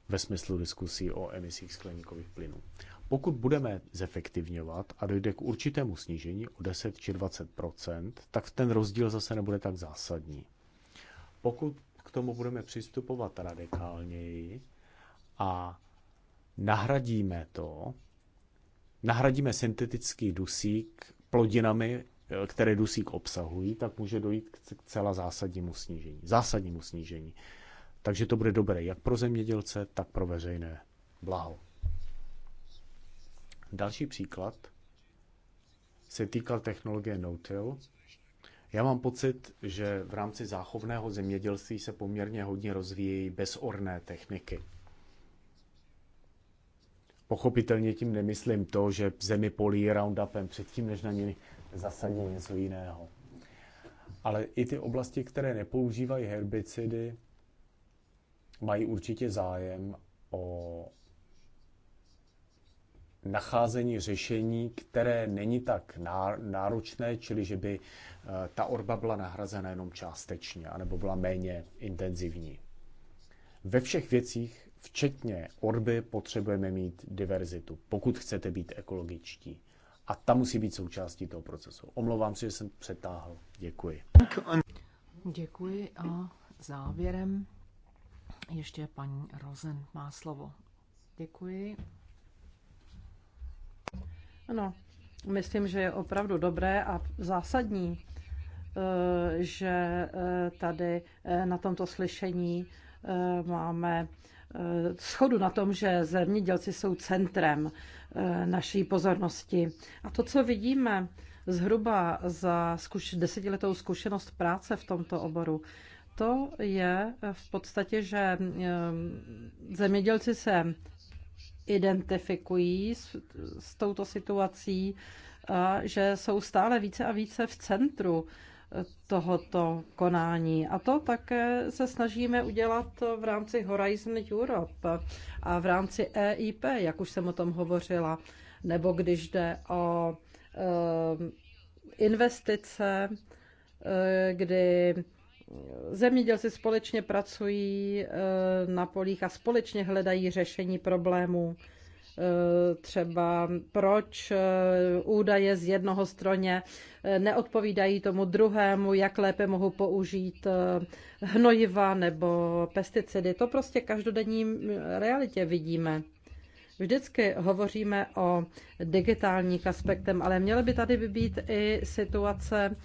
ve smyslu diskusí o emisích skleníkových plynů. Pokud budeme zefektivňovat a dojde k určitému snížení o 10 či 20 tak ten rozdíl zase nebude tak zásadní. Pokud k tomu budeme přistupovat radikálněji a nahradíme to, nahradíme syntetický dusík plodinami, které dusík obsahují, tak může dojít k celá zásadnímu snížení. Zásadnímu snížení. Takže to bude dobré jak pro zemědělce, tak pro veřejné blaho. Další příklad se týkal technologie no-till. Já mám pocit, že v rámci záchovného zemědělství se poměrně hodně rozvíjí bezorné techniky. Pochopitelně tím nemyslím to, že zemi polí roundupem předtím, než na ní zasadí něco jiného. Ale i ty oblasti, které nepoužívají herbicidy, mají určitě zájem o nacházení řešení, které není tak náročné, čili že by eh, ta orba byla nahrazena jenom částečně, anebo byla méně intenzivní. Ve všech věcích, včetně orby, potřebujeme mít diverzitu, pokud chcete být ekologičtí. A ta musí být součástí toho procesu. Omlouvám se, že jsem přetáhl. Děkuji. Děkuji a závěrem ještě paní Rozen má slovo. Děkuji. Ano, myslím, že je opravdu dobré a zásadní, eh, že eh, tady eh, na tomto slyšení máme schodu na tom, že zemědělci jsou centrem naší pozornosti. A to, co vidíme zhruba za zkuš- desetiletou zkušenost práce v tomto oboru, to je v podstatě, že eh, zemědělci se identifikují s, s touto situací, a že jsou stále více a více v centru eh, tohoto konání. A to také se snažíme udělat v rámci Horizon Europe a v rámci EIP, jak už jsem o tom hovořila, nebo když jde o eh, investice, kdy zemědělci společně pracují eh, na polích a společně hledají řešení problémů. Eh, třeba proč eh, údaje z jednoho stroně neodpovídají tomu druhému, jak lépe mohu použít hnojiva nebo pesticidy. To prostě každodenní realitě vidíme. Vždycky hovoříme o digitálních aspektem, ale měly by tady být i situace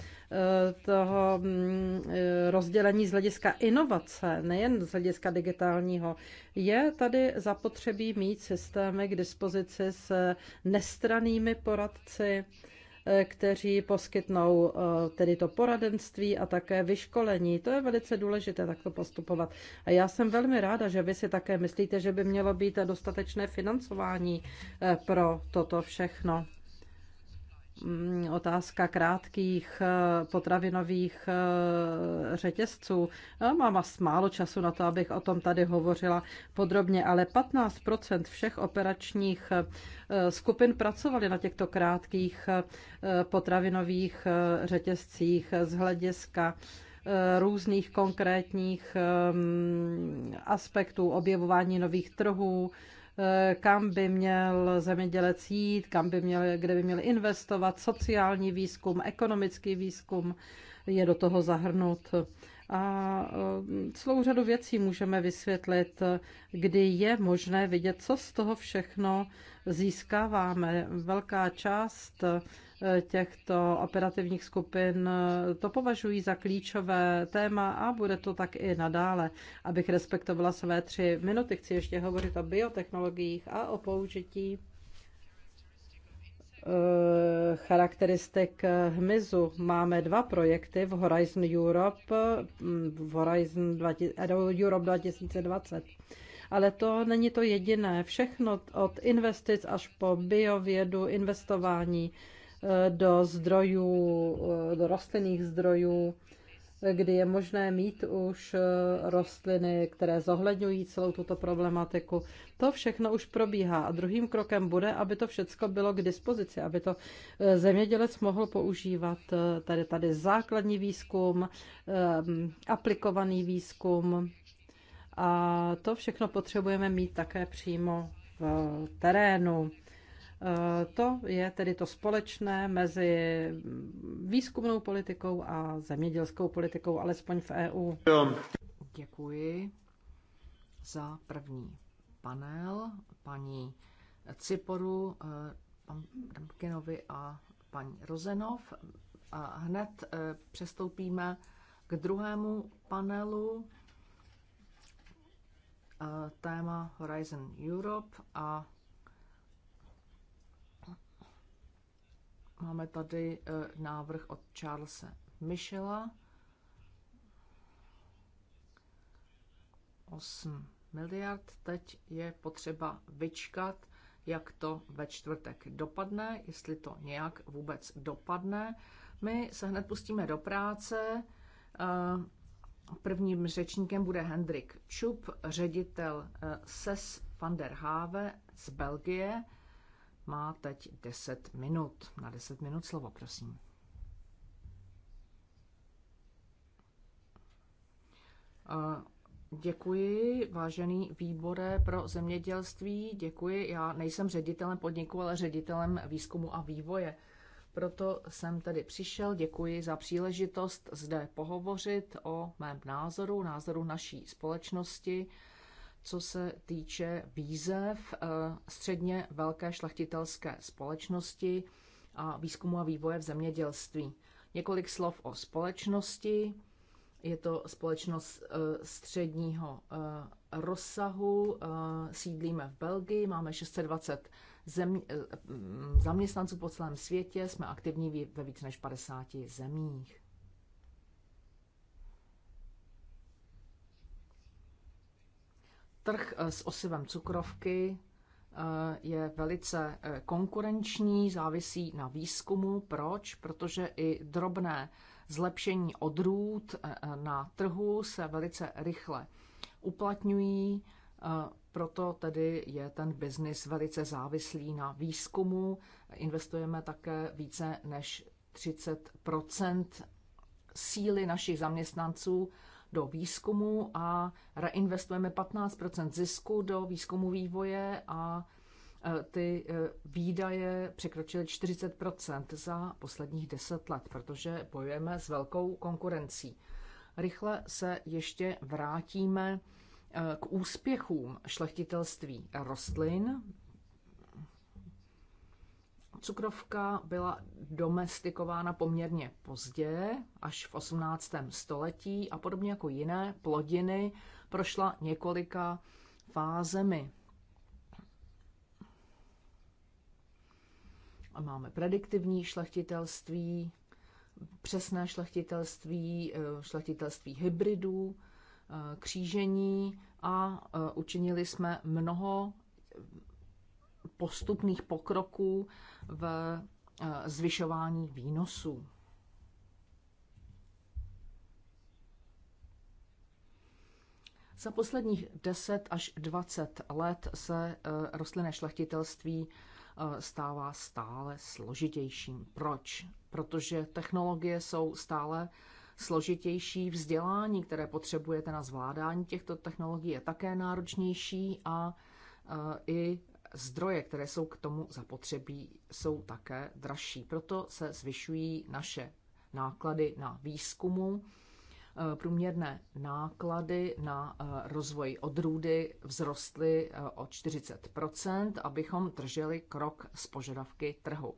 toho mm, eh, rozdělení z hlediska inovace, nejen z hlediska digitálního, je tady zapotřebí mít systémy k dispozici s nestranými poradci, eh, kteří poskytnou eh, tedy to poradenství a také vyškolení. To je velice důležité takto postupovat. A já jsem velmi ráda, že vy si také myslíte, že by mělo být dostatečné financování pro toto všechno. Mm, otázka krátkých eh, potravinových eh, řetězců. Mám málo času na to, abych o tom tady hovořila podrobně, ale 15 všech operačních eh, skupin pracovali na těchto krátkých potravinových řetězcích z hlediska různých konkrétních mm, aspektů objevování nových trhů, Eh, kam by měl zemědělec jít, kam by měl, kde by měl investovat, sociální výzkum, ekonomický výzkum je do toho zahrnut. A eh, celou řadu věcí můžeme vysvětlit, kdy je možné vidět, co z toho všechno získáváme. Velká část eh, těchto operativních skupin eh, to považují za klíčové téma a bude to tak i nadále. Abych respektovala své tři minuty, chci ještě hovořit o biotechnologiích a o použití Eh, charakteristik hmyzu. Máme dva projekty v Horizon Europe, mm, v Horizon 20, eh, Europe 2020. Ale to není to jediné. Všechno od investic až po biovědu, investování eh, do zdrojů, do rostlinných zdrojů, kdy je možné mít už eh, rostliny, které zohledňují celou tuto problematiku. To všechno už probíhá a druhým krokem bude, aby to všechno bylo k dispozici, aby to eh, zemědělec mohl používat. Eh, tady tady základní výzkum, aplikovaný výzkum a to všechno potřebujeme mít také přímo v terénu. Eh, to je tedy to společné mezi výzkumnou politikou a zemědělskou politikou, alespoň v EU. Děkuji za první panel paní Ciporu, eh, pan Damkinovi a paní Rozenov. A hned eh, přestoupíme k druhému panelu téma Horizon Europe a Máme tady e, návrh od Charlesa Michela. 8 miliard. Teď je potřeba vyčkat, jak to ve čtvrtek dopadne, jestli to nějak vůbec dopadne. My se hned pustíme do práce. E, prvním řečníkem bude Hendrik Čup, ředitel SES e van der Have z Belgie má teď 10 minut. Na 10 minut slovo, prosím. Eh, děkuji, vážený výbore pro zemědělství. Děkuji. Já nejsem ředitelem podniku, ale ředitelem výzkumu a vývoje. Proto jsem tedy přišel. Děkuji za příležitost zde pohovořit o mém názoru, názoru naší společnosti co se týče výzev eh, středně velké šlechtitelské společnosti a výzkumu a vývoje v zemědělství. Několik slov o společnosti. Je to společnost eh, středního eh, rozsahu, sídlíme v Belgii, máme 620 země, zaměstnanců po celém světě, jsme aktivní ve více než 50 zemích. Trh eh, s osivem cukrovky eh, je velice eh, konkurenční, závisí na výzkumu. Proč? Protože i drobné zlepšení odrůd na trhu se velice rychle uplatňují, proto tedy je ten biznis velice závislý na výzkumu. Investujeme také více než 30 síly našich zaměstnanců do výzkumu a reinvestujeme 15 zisku do výzkumu vývoje a e, ty e, výdaje překročily 40 za posledních 10 let, protože bojujeme s velkou konkurencí. Rychle se ještě vrátíme e, k úspěchům šlechtitelství rostlin. Cukrovka byla domestikována poměrně pozdě, až v 18. století a podobně jako jiné plodiny prošla několika fázemi. A máme prediktivní šlechtitelství, přesné šlechtitelství, eh, šlechtitelství hybridů, eh, křížení a eh, učinili jsme mnoho postupných pokroků v eh, zvyšování výnosů. Za posledních 10 až 20 let se eh, rostlinné šlechtitelství eh, stává stále složitějším. Proč? Protože technologie jsou stále složitější, vzdělání, které potřebujete na zvládání těchto technologií, je také náročnější a i zdroje, které jsou k tomu zapotřebí, jsou také dražší. Proto se zvyšují naše náklady na výzkumu, eh, průměrné náklady na eh, rozvoj odrůdy vzrostly eh, o 40 abychom drželi krok s požadavky trhu.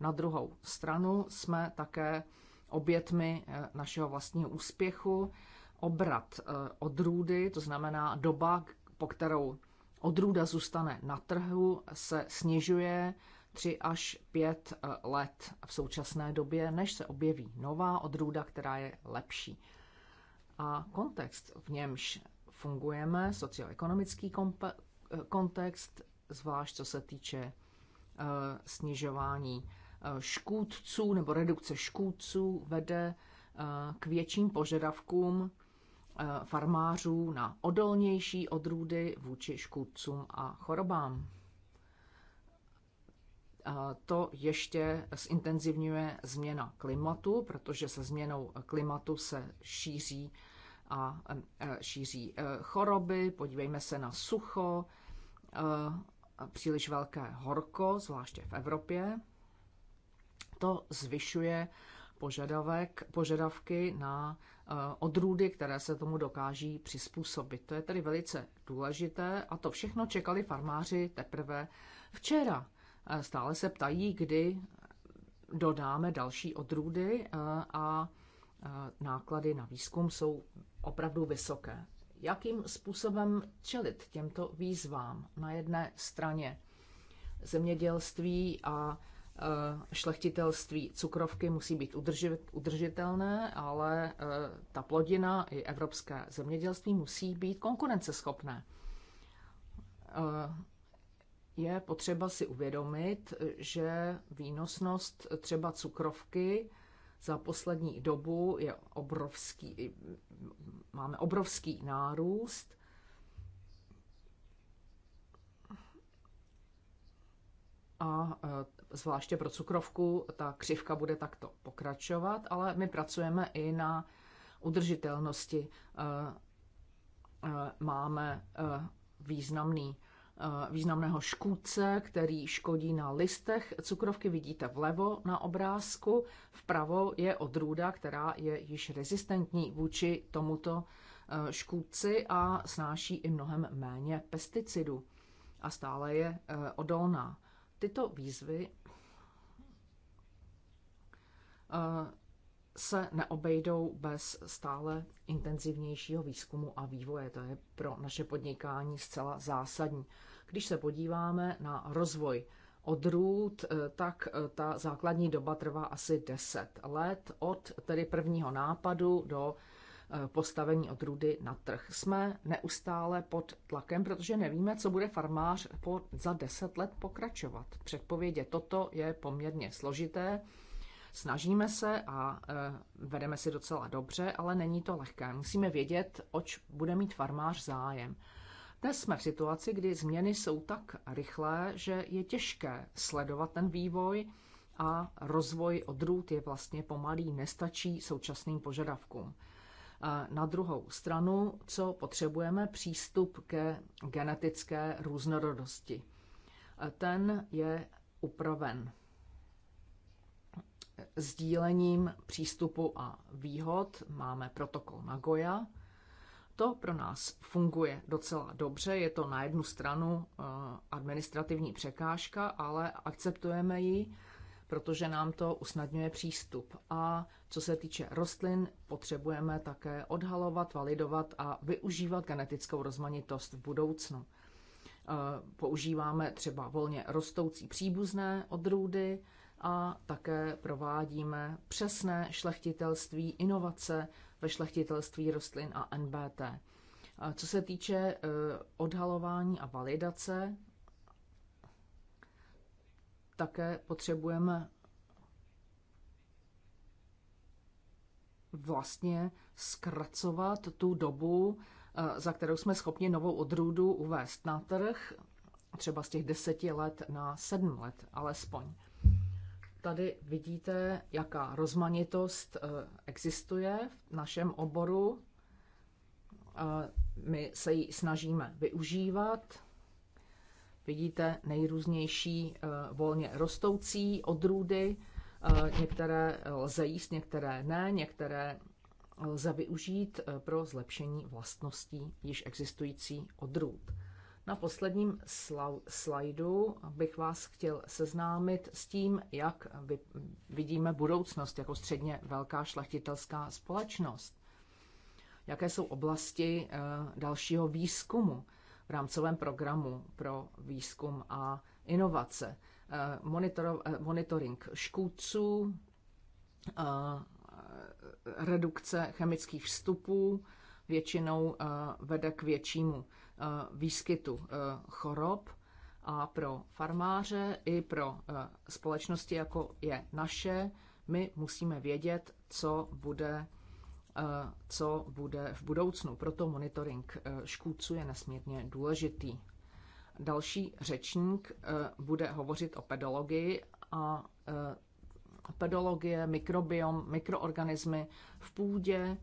Na druhou stranu jsme také obětmi našeho vlastního úspěchu. Obrat odrůdy, to znamená doba, po kterou odrůda zůstane na trhu, se snižuje 3 až 5 eh, let v současné době, než se objeví nová odrůda, která je lepší. A kontext, v němž fungujeme, socioekonomický eh, kontext, zvlášť co se týče eh, snižování škůdců nebo redukce škůdců, vede k větším požadavkům Eh, farmářů na odolnější odrůdy vůči škůdcům a chorobám. Eh, to ještě zintenzivňuje změna klimatu, protože se změnou klimatu se šíří a eh, šíří choroby. Podívejme se na sucho, příliš velké horko, zvláště v Evropě. To zvyšuje požadavek, požadavky na eh, odrůdy, které se tomu dokáží přizpůsobit. To je tedy velice důležité a to všechno čekali farmáři teprve včera. Eh, stále se ptají, kdy dodáme další odrůdy eh, a náklady na výzkum jsou opravdu vysoké. Jakým způsobem čelit těmto výzvám? Na jedné straně zemědělství a Eh, šlechtitelství cukrovky musí být udržitelné, ale eh, ta plodina i evropské zemědělství musí být konkurenceschopné. Eh, je potřeba si uvědomit, že výnosnost třeba cukrovky za poslední dobu je obrovský, máme obrovský nárůst a zvláště pro cukrovku, ta křivka bude takto pokračovat, ale my pracujeme i na udržitelnosti. Eh, eh, máme eh, významný významného škůdce, který škodí na listech. Cukrovky vidíte vlevo na obrázku, vpravo je odrůda, která je již rezistentní vůči tomuto škůdci a snáší i mnohem méně pesticidů a stále je odolná. Tyto výzvy se neobejdou bez stále intenzivnějšího výzkumu a vývoje. To je pro naše podnikání zcela zásadní. Když se podíváme na rozvoj odrůd, e, tak e, ta základní doba trvá asi 10 let od tedy prvního nápadu do e, postavení odrůdy na trh. Jsme neustále pod tlakem, protože nevíme, co bude farmář po, za 10 let pokračovat. Předpovědě toto je poměrně složité Snažíme se a e, vedeme si docela dobře, ale není to lehké. Musíme vědět, oč bude mít farmář zájem. Dnes jsme v situaci, kdy změny jsou tak rychlé, že je těžké sledovat ten vývoj a rozvoj odrůd je vlastně pomalý, nestačí současným požadavkům. E, na druhou stranu, co potřebujeme, přístup ke genetické různorodosti. E, ten je upraven sdílením přístupu a výhod. Máme protokol Nagoya. To pro nás funguje docela dobře. Je to na jednu stranu eh, administrativní překážka, ale akceptujeme ji, protože nám to usnadňuje přístup. A co se týče rostlin, potřebujeme také odhalovat, validovat a využívat genetickou rozmanitost v budoucnu. Eh, používáme třeba volně rostoucí příbuzné odrůdy, a také provádíme přesné šlechtitelství, inovace ve šlechtitelství rostlin a NBT. Co se týče e, odhalování a validace, také potřebujeme vlastně zkracovat tu dobu, e, za kterou jsme schopni novou odrůdu uvést na trh, třeba z těch deseti let na sedm let alespoň tady vidíte, jaká rozmanitost eh, existuje v našem oboru. Eh, my se ji snažíme využívat. Vidíte nejrůznější eh, volně rostoucí odrůdy. Některé lze jíst, některé ne, některé lze využít pro zlepšení vlastností již existující odrůd. Na posledním slajdu bych vás chtěl seznámit s tím, jak vidíme budoucnost jako středně velká šlachtitelská společnost. Jaké jsou oblasti eh, dalšího výzkumu v rámcovém programu pro výzkum a inovace? Eh, Monitor, eh, monitoring škůdců, redukce chemických vstupů většinou vede k většímu Eh, výskytu eh, chorob a pro farmáře i pro eh, společnosti, jako je naše, my musíme vědět, co bude, co bude v budoucnu. Proto monitoring škůdců je nesmírně důležitý. Další řečník bude hovořit o pedologii a pedologie, mikrobiom, mikroorganismy v půdě,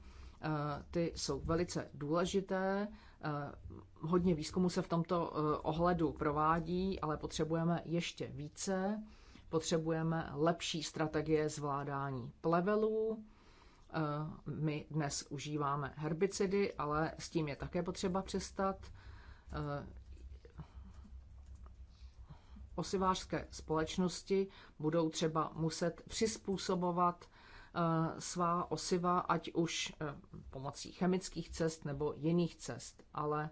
ty jsou velice důležité Eh, hodně výzkumu se v tomto eh, ohledu provádí, ale potřebujeme ještě více. Potřebujeme lepší strategie zvládání plevelů. Eh, my dnes užíváme herbicidy, ale s tím je také potřeba přestat. Osivářské společnosti budou třeba muset přizpůsobovat Eh, svá osiva, ať už eh, pomocí chemických cest nebo jiných cest. Ale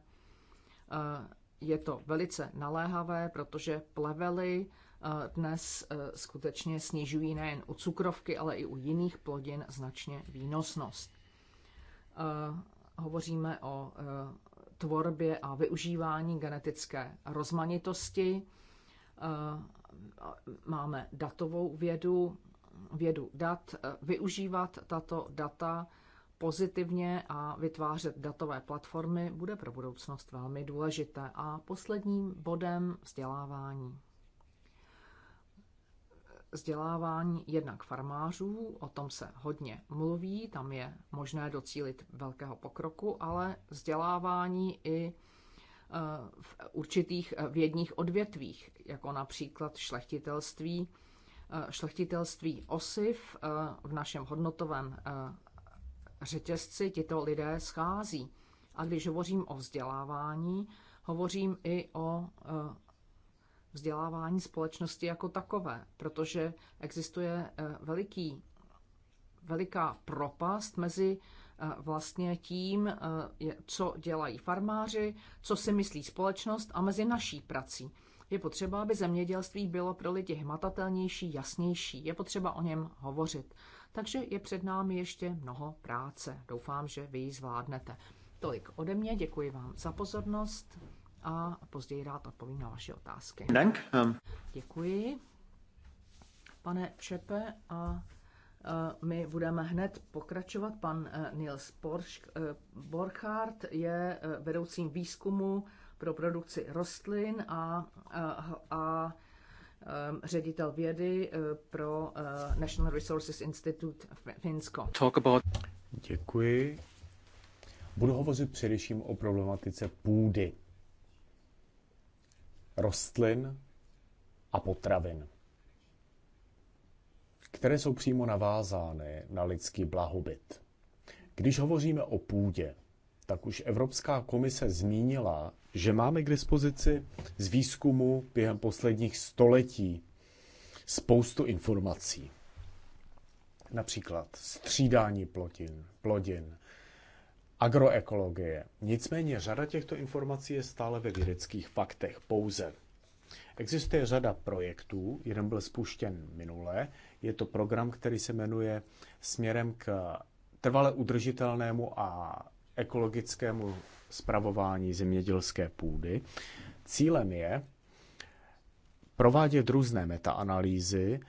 eh, je to velice naléhavé, protože plevely dnes skutečně snižují nejen u cukrovky, ale i u jiných plodin značně výnosnost. Hovoříme o tvorbě a využívání genetické rozmanitosti. Máme datovou vědu, vědu dat, eh, využívat tato data pozitivně a vytvářet datové platformy bude pro budoucnost velmi důležité. A posledním bodem vzdělávání. Vzdělávání jednak farmářů, o tom se hodně mluví, tam je možné docílit velkého pokroku, ale vzdělávání i eh, v určitých eh, vědních odvětvích, jako například šlechtitelství, Eh, šlechtitelství osiv eh, v našem hodnotovém eh, řetězci tito lidé schází. A když hovořím o vzdělávání, hovořím i o vzdělávání společnosti jako takové, protože existuje veliký, veliká propast mezi vlastně tím, co dělají farmáři, co si myslí společnost a mezi naší prací. Je potřeba, aby zemědělství bylo pro lidi hmatatelnější, jasnější. Je potřeba o něm hovořit. Takže je před námi ještě mnoho práce. Doufám, že vy ji zvládnete. Tolik ode mě, děkuji vám za pozornost a později rád odpovím na vaše otázky. Dank. Um. Děkuji, pane Čepe, a e, my budeme hned pokračovat. Pan e, Nils e, Borchardt je vedoucím výzkumu pro produkci rostlin a, a, a ředitel vědy eh, pro eh, National Resources Institute Finsko. Talk about... Děkuji. Budu hovořit především o problematice půdy, rostlin a potravin, které jsou přímo navázány na lidský blahobyt. Když hovoříme o půdě, tak už Evropská komise zmínila, že máme k dispozici z výzkumu během posledních století spoustu informací. Například střídání plotin, plodin, agroekologie. Nicméně řada těchto informací je stále ve vědeckých faktech pouze. Existuje řada projektů, jeden byl spuštěn minule, je to program, který se jmenuje Směrem k trvale udržitelnému a ekologickému spravování zemědělské půdy. Cílem je provádět různé metaanalýzy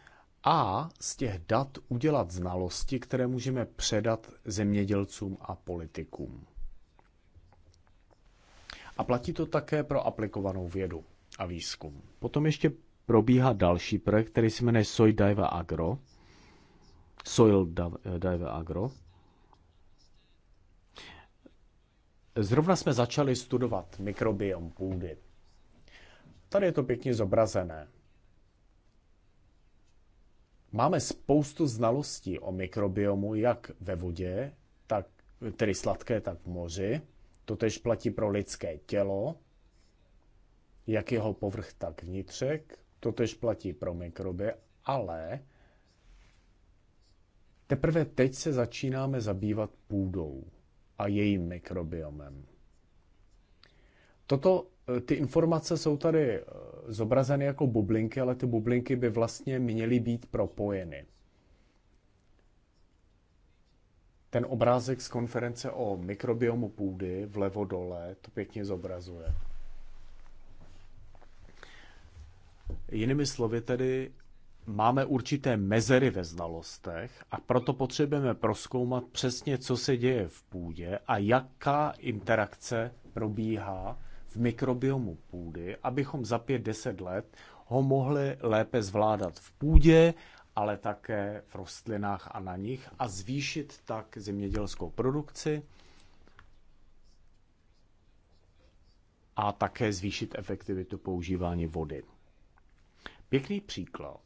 a z těch dat udělat znalosti, které můžeme předat zemědělcům a politikům. A platí to také pro aplikovanou vědu a výzkum. Potom ještě probíhá další projekt, který se jmenuje Soy Dive Agro. Soil Dive Agro. Zrovna jsme začali studovat mikrobiom půdy. Tady je to pěkně zobrazené. Máme spoustu znalostí o mikrobiomu, jak ve vodě, tak, tedy sladké, tak v moři. To tež platí pro lidské tělo, jak jeho povrch, tak vnitřek. To tež platí pro mikroby, ale teprve teď se začínáme zabývat půdou a jejím mikrobiomem. Toto, eh, ty informace jsou tady eh, zobrazeny jako bublinky, ale ty bublinky by vlastně měly být propojeny. Ten obrázek z konference o mikrobiomu půdy vlevo dole to pěkně zobrazuje. Jinými slovy tedy máme určité mezery ve znalostech a proto potřebujeme proskoumat přesně, co se děje v půdě a jaká interakce probíhá v mikrobiomu půdy, abychom za 5-10 let ho mohli lépe zvládat v půdě, ale také v rostlinách a na nich a zvýšit tak zemědělskou produkci a také zvýšit efektivitu používání vody. Pěkný příklad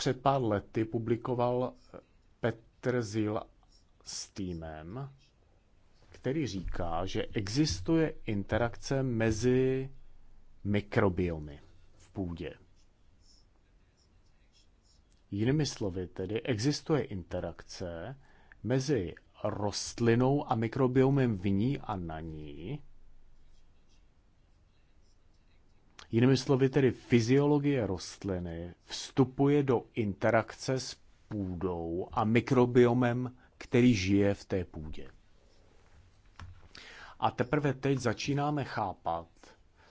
před pár lety publikoval Petr Zil s týmem, který říká, že existuje interakce mezi mikrobiomy v půdě. Jinými slovy tedy existuje interakce mezi rostlinou a mikrobiomem v ní a na ní, Jinými slovy tedy fyziologie rostliny vstupuje do interakce s půdou a mikrobiomem, který žije v té půdě. A teprve teď začínáme chápat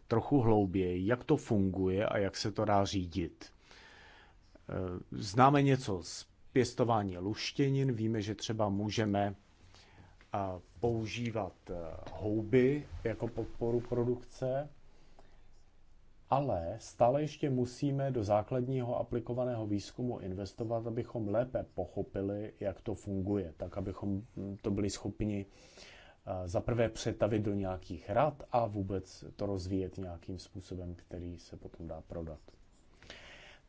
trochu hlouběji, jak to funguje a jak se to dá řídit. E, známe něco z pěstování luštěnin, víme, že třeba můžeme e, používat e, houby jako podporu produkce. Ale stále ještě musíme do základního aplikovaného výzkumu investovat, abychom lépe pochopili, jak to funguje, tak abychom hm, to byli schopni eh, za prvé přetavit do nějakých rad a vůbec to rozvíjet nějakým způsobem, který se potom dá prodat.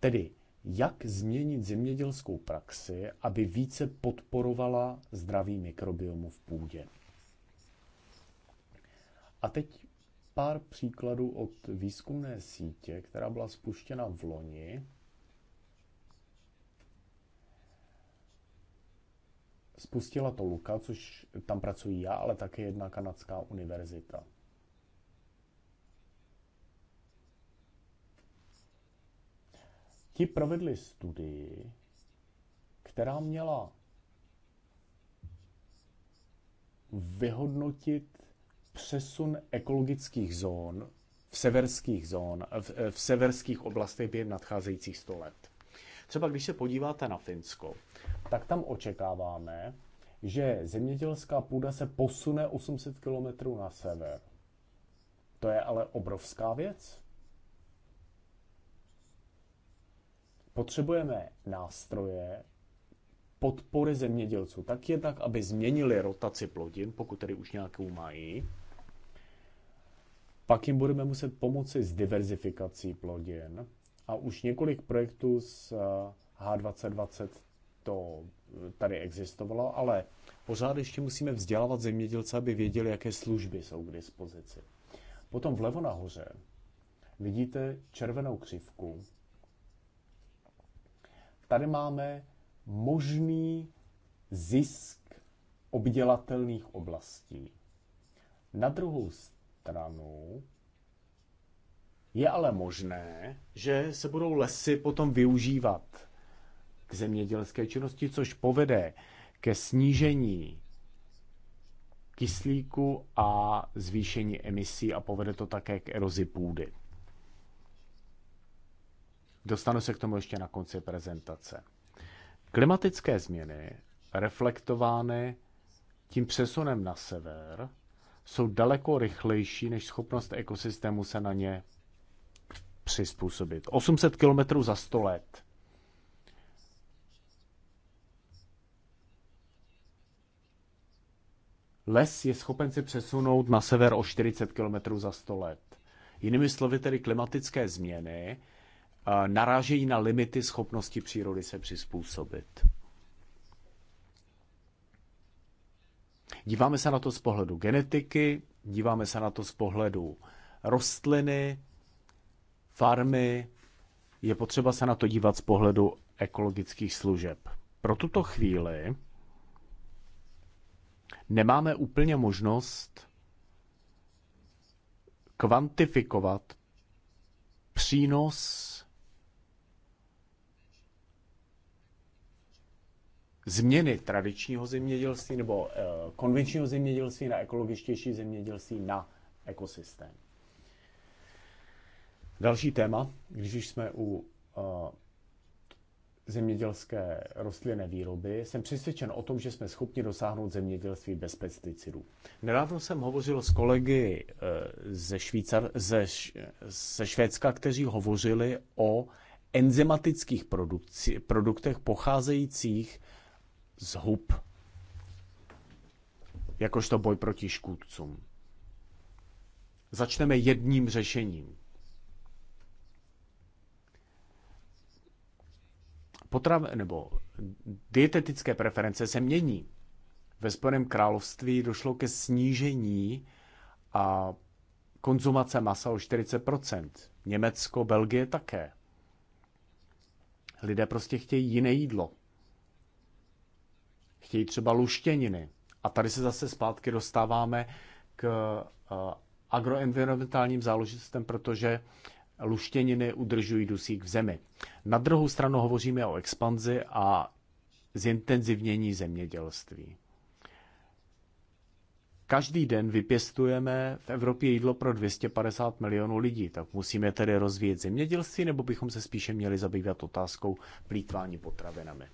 Tedy, jak změnit zemědělskou praxi, aby více podporovala zdravý mikrobiomu v půdě. A teď pár příkladů od výzkumné sítě, která byla spuštěna v loni. Spustila to Luka, což tam pracuji já, ale také jedna kanadská univerzita. Ti provedli studii, která měla vyhodnotit přesun ekologických zón v severských zón, v, eh, v severských oblastech během nadcházejících 100 let. Třeba když se podíváte na Finsko, tak tam očekáváme, že zemědělská půda se posune 800 km na sever. To je ale obrovská věc. Potřebujeme nástroje podpory zemědělců, tak jednak, aby změnili rotaci plodin, pokud tedy už nějakou mají, pak jim budeme muset pomoci s diverzifikací plodin. A už několik projektů z eh, H2020 to eh, tady existovalo, ale pořád ještě musíme vzdělávat zemědělce, aby věděli, jaké služby jsou k dispozici. Potom vlevo nahoře vidíte červenou křivku. Tady máme možný zisk obdělatelných oblastí. Na druhou stranu stranu. Je ale možné, že se budou lesy potom využívat k zemědělské činnosti, což povede ke snížení kyslíku a zvýšení emisí a povede to také k erozi půdy. Dostanu se k tomu ještě na konci prezentace. Klimatické změny reflektovány tím přesunem na sever jsou daleko rychlejší než schopnost ekosystému se na ně přizpůsobit. 800 km za 100 let. Les je schopen si přesunout na sever o 40 km za 100 let. Jinými slovy tedy klimatické změny eh, narážejí na limity schopnosti přírody se přizpůsobit. Díváme se na to z pohledu genetiky, díváme se na to z pohledu rostliny, farmy. Je potřeba se na to dívat z pohledu ekologických služeb. Pro tuto chvíli nemáme úplně možnost kvantifikovat přínos změny tradičního zemědělství nebo eh, konvenčního zemědělství na ekologičtější zemědělství na ekosystém. Další téma, když už jsme u eh, zemědělské rostlinné výroby, jsem přesvědčen o tom, že jsme schopni dosáhnout zemědělství bez pesticidů. Nedávno jsem hovořil s kolegy eh, ze, Švýcar, ze, ze Švédska, kteří hovořili o enzymatických produkci, produktech pocházejících zhub, jakožto boj proti škůdcům. Začneme jedním řešením. Potrav, nebo dietetické preference se mění. Ve Spojeném království došlo ke snížení a konzumace masa o 40%. Německo, Belgie také. Lidé prostě chtějí jiné jídlo chtějí třeba luštěniny. A tady se zase zpátky dostáváme k eh, agroenvironmentálním záležitostem, protože luštěniny udržují dusík v zemi. Na druhou stranu hovoříme o expanzi a zintenzivnění zemědělství. Každý den vypěstujeme v Evropě jídlo pro 250 milionů lidí, tak musíme tedy rozvíjet zemědělství, nebo bychom se spíše měli zabývat otázkou plítvání potravinami.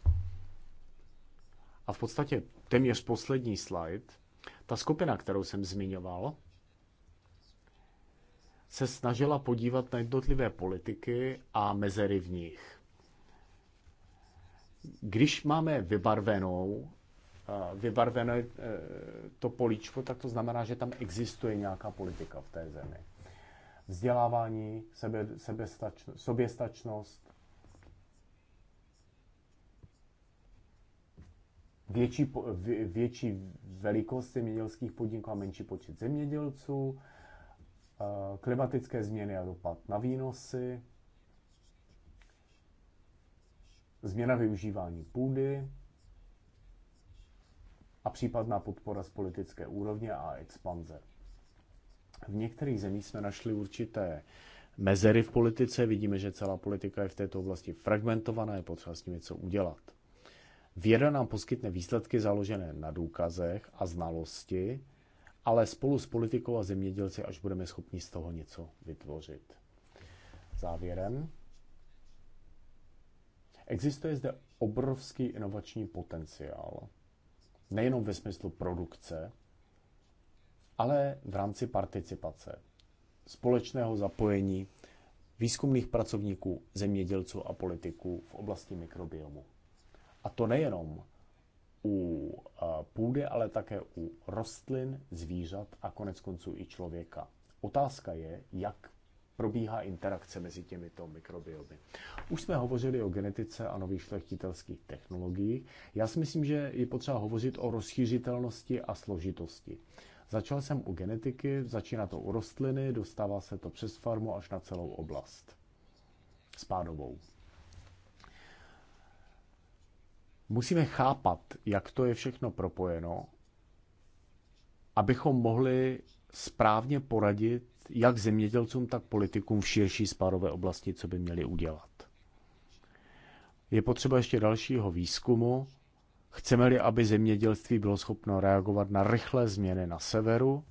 A v podstatě téměř poslední slide, ta skupina, kterou jsem zmiňoval, se snažila podívat na jednotlivé politiky a mezery v nich. Když máme vybarvenou, eh, vybarvené eh, to políčko, tak to znamená, že tam existuje nějaká politika v té zemi. Vzdělávání, sebe, sebestačnost, soběstačnost, větší, větší velikost zemědělských podniků a menší počet zemědělců, eh, klimatické změny a dopad na výnosy, změna využívání půdy a případná podpora z politické úrovně a expanze. V některých zemích jsme našli určité mezery v politice, vidíme, že celá politika je v této oblasti fragmentovaná, je potřeba s tím něco udělat. Věda nám poskytne výsledky založené na důkazech a znalosti, ale spolu s politikou a zemědělci až budeme schopni z toho něco vytvořit. Závěrem. Existuje zde obrovský inovační potenciál. Nejenom ve smyslu produkce, ale v rámci participace, společného zapojení výzkumných pracovníků, zemědělců a politiků v oblasti mikrobiomu. A to nejenom u eh, půdy, ale také u rostlin, zvířat a konec konců i člověka. Otázka je, jak probíhá interakce mezi těmito mikrobiomy. Už jsme hovořili o genetice a nových šlechtitelských technologiích. Já si myslím, že je potřeba hovořit o rozšířitelnosti a složitosti. Začal jsem u genetiky, začíná to u rostliny, dostává se to přes farmu až na celou oblast. Spádovou. Musíme chápat, jak to je všechno propojeno, abychom mohli správně poradit jak zemědělcům, tak politikům v širší spárové oblasti, co by měli udělat. Je potřeba ještě dalšího výzkumu. Chceme-li, aby zemědělství bylo schopno reagovat na rychlé změny na severu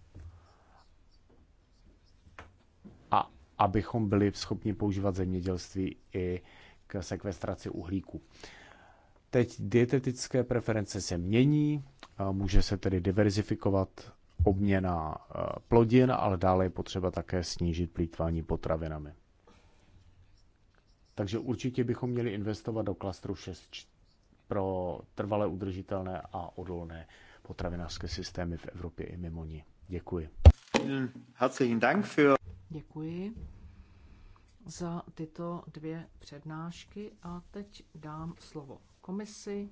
a abychom byli schopni používat zemědělství i k sekvestraci uhlíku. Teď dietetické preference se mění, může se tedy diverzifikovat obměna e, plodin, ale dále je potřeba také snížit plítvání potravinami. Takže určitě bychom měli investovat do klastru 6 pro trvale udržitelné a odolné potravinářské systémy v Evropě i mimo ní. Děkuji. Děkuji za tyto dvě přednášky a teď dám slovo komisi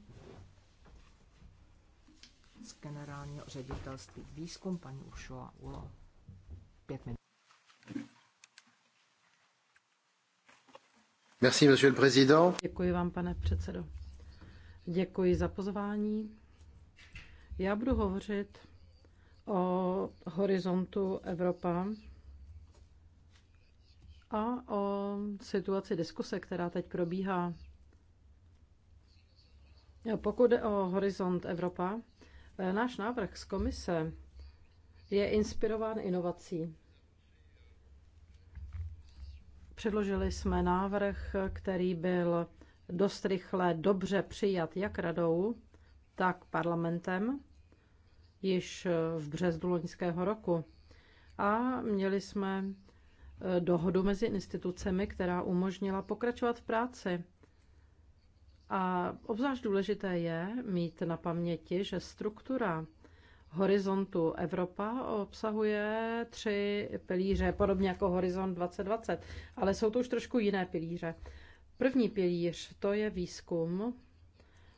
z generálního ředitelství výzkum paní Ušova Ulo. Pět minut. Merci, monsieur le président. Děkuji vám, pane předsedo. Děkuji za pozvání. Já budu hovořit o horizontu Evropa a o situaci diskuse, která teď probíhá pokud jde o Horizont Evropa, eh, náš návrh z komise je inspirován inovací. Předložili jsme návrh, který byl dost rychle dobře přijat jak radou, tak parlamentem již eh, v březnu loňského roku. A měli jsme eh, dohodu mezi institucemi, která umožnila pokračovat v práci. A obzvlášť důležité je mít na paměti, že struktura horizontu Evropa obsahuje tři pilíře, podobně jako horizont 2020, ale jsou to už trošku jiné pilíře. První pilíř to je výzkum,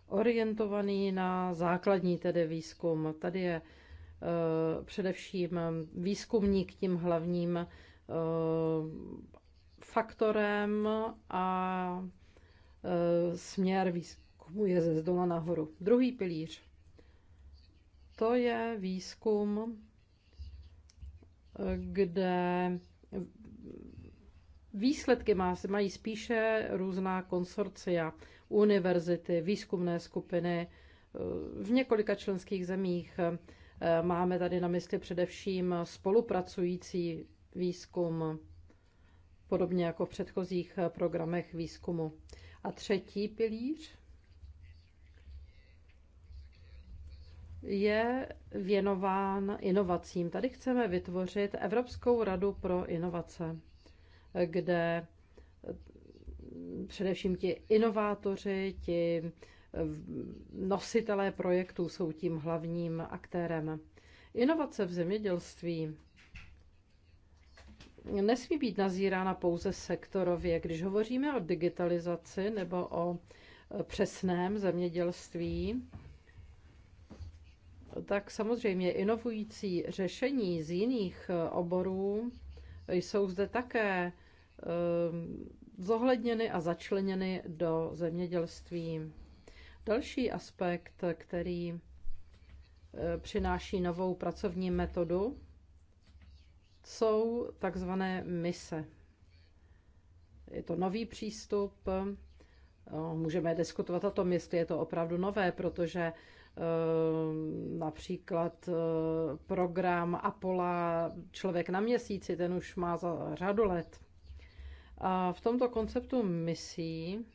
orientovaný na základní tedy výzkum. Tady je e, především výzkumník tím hlavním e, faktorem a Eh, směr výzkumu je ze zdola nahoru. Druhý pilíř. To je výzkum, eh, kde výsledky má, mají spíše různá konsorcia, univerzity, výzkumné skupiny eh, v několika členských zemích. Máme tady na mysli především spolupracující výzkum, podobně jako v předchozích programech výzkumu. A třetí pilíř je věnován inovacím. Tady chceme vytvořit Evropskou radu pro inovace, kde především ti inovátoři, ti nositelé projektů jsou tím hlavním aktérem. Inovace v zemědělství nesmí být nazírána pouze sektorově. Když hovoříme o digitalizaci nebo o přesném zemědělství, tak samozřejmě inovující řešení z jiných eh, oborů jsou zde také eh, zohledněny a začleněny do zemědělství. Další aspekt, který eh, přináší novou pracovní metodu, jsou takzvané mise. Je to nový přístup, eh, můžeme diskutovat o tom, jestli je to opravdu nové, protože eh, například eh, program Apollo, Člověk na měsíci, ten už má za řadu let. A v tomto konceptu misí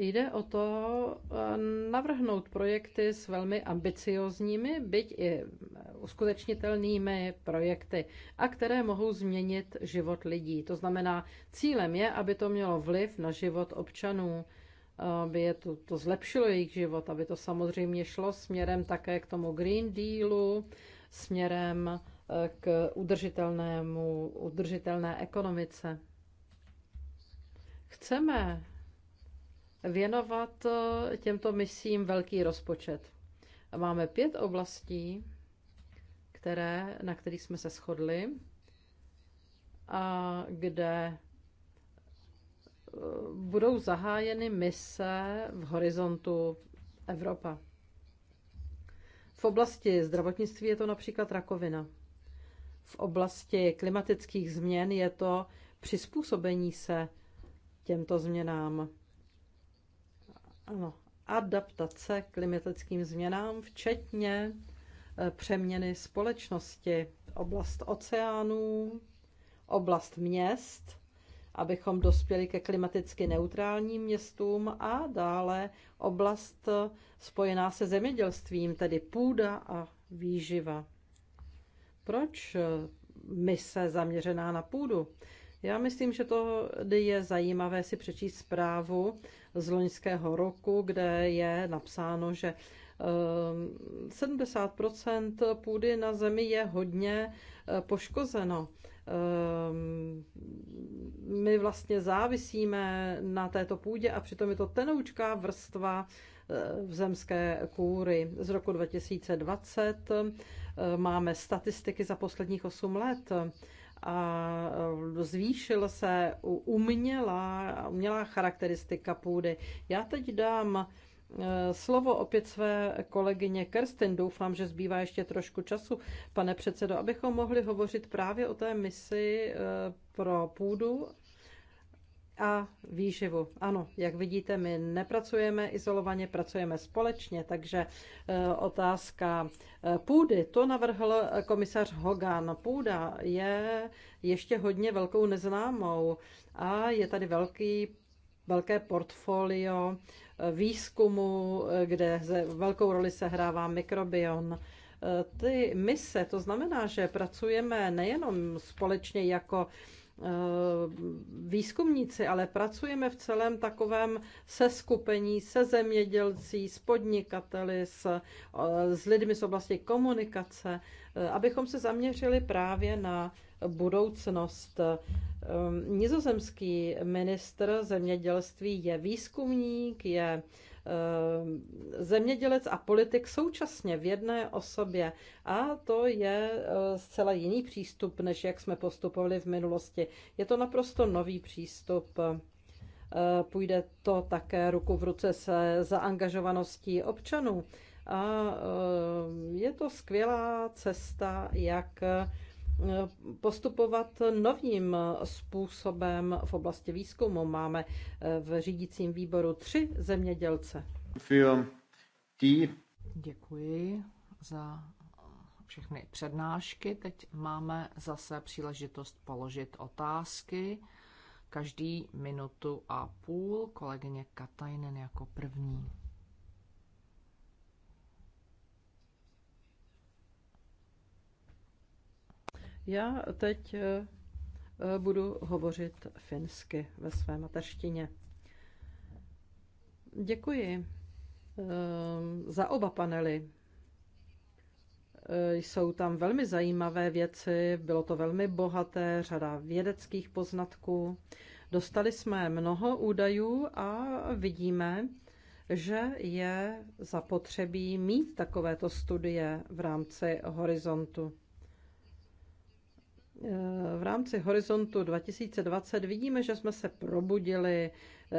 Jde o to eh, navrhnout projekty s velmi ambiciozními, byť i uskutečnitelnými projekty, a které mohou změnit život lidí. To znamená, cílem je, aby to mělo vliv na život občanů, aby je to, to zlepšilo jejich život, aby to samozřejmě šlo směrem také k tomu Green Dealu, směrem eh, k udržitelnému, udržitelné ekonomice. Chceme věnovat eh, těmto misím velký rozpočet. Máme pět oblastí, které, na kterých jsme se shodli a kde eh, budou zahájeny mise v horizontu Evropa. V oblasti zdravotnictví je to například rakovina. V oblasti klimatických změn je to přizpůsobení se těmto změnám. Ano, adaptace k klimatickým změnám, včetně eh, přeměny společnosti, oblast oceánů, oblast měst, abychom dospěli ke klimaticky neutrálním městům a dále oblast eh, spojená se zemědělstvím, tedy půda a výživa. Proč eh, mise zaměřená na půdu? Já myslím, že to je zajímavé si přečíst zprávu z loňského roku, kde je napsáno, že 70 ehm, půdy na Zemi je hodně e, poškozeno. Ehm, my vlastně závisíme na této půdě a přitom je to tenoučká vrstva e, v zemské kůry. Z roku 2020 e, máme statistiky za posledních 8 let a e, zvýšil se umělá, umělá charakteristika půdy. Já teď dám e, slovo opět své kolegyně Kerstin. Doufám, že zbývá ještě trošku času, pane předsedo, abychom mohli hovořit právě o té misi e, pro půdu a výživu. Ano, jak vidíte, my nepracujeme izolovaně, pracujeme společně, takže eh, otázka eh, půdy, to navrhl eh, komisař Hogan. Půda je ještě hodně velkou neznámou a je tady velký velké portfolio výzkumu, kde velkou roli sehrává mikrobion ty mise. To znamená, že pracujeme nejenom společně jako Eh, výzkumníci, ale pracujeme v celém takovém seskupení se zemědělcí, s podnikateli, s, eh, s lidmi z oblasti komunikace, eh, abychom se zaměřili právě na budoucnost. Nizozemský ministr zemědělství je výzkumník, je Eh, zemědělec a politik současně v jedné osobě. A to je eh, zcela jiný přístup, než jak jsme postupovali v minulosti. Je to naprosto nový přístup. Eh, půjde to také ruku v ruce se zaangažovaností občanů. A je to skvělá cesta, jak postupovat novým způsobem v oblasti výzkumu. Máme eh, v řídícím výboru tři zemědělce. Děkuji za všechny přednášky. Teď máme zase příležitost položit otázky. Každý minutu a půl kolegyně Katajnen jako první. Já teď eh, eh, budu hovořit finsky ve své mateřtině. Děkuji eh, za oba panely. Jsou tam velmi zajímavé věci, bylo to velmi bohaté, řada vědeckých poznatků. Dostali jsme mnoho údajů a vidíme, že je zapotřebí mít takovéto studie v rámci horizontu v rámci horizontu 2020 vidíme, že jsme se probudili,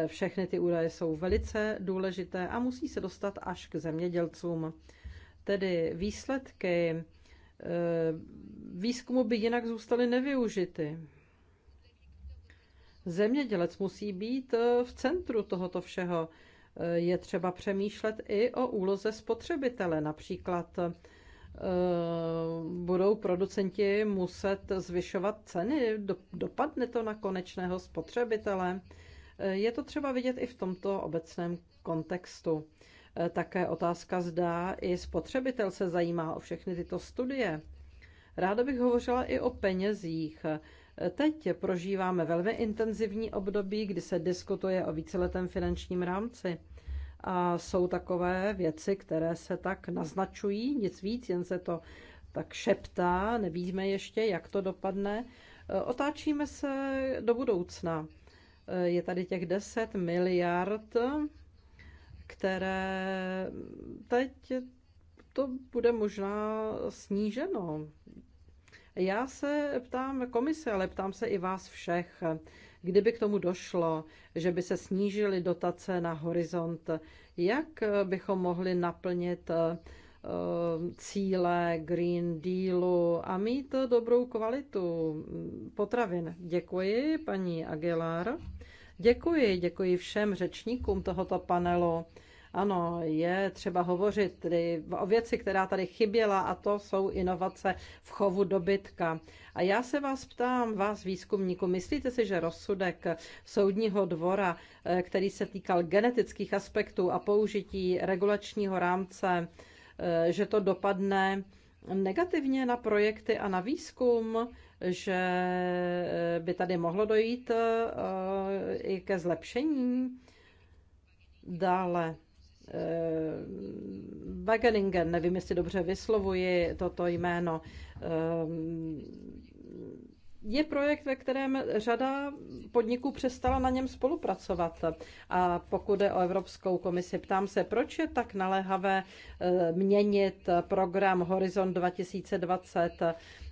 všechny ty údaje jsou velice důležité a musí se dostat až k zemědělcům. Tedy výsledky eh, výzkumu by jinak zůstaly nevyužity. Zemědělec musí být eh, v centru tohoto všeho. Eh, je třeba přemýšlet i o úloze spotřebitele, například Eh, budou producenti muset zvyšovat ceny, dopadne to na konečného spotřebitele. Eh, je to třeba vidět i v tomto obecném kontextu. Eh, také otázka zdá, i spotřebitel se zajímá o všechny tyto studie. Ráda bych hovořila i o penězích. Teď prožíváme velmi intenzivní období, kdy se diskutuje o víceletém finančním rámci. A jsou takové věci, které se tak naznačují, nic víc, jen se to tak šeptá, nevíme ještě, jak to dopadne. E, otáčíme se do budoucna. E, je tady těch 10 miliard, které teď to bude možná sníženo. Já se ptám komise, ale ptám se i vás všech. Kdyby k tomu došlo, že by se snížily dotace na horizont, jak bychom mohli naplnit eh, cíle Green Dealu a mít dobrou kvalitu potravin. Děkuji, paní Aguilar. Děkuji, děkuji všem řečníkům tohoto panelu. Ano, je třeba hovořit tedy o věci, která tady chyběla, a to jsou inovace v chovu dobytka. A já se vás ptám, vás výzkumníku, myslíte si, že rozsudek soudního dvora, eh, který se týkal genetických aspektů a použití regulačního rámce, eh, že to dopadne negativně na projekty a na výzkum, že eh, by tady mohlo dojít i ke zlepšení? Dále Eh, Wageningen, nevím, jestli dobře vyslovuji toto jméno, eh, je projekt, ve kterém řada podniků přestala na něm spolupracovat. A pokud je o Evropskou komisi, ptám se, proč je tak naléhavé eh, měnit program Horizon 2020?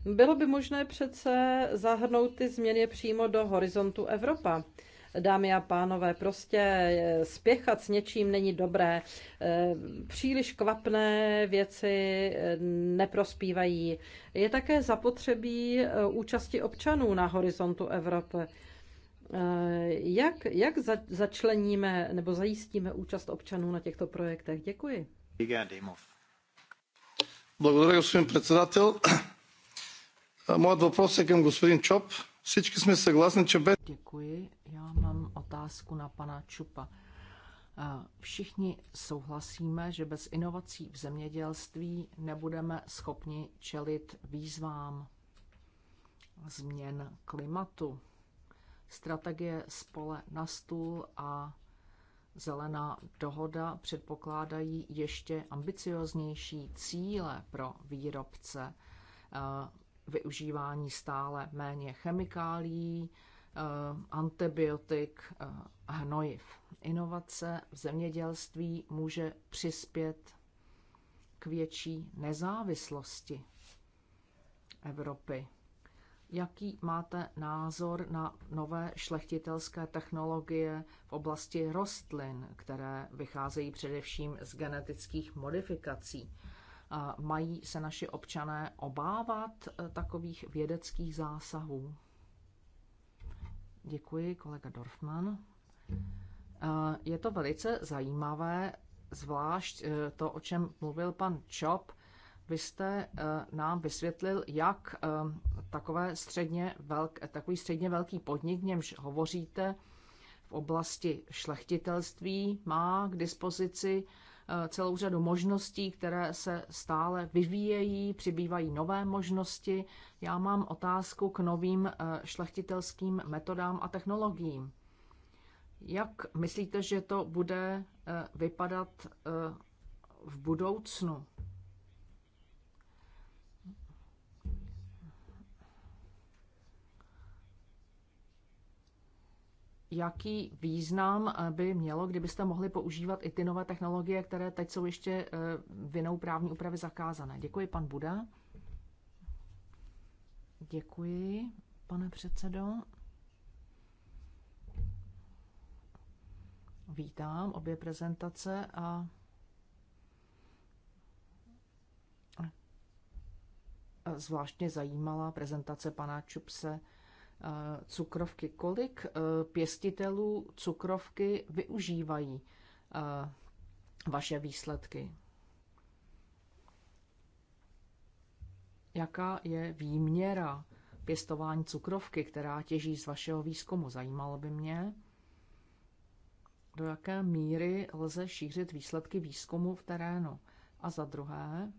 Bylo by možné přece zahrnout ty změny přímo do Horizontu Evropa. Dámy a pánové, prostě eh, spěchat s něčím není dobré. Eh, příliš kvapné věci eh, neprospívají. Je také zapotřebí účasti občanů na horizontu Evropy. Jak, jak za, začleníme nebo zajistíme účast občanů na těchto projektech? Děkuji. Благодаря, господин председател. Моят въпрос е към господин Чоп. Всички сме съгласни, че без... Děkuji. Já mám otázku na pana Čupa. Eh, všichni souhlasíme, že bez inovací v zemědělství nebudeme schopni čelit výzvám změn klimatu. Strategie spole na stůl a zelená dohoda předpokládají ještě ambicioznější cíle pro výrobce, eh, využívání stále méně chemikálií, Eh, antibiotik, eh, hnojiv. Inovace v zemědělství může přispět k větší nezávislosti Evropy. Jaký máte názor na nové šlechtitelské technologie v oblasti rostlin, které vycházejí především z genetických modifikací? Eh, mají se naši občané obávat takových vědeckých zásahů? Děkuji, kolega Dorfman. Eh, je to velice zajímavé, zvlášť eh, to, o čem mluvil pan Čop. Vy jste eh, nám vysvětlil, jak takové středně velk, takový středně velký podnik, němž hovoříte, v oblasti šlechtitelství má k dispozici Eh, celou řadu možností, které se stále vyvíjejí, přibývají nové možnosti. Já mám otázku k novým eh, šlechtitelským metodám a technologiím. Jak myslíte, že to bude eh, vypadat v budoucnu? jaký význam eh, by mělo, kdybyste mohli používat i ty nové technologie, které teď jsou ještě eh, vinou právní úpravy zakázané. Děkuji, pan Buda. Děkuji, pane předsedo. Vítám obě prezentace a zvláštně zajímala prezentace pana Čupse Eh, cukrovky. Kolik eh, pěstitelů cukrovky využívají eh, vaše výsledky? Jaká je výměra pěstování cukrovky, která těží z vašeho výzkumu? Zajímalo by mě, do jaké míry lze šířit výsledky výzkumu v terénu. A za druhé,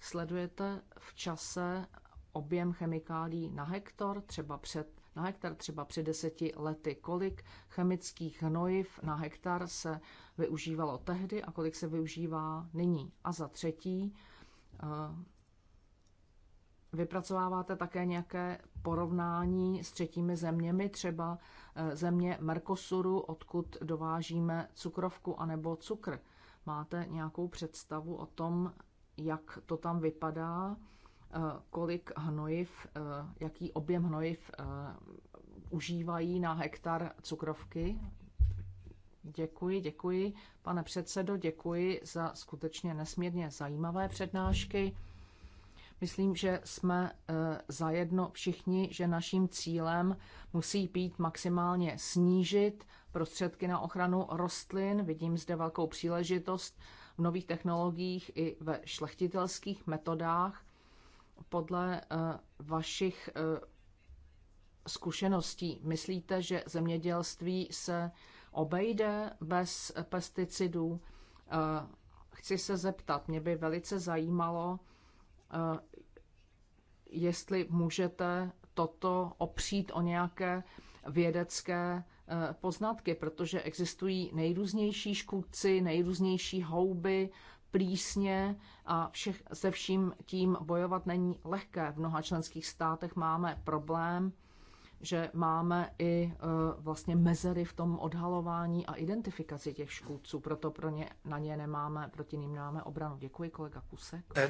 sledujete v čase objem chemikálí na hektar, třeba před, na hektar třeba před deseti lety. Kolik chemických hnojiv na hektar se využívalo tehdy a kolik se využívá nyní. A za třetí, eh, vypracováváte také nějaké porovnání s třetími zeměmi, třeba eh, země Mercosuru, odkud dovážíme cukrovku anebo cukr. Máte nějakou představu o tom, jak to tam vypadá? Eh, kolik hnojiv, eh, jaký objem hnojiv eh, užívají na hektar cukrovky. Děkuji, děkuji. Pane předsedo, děkuji za skutečně nesmírně zajímavé přednášky. Myslím, že jsme zajedno všichni, že naším cílem musí být maximálně snížit prostředky na ochranu rostlin. Vidím zde velkou příležitost v nových technologiích i ve šlechtitelských metodách podle eh, vašich eh, zkušeností? Myslíte, že zemědělství se obejde bez pesticidů? Eh, chci se zeptat, mě by velice zajímalo, jestli můžete toto opřít o nějaké vědecké poznatky, protože existují nejrůznější škůdci, nejrůznější houby, plísně a všech, se vším tím bojovat není lehké. V mnoha členských státech máme problém, že máme i e, vlastně mezery v tom odhalování a identifikaci těch škůdců, proto pro ně, na ně nemáme, proti ním nemáme obranu. Děkuji, kolega Kusek. Eh,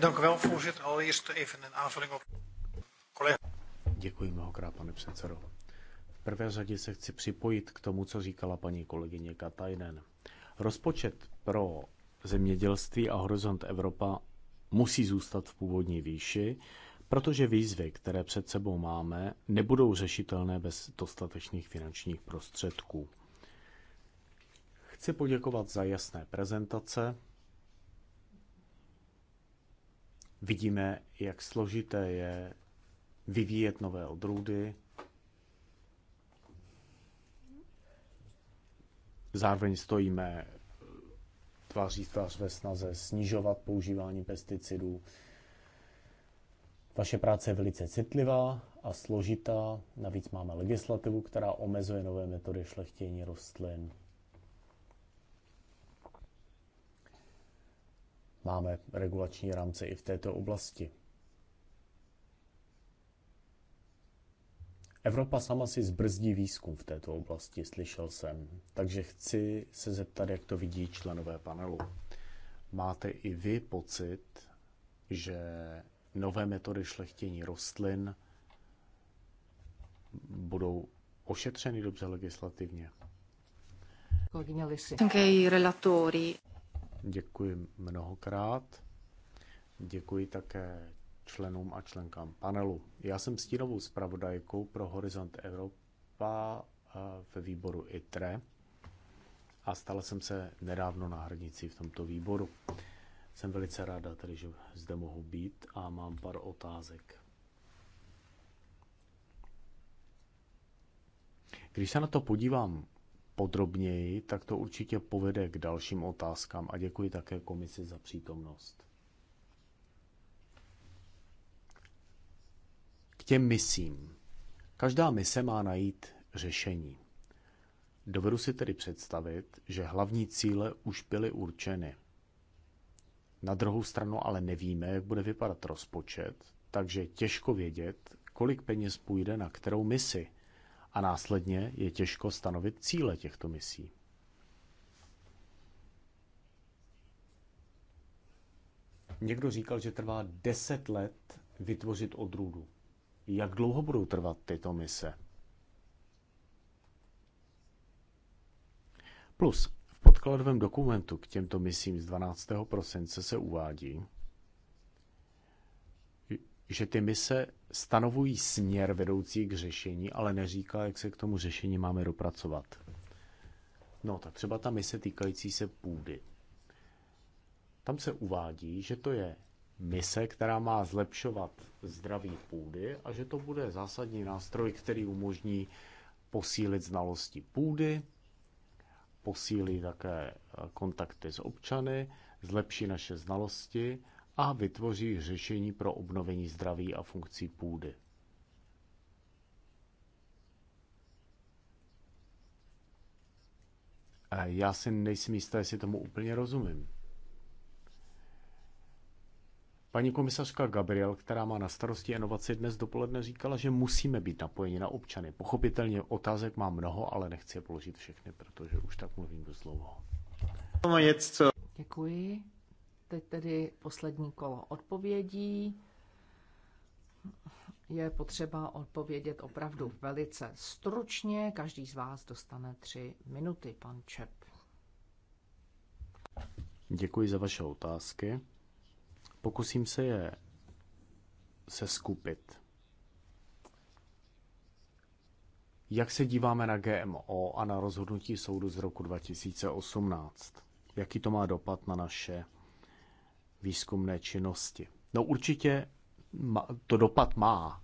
Děkuji mnohokrát, pane předsedo. V prvé řadě se chci připojit k tomu, co říkala paní kolegyně Katajnen. Rozpočet pro zemědělství a Horizont Evropa musí zůstat v původní výši, protože výzvy, které před sebou máme, nebudou řešitelné bez dostatečných finančních prostředků. Chci poděkovat za jasné prezentace. Vidíme, jak složité je vyvíjet nové odrůdy. Zároveň stojíme tváří v tvář ve snaze snižovat používání pesticidů. Vaše práce je velice citlivá a složitá. Navíc máme legislativu, která omezuje nové metody šlechtění rostlin. Máme regulační rámce i v této oblasti. Evropa sama si zbrzdí výzkum v této oblasti, slyšel jsem. Takže chci se zeptat, jak to vidí členové panelu. Máte i vy pocit, že nové metody šlechtění rostlin budou ošetřeny dobře legislativně? Děkuji mnohokrát. Děkuji také členům a členkám panelu. Já jsem stínovou zpravodajkou pro Horizont Evropa eh, ve výboru ITRE a stala jsem se nedávno náhradnicí v tomto výboru. Jsem velice ráda tedy, že zde mohu být a mám pár otázek. Když se na to podívám podrobněji, tak to určitě povede k dalším otázkám a děkuji také komisi za přítomnost. těm prostě misím. Každá mise má najít řešení. Dovedu si tedy představit, že hlavní cíle už byly určeny. Na druhou stranu ale nevíme, jak bude vypadat rozpočet, takže těžko vědět, kolik peněz půjde na kterou misi a následně je těžko stanovit cíle těchto misí. Někdo říkal, že trvá 10 let vytvořit odrůdu. Jak dlouho budou trvat tyto mise? Plus, v podkladovém dokumentu k těmto misím z 12. prosince se uvádí, že ty mise stanovují směr vedoucí k řešení, ale neříká, jak se k tomu řešení máme dopracovat. No, tak třeba ta mise týkající se půdy. Tam se uvádí, že to je mise, která má zlepšovat zdraví půdy a že to bude zásadní nástroj, který umožní posílit znalosti půdy, posílí také eh, kontakty s občany, zlepší naše znalosti a vytvoří řešení pro obnovení zdraví a funkcí půdy. Eh, já si nejsem jistý, jestli tomu úplně rozumím. Paní komisařka Gabriel, která má na starosti inovaci, dnes dopoledne říkala, že musíme být napojeni na občany. Pochopitelně otázek má mnoho, ale nechci je položit všechny, protože už tak mluvím dost dlouho. Děkuji. Teď tedy poslední kolo odpovědí. Je potřeba odpovědět opravdu velice stručně. Každý z vás dostane tři minuty, pan Čep. Děkuji za vaše otázky. Pokusím se je seskupit. Jak se díváme na GMO a na rozhodnutí soudu z roku 2018? Jaký to má dopad na naše výzkumné činnosti? No určitě to dopad má.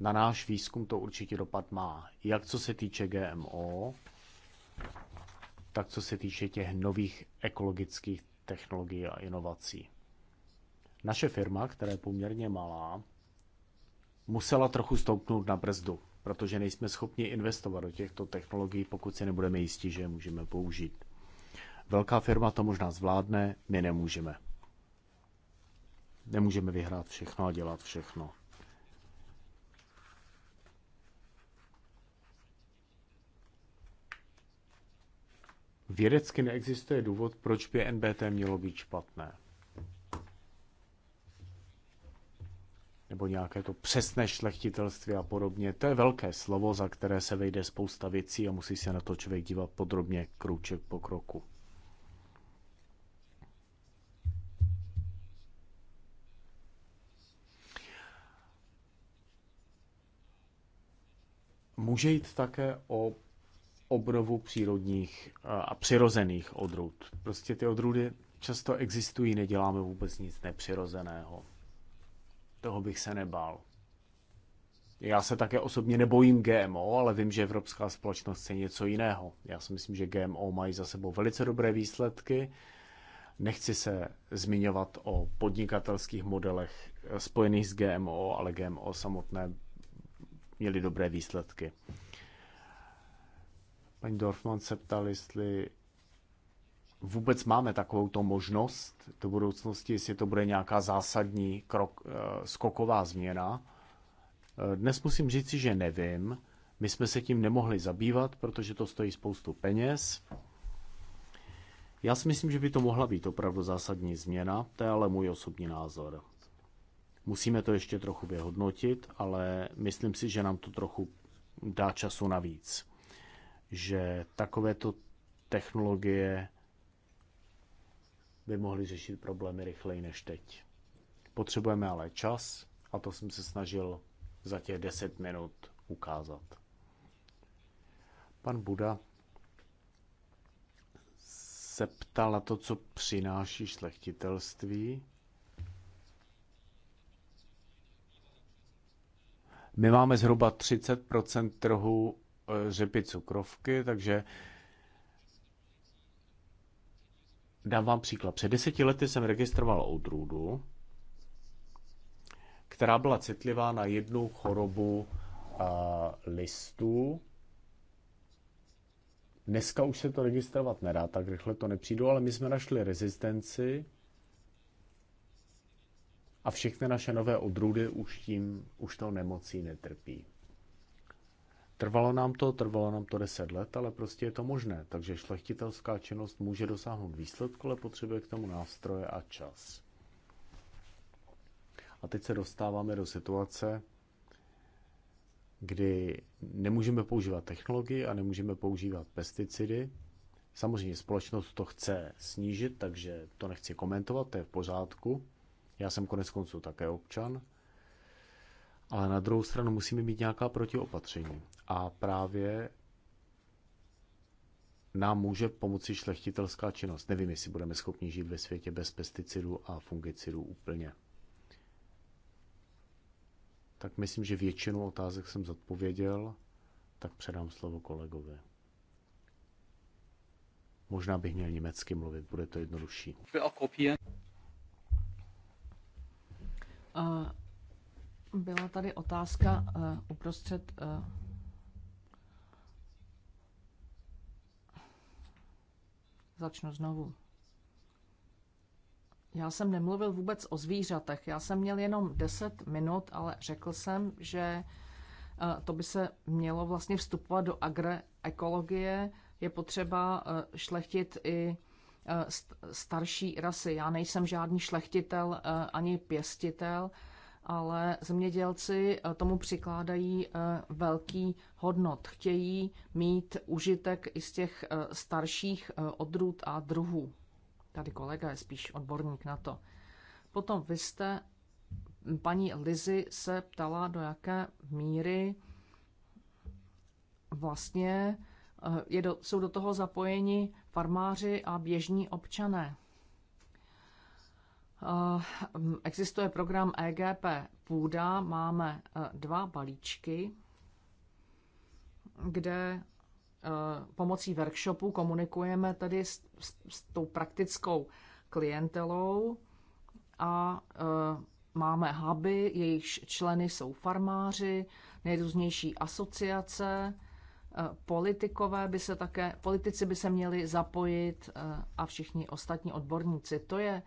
Na náš výzkum to určitě dopad má. Jak co se týče GMO, tak co se týče těch nových ekologických technologií a inovací. Naše firma, která je poměrně malá, musela trochu stoupnout na brzdu, protože nejsme schopni investovat do těchto technologií, pokud si nebudeme jistí, že je můžeme použít. Velká firma to možná zvládne, my nemůžeme. Nemůžeme vyhrát všechno a dělat všechno. Vědecky neexistuje důvod, proč by NBT mělo být špatné. nebo nějaké to přesné šlechtitelství a podobně. To je velké slovo, za které se vejde spousta věcí a musí se na to člověk dívat podrobně krůček po kroku. Může jít také o obrovu přírodních a přirozených odrůd. Prostě ty odrůdy často existují, neděláme vůbec nic nepřirozeného. Toho bych se nebál. Já se také osobně nebojím GMO, ale vím, že evropská společnost je něco jiného. Já si myslím, že GMO mají za sebou velice dobré výsledky. Nechci se zmiňovat o podnikatelských modelech spojených s GMO, ale GMO samotné měly dobré výsledky. Paní Dorfman se ptal, jestli vůbec máme takovou to možnost do budoucnosti, jestli to bude nějaká zásadní krok, eh, skoková změna. Eh, dnes musím říci, že nevím. My jsme se tím nemohli zabývat, protože to stojí spoustu peněz. Já si myslím, že by to mohla být opravdu zásadní změna, to je ale můj osobní názor. Musíme to ještě trochu vyhodnotit, ale myslím si, že nám to trochu dá času navíc. Že takovéto technologie by mohli řešit problémy rychleji než teď. Potřebujeme ale čas a to jsem se snažil za těch 10 minut ukázat. Pan Buda se ptal na to, co přináší šlechtitelství. My máme zhruba 30 trhu e, řepy cukrovky, takže Dám vám příklad. Před deseti lety jsem registroval odrůdu, která byla citlivá na jednu chorobu a, listů. Dneska už se to registrovat nedá, tak rychle to nepřijdu, ale my jsme našli rezistenci a všechny naše nové odrůdy už tím, už tou nemocí netrpí. Trvalo nám to, trvalo nám to deset let, ale prostě je to možné. Takže šlechtitelská činnost může dosáhnout výsledku, ale potřebuje k tomu nástroje a čas. A teď se dostáváme do situace, kdy nemůžeme používat technologii a nemůžeme používat pesticidy. Samozřejmě společnost to chce snížit, takže to nechci komentovat, to je v pořádku. Já jsem konec konců také občan, ale na druhou stranu musíme mít nějaká protiopatření. A právě nám může pomoci šlechtitelská činnost. Nevím, jestli budeme schopni žít ve světě bez pesticidů a fungicidů úplně. Tak myslím, že většinu otázek jsem zodpověděl, tak předám slovo kolegovi. Možná bych měl německy mluvit, bude to jednodušší. Uh, byla tady otázka uh, uprostřed. Uh, začnu znovu. Já jsem nemluvil vůbec o zvířatech, já jsem měl jenom 10 minut, ale řekl jsem, že eh, to by se mělo vlastně vstupovat do agroekologie. Je potřeba šlechtit i starší rasy. Já nejsem žádný šlechtitel ani pěstitel, ale zemědělci eh, tomu přikládají eh, velký hodnot. Chtějí mít užitek i z těch eh, starších odrůd a druhů. Tady kolega je spíš odborník na to. Potom vy jste, paní Lizy se ptala, do jaké míry vlastně je do, jsou do toho zapojeni farmáři a běžní občané. Eh, existuje program EGP Půda, máme eh, dva balíčky, kde eh, pomocí workshopu komunikujeme tady s, s, s tou praktickou klientelou a máme huby, jejichž členy jsou farmáři, nejrůznější asociace, politikové by se také, politici by se měli zapojit a všichni ostatní odborníci. To je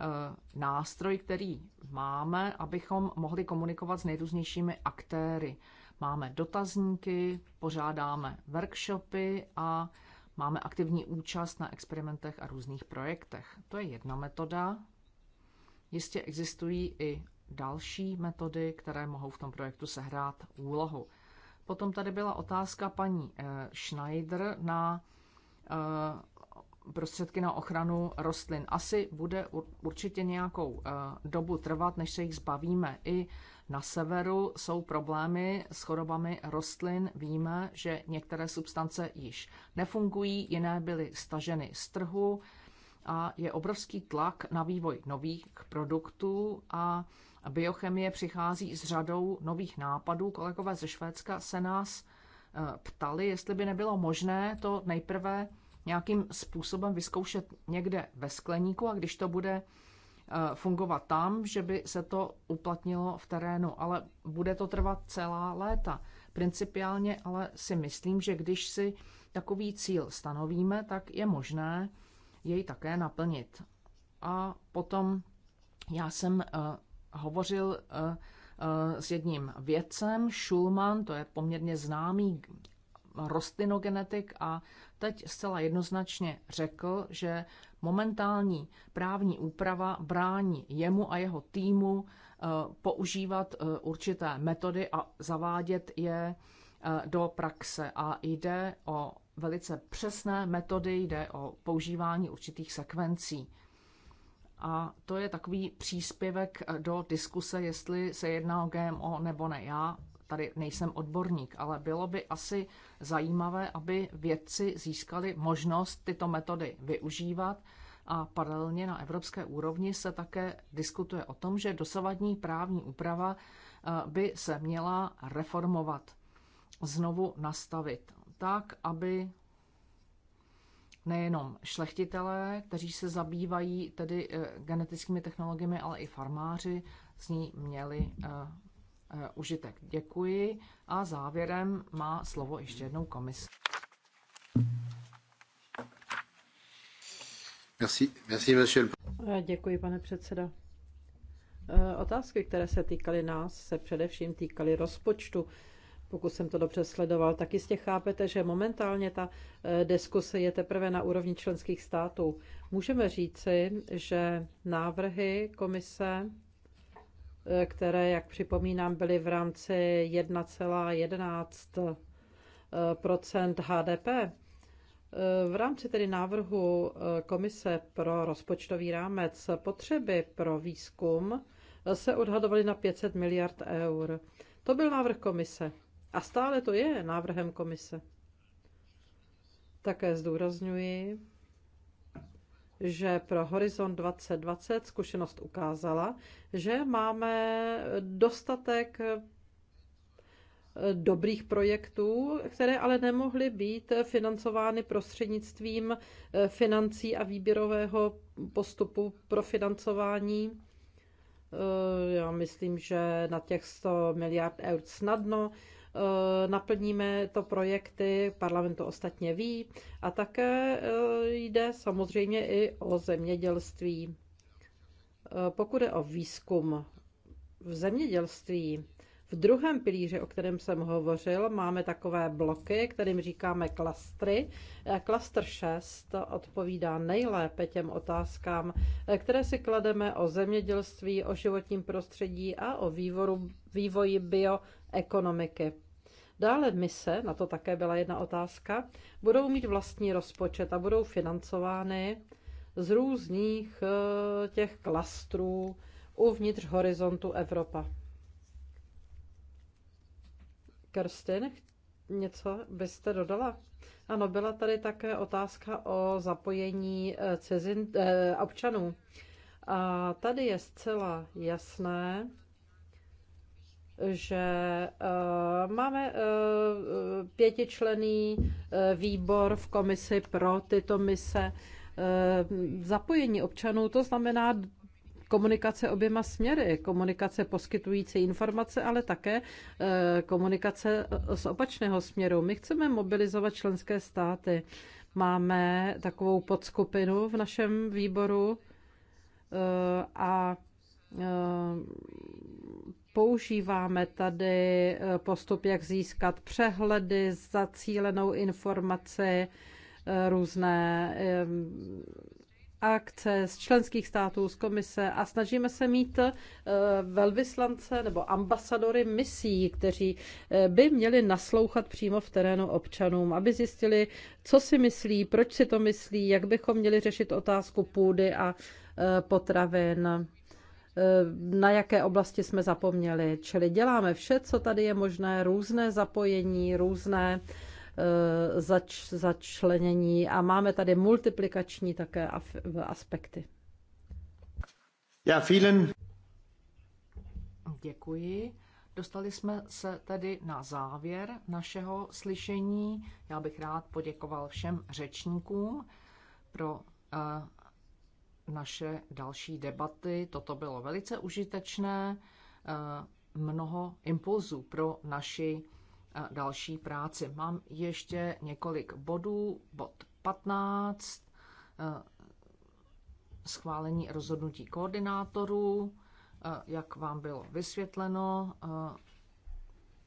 Eh, nástroj, který máme, abychom mohli komunikovat s nejrůznějšími aktéry. Máme dotazníky, pořádáme workshopy a máme aktivní účast na experimentech a různých projektech. To je jedna metoda. Jistě existují i další metody, které mohou v tom projektu sehrát úlohu. Potom tady byla otázka paní eh, Schneider na eh, prostředky na ochranu rostlin. Asi bude určitě nějakou eh, dobu trvat, než se jich zbavíme. I na severu jsou problémy s chorobami rostlin. Víme, že některé substance již nefungují, jiné byly staženy z trhu a je obrovský tlak na vývoj nových produktů a biochemie přichází s řadou nových nápadů. Kolegové ze Švédska se nás eh, ptali, jestli by nebylo možné to nejprve nějakým způsobem vyzkoušet někde ve skleníku a když to bude eh, fungovat tam, že by se to uplatnilo v terénu, ale bude to trvat celá léta. Principiálně ale si myslím, že když si takový cíl stanovíme, tak je možné jej také naplnit. A potom já jsem eh, hovořil eh, s jedním vědcem, Schulman, to je poměrně známý rostlinogenetik a teď zcela jednoznačně řekl, že momentální právní úprava brání jemu a jeho týmu eh, používat eh, určité metody a zavádět je eh, do praxe. A jde o velice přesné metody, jde o používání určitých sekvencí. A to je takový příspěvek do diskuse, jestli se jedná o GMO nebo ne. Já tady nejsem odborník, ale bylo by asi zajímavé, aby vědci získali možnost tyto metody využívat a paralelně na evropské úrovni se také diskutuje o tom, že dosavadní právní úprava eh, by se měla reformovat, znovu nastavit tak, aby nejenom šlechtitelé, kteří se zabývají tedy eh, genetickými technologiemi, ale i farmáři z ní měli eh, Eh, užitek. Děkuji a závěrem má slovo ještě jednou komis. Merci, merci, eh, Děkuji, pane předseda. Eh, otázky, které se týkaly nás, se především týkaly rozpočtu. Pokud jsem to dobře sledoval, tak jistě chápete, že momentálně ta diskuse je teprve na úrovni členských států. Můžeme říci, že návrhy komise které, jak připomínám, byly v rámci 1,11 HDP. V rámci tedy návrhu eh, Komise pro rozpočtový rámec potřeby pro výzkum eh, se odhadovaly na 500 miliard eur. To byl návrh Komise. A stále to je návrhem Komise. Také zdůrazňuji, že pro Horizon 2020 zkušenost ukázala, že máme dostatek eh, dobrých projektů, které ale nemohly být financovány prostřednictvím eh, financí a výběrového postupu pro financování. Eh, já myslím, že na těch 100 miliard eur snadno Eh, naplníme to projekty, parlament to ostatně ví, a také eh, jde samozřejmě i o zemědělství. Eh, pokud je o výzkum v zemědělství, v druhém pilíři, o kterém jsem hovořil, máme takové bloky, kterým říkáme klastry. Eh, Klaster 6 odpovídá nejlépe těm otázkám, eh, které si klademe o zemědělství, o životním prostředí a o vývoru, vývoji bioekonomiky. Dále mise, na to také byla jedna otázka, budou mít vlastní rozpočet a budou financovány z různých eh, těch klastrů uvnitř horizontu Evropa. Kerstin, něco byste dodala? Ano, byla tady také otázka o zapojení eh, cizin, eh, občanů. A tady je zcela jasné, že uh, máme uh, eh, pětičlený uh, výbor v komisi pro tyto mise. Uh, zapojení občanů, to znamená komunikace oběma směry. Komunikace poskytující informace, ale také eh, komunikace eh, z opačného směru. My chceme mobilizovat členské státy. Máme takovou podskupinu v našem výboru eh, a používáme tady postup, jak získat přehledy, zacílenou informaci, různé akce z členských států, z komise a snažíme se mít eh, velvyslance nebo ambasadory misí, kteří eh, by měli naslouchat přímo v terénu občanům, aby zjistili, co si myslí, proč si to myslí, jak bychom měli řešit otázku půdy a eh, potravin na jaké oblasti jsme zapomněli. Čili děláme vše, co tady je možné, různé zapojení, různé uh, Eh, zač, začlenění a máme tady multiplikační také aspekty. Já vielen. Děkuji. Dostali jsme se tedy na závěr našeho slyšení. Já bych rád poděkoval všem řečníkům pro eh, naše další debaty. Toto bylo velice užitečné, eh, mnoho impulzů pro naši další práci. Mám ještě několik bodů. Bod 15, eh, schválení rozhodnutí koordinátorů, eh, jak vám bylo vysvětleno, eh,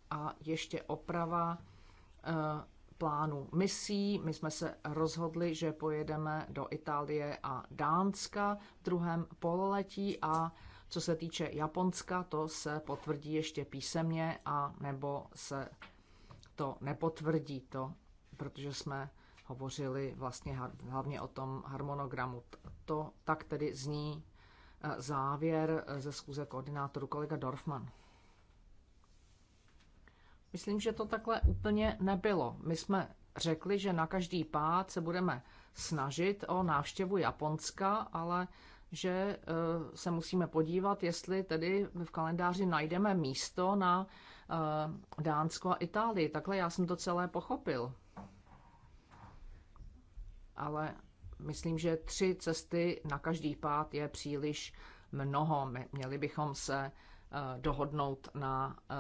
a ještě oprava plánu misí. My jsme se rozhodli, že pojedeme do Itálie a Dánska v druhém pololetí a co se týče Japonska, to se potvrdí ještě písemně a nebo se to nepotvrdí to, protože jsme hovořili vlastně hlavně o tom harmonogramu. To tak tedy zní eh, závěr eh, ze schůze koordinátoru kolega Dorfman. Myslím, že to takhle úplně nebylo. My jsme řekli, že na každý pád se budeme snažit o návštěvu Japonska, ale že eh, se musíme podívat, jestli tedy v kalendáři najdeme místo na Eh, Dánsko a Itálii. Takhle já jsem to celé pochopil. Ale myslím, že tři cesty na každý pád je příliš mnoho. Měli bychom se eh, dohodnout na eh,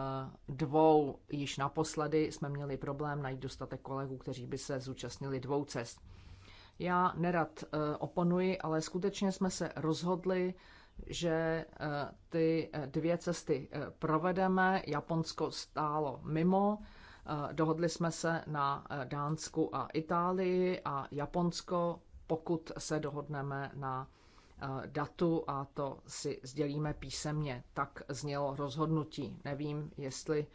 dvou. Již naposledy jsme měli problém najít dostatek kolegů, kteří by se zúčastnili dvou cest. Já nerad oponuji, ale skutečně jsme se rozhodli že e, ty e, dvě cesty e, provedeme. Japonsko stálo mimo. Dohodli jsme se na Dánsku a Itálii a Japonsko, pokud se dohodneme na datu a to si sdělíme písemně. Tak znělo rozhodnutí. Nevím, jestli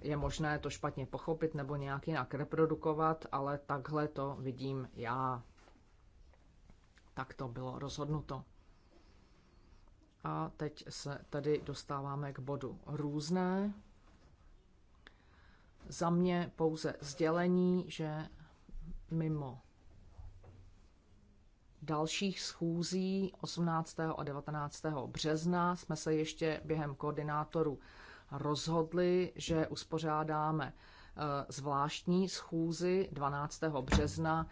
je možné to špatně pochopit nebo nějak jinak reprodukovat, ale takhle to vidím já. Tak to bylo rozhodnuto. A teď se tady dostáváme k bodu různé. Za mě pouze sdělení, že mimo dalších schůzí 18. a 19. března jsme se ještě během koordinátorů rozhodli, že uspořádáme eh, zvláštní schůzi 12. března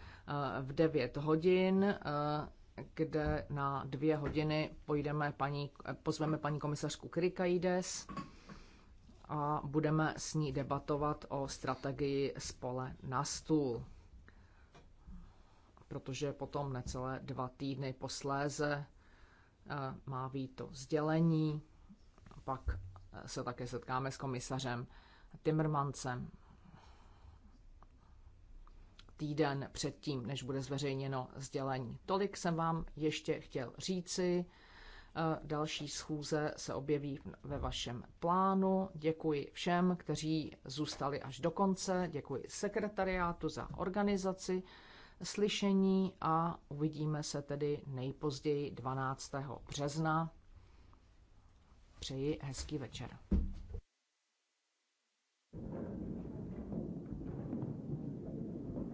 eh, v 9 hodin eh, kde na dvě hodiny pojdeme paní, pozveme paní komisařku Krikaides a budeme s ní debatovat o strategii spole na stůl. Protože potom necelé dva týdny posléze eh, má být to sdělení, pak se také setkáme s komisařem Timmermansem týden předtím, než bude zveřejněno sdělení. Tolik jsem vám ještě chtěl říci. Eh, další schůze se objeví ve vašem plánu. Děkuji všem, kteří zůstali až do konce. Děkuji sekretariátu za organizaci slyšení a uvidíme se tedy nejpozději 12. března. Přeji hezký večer.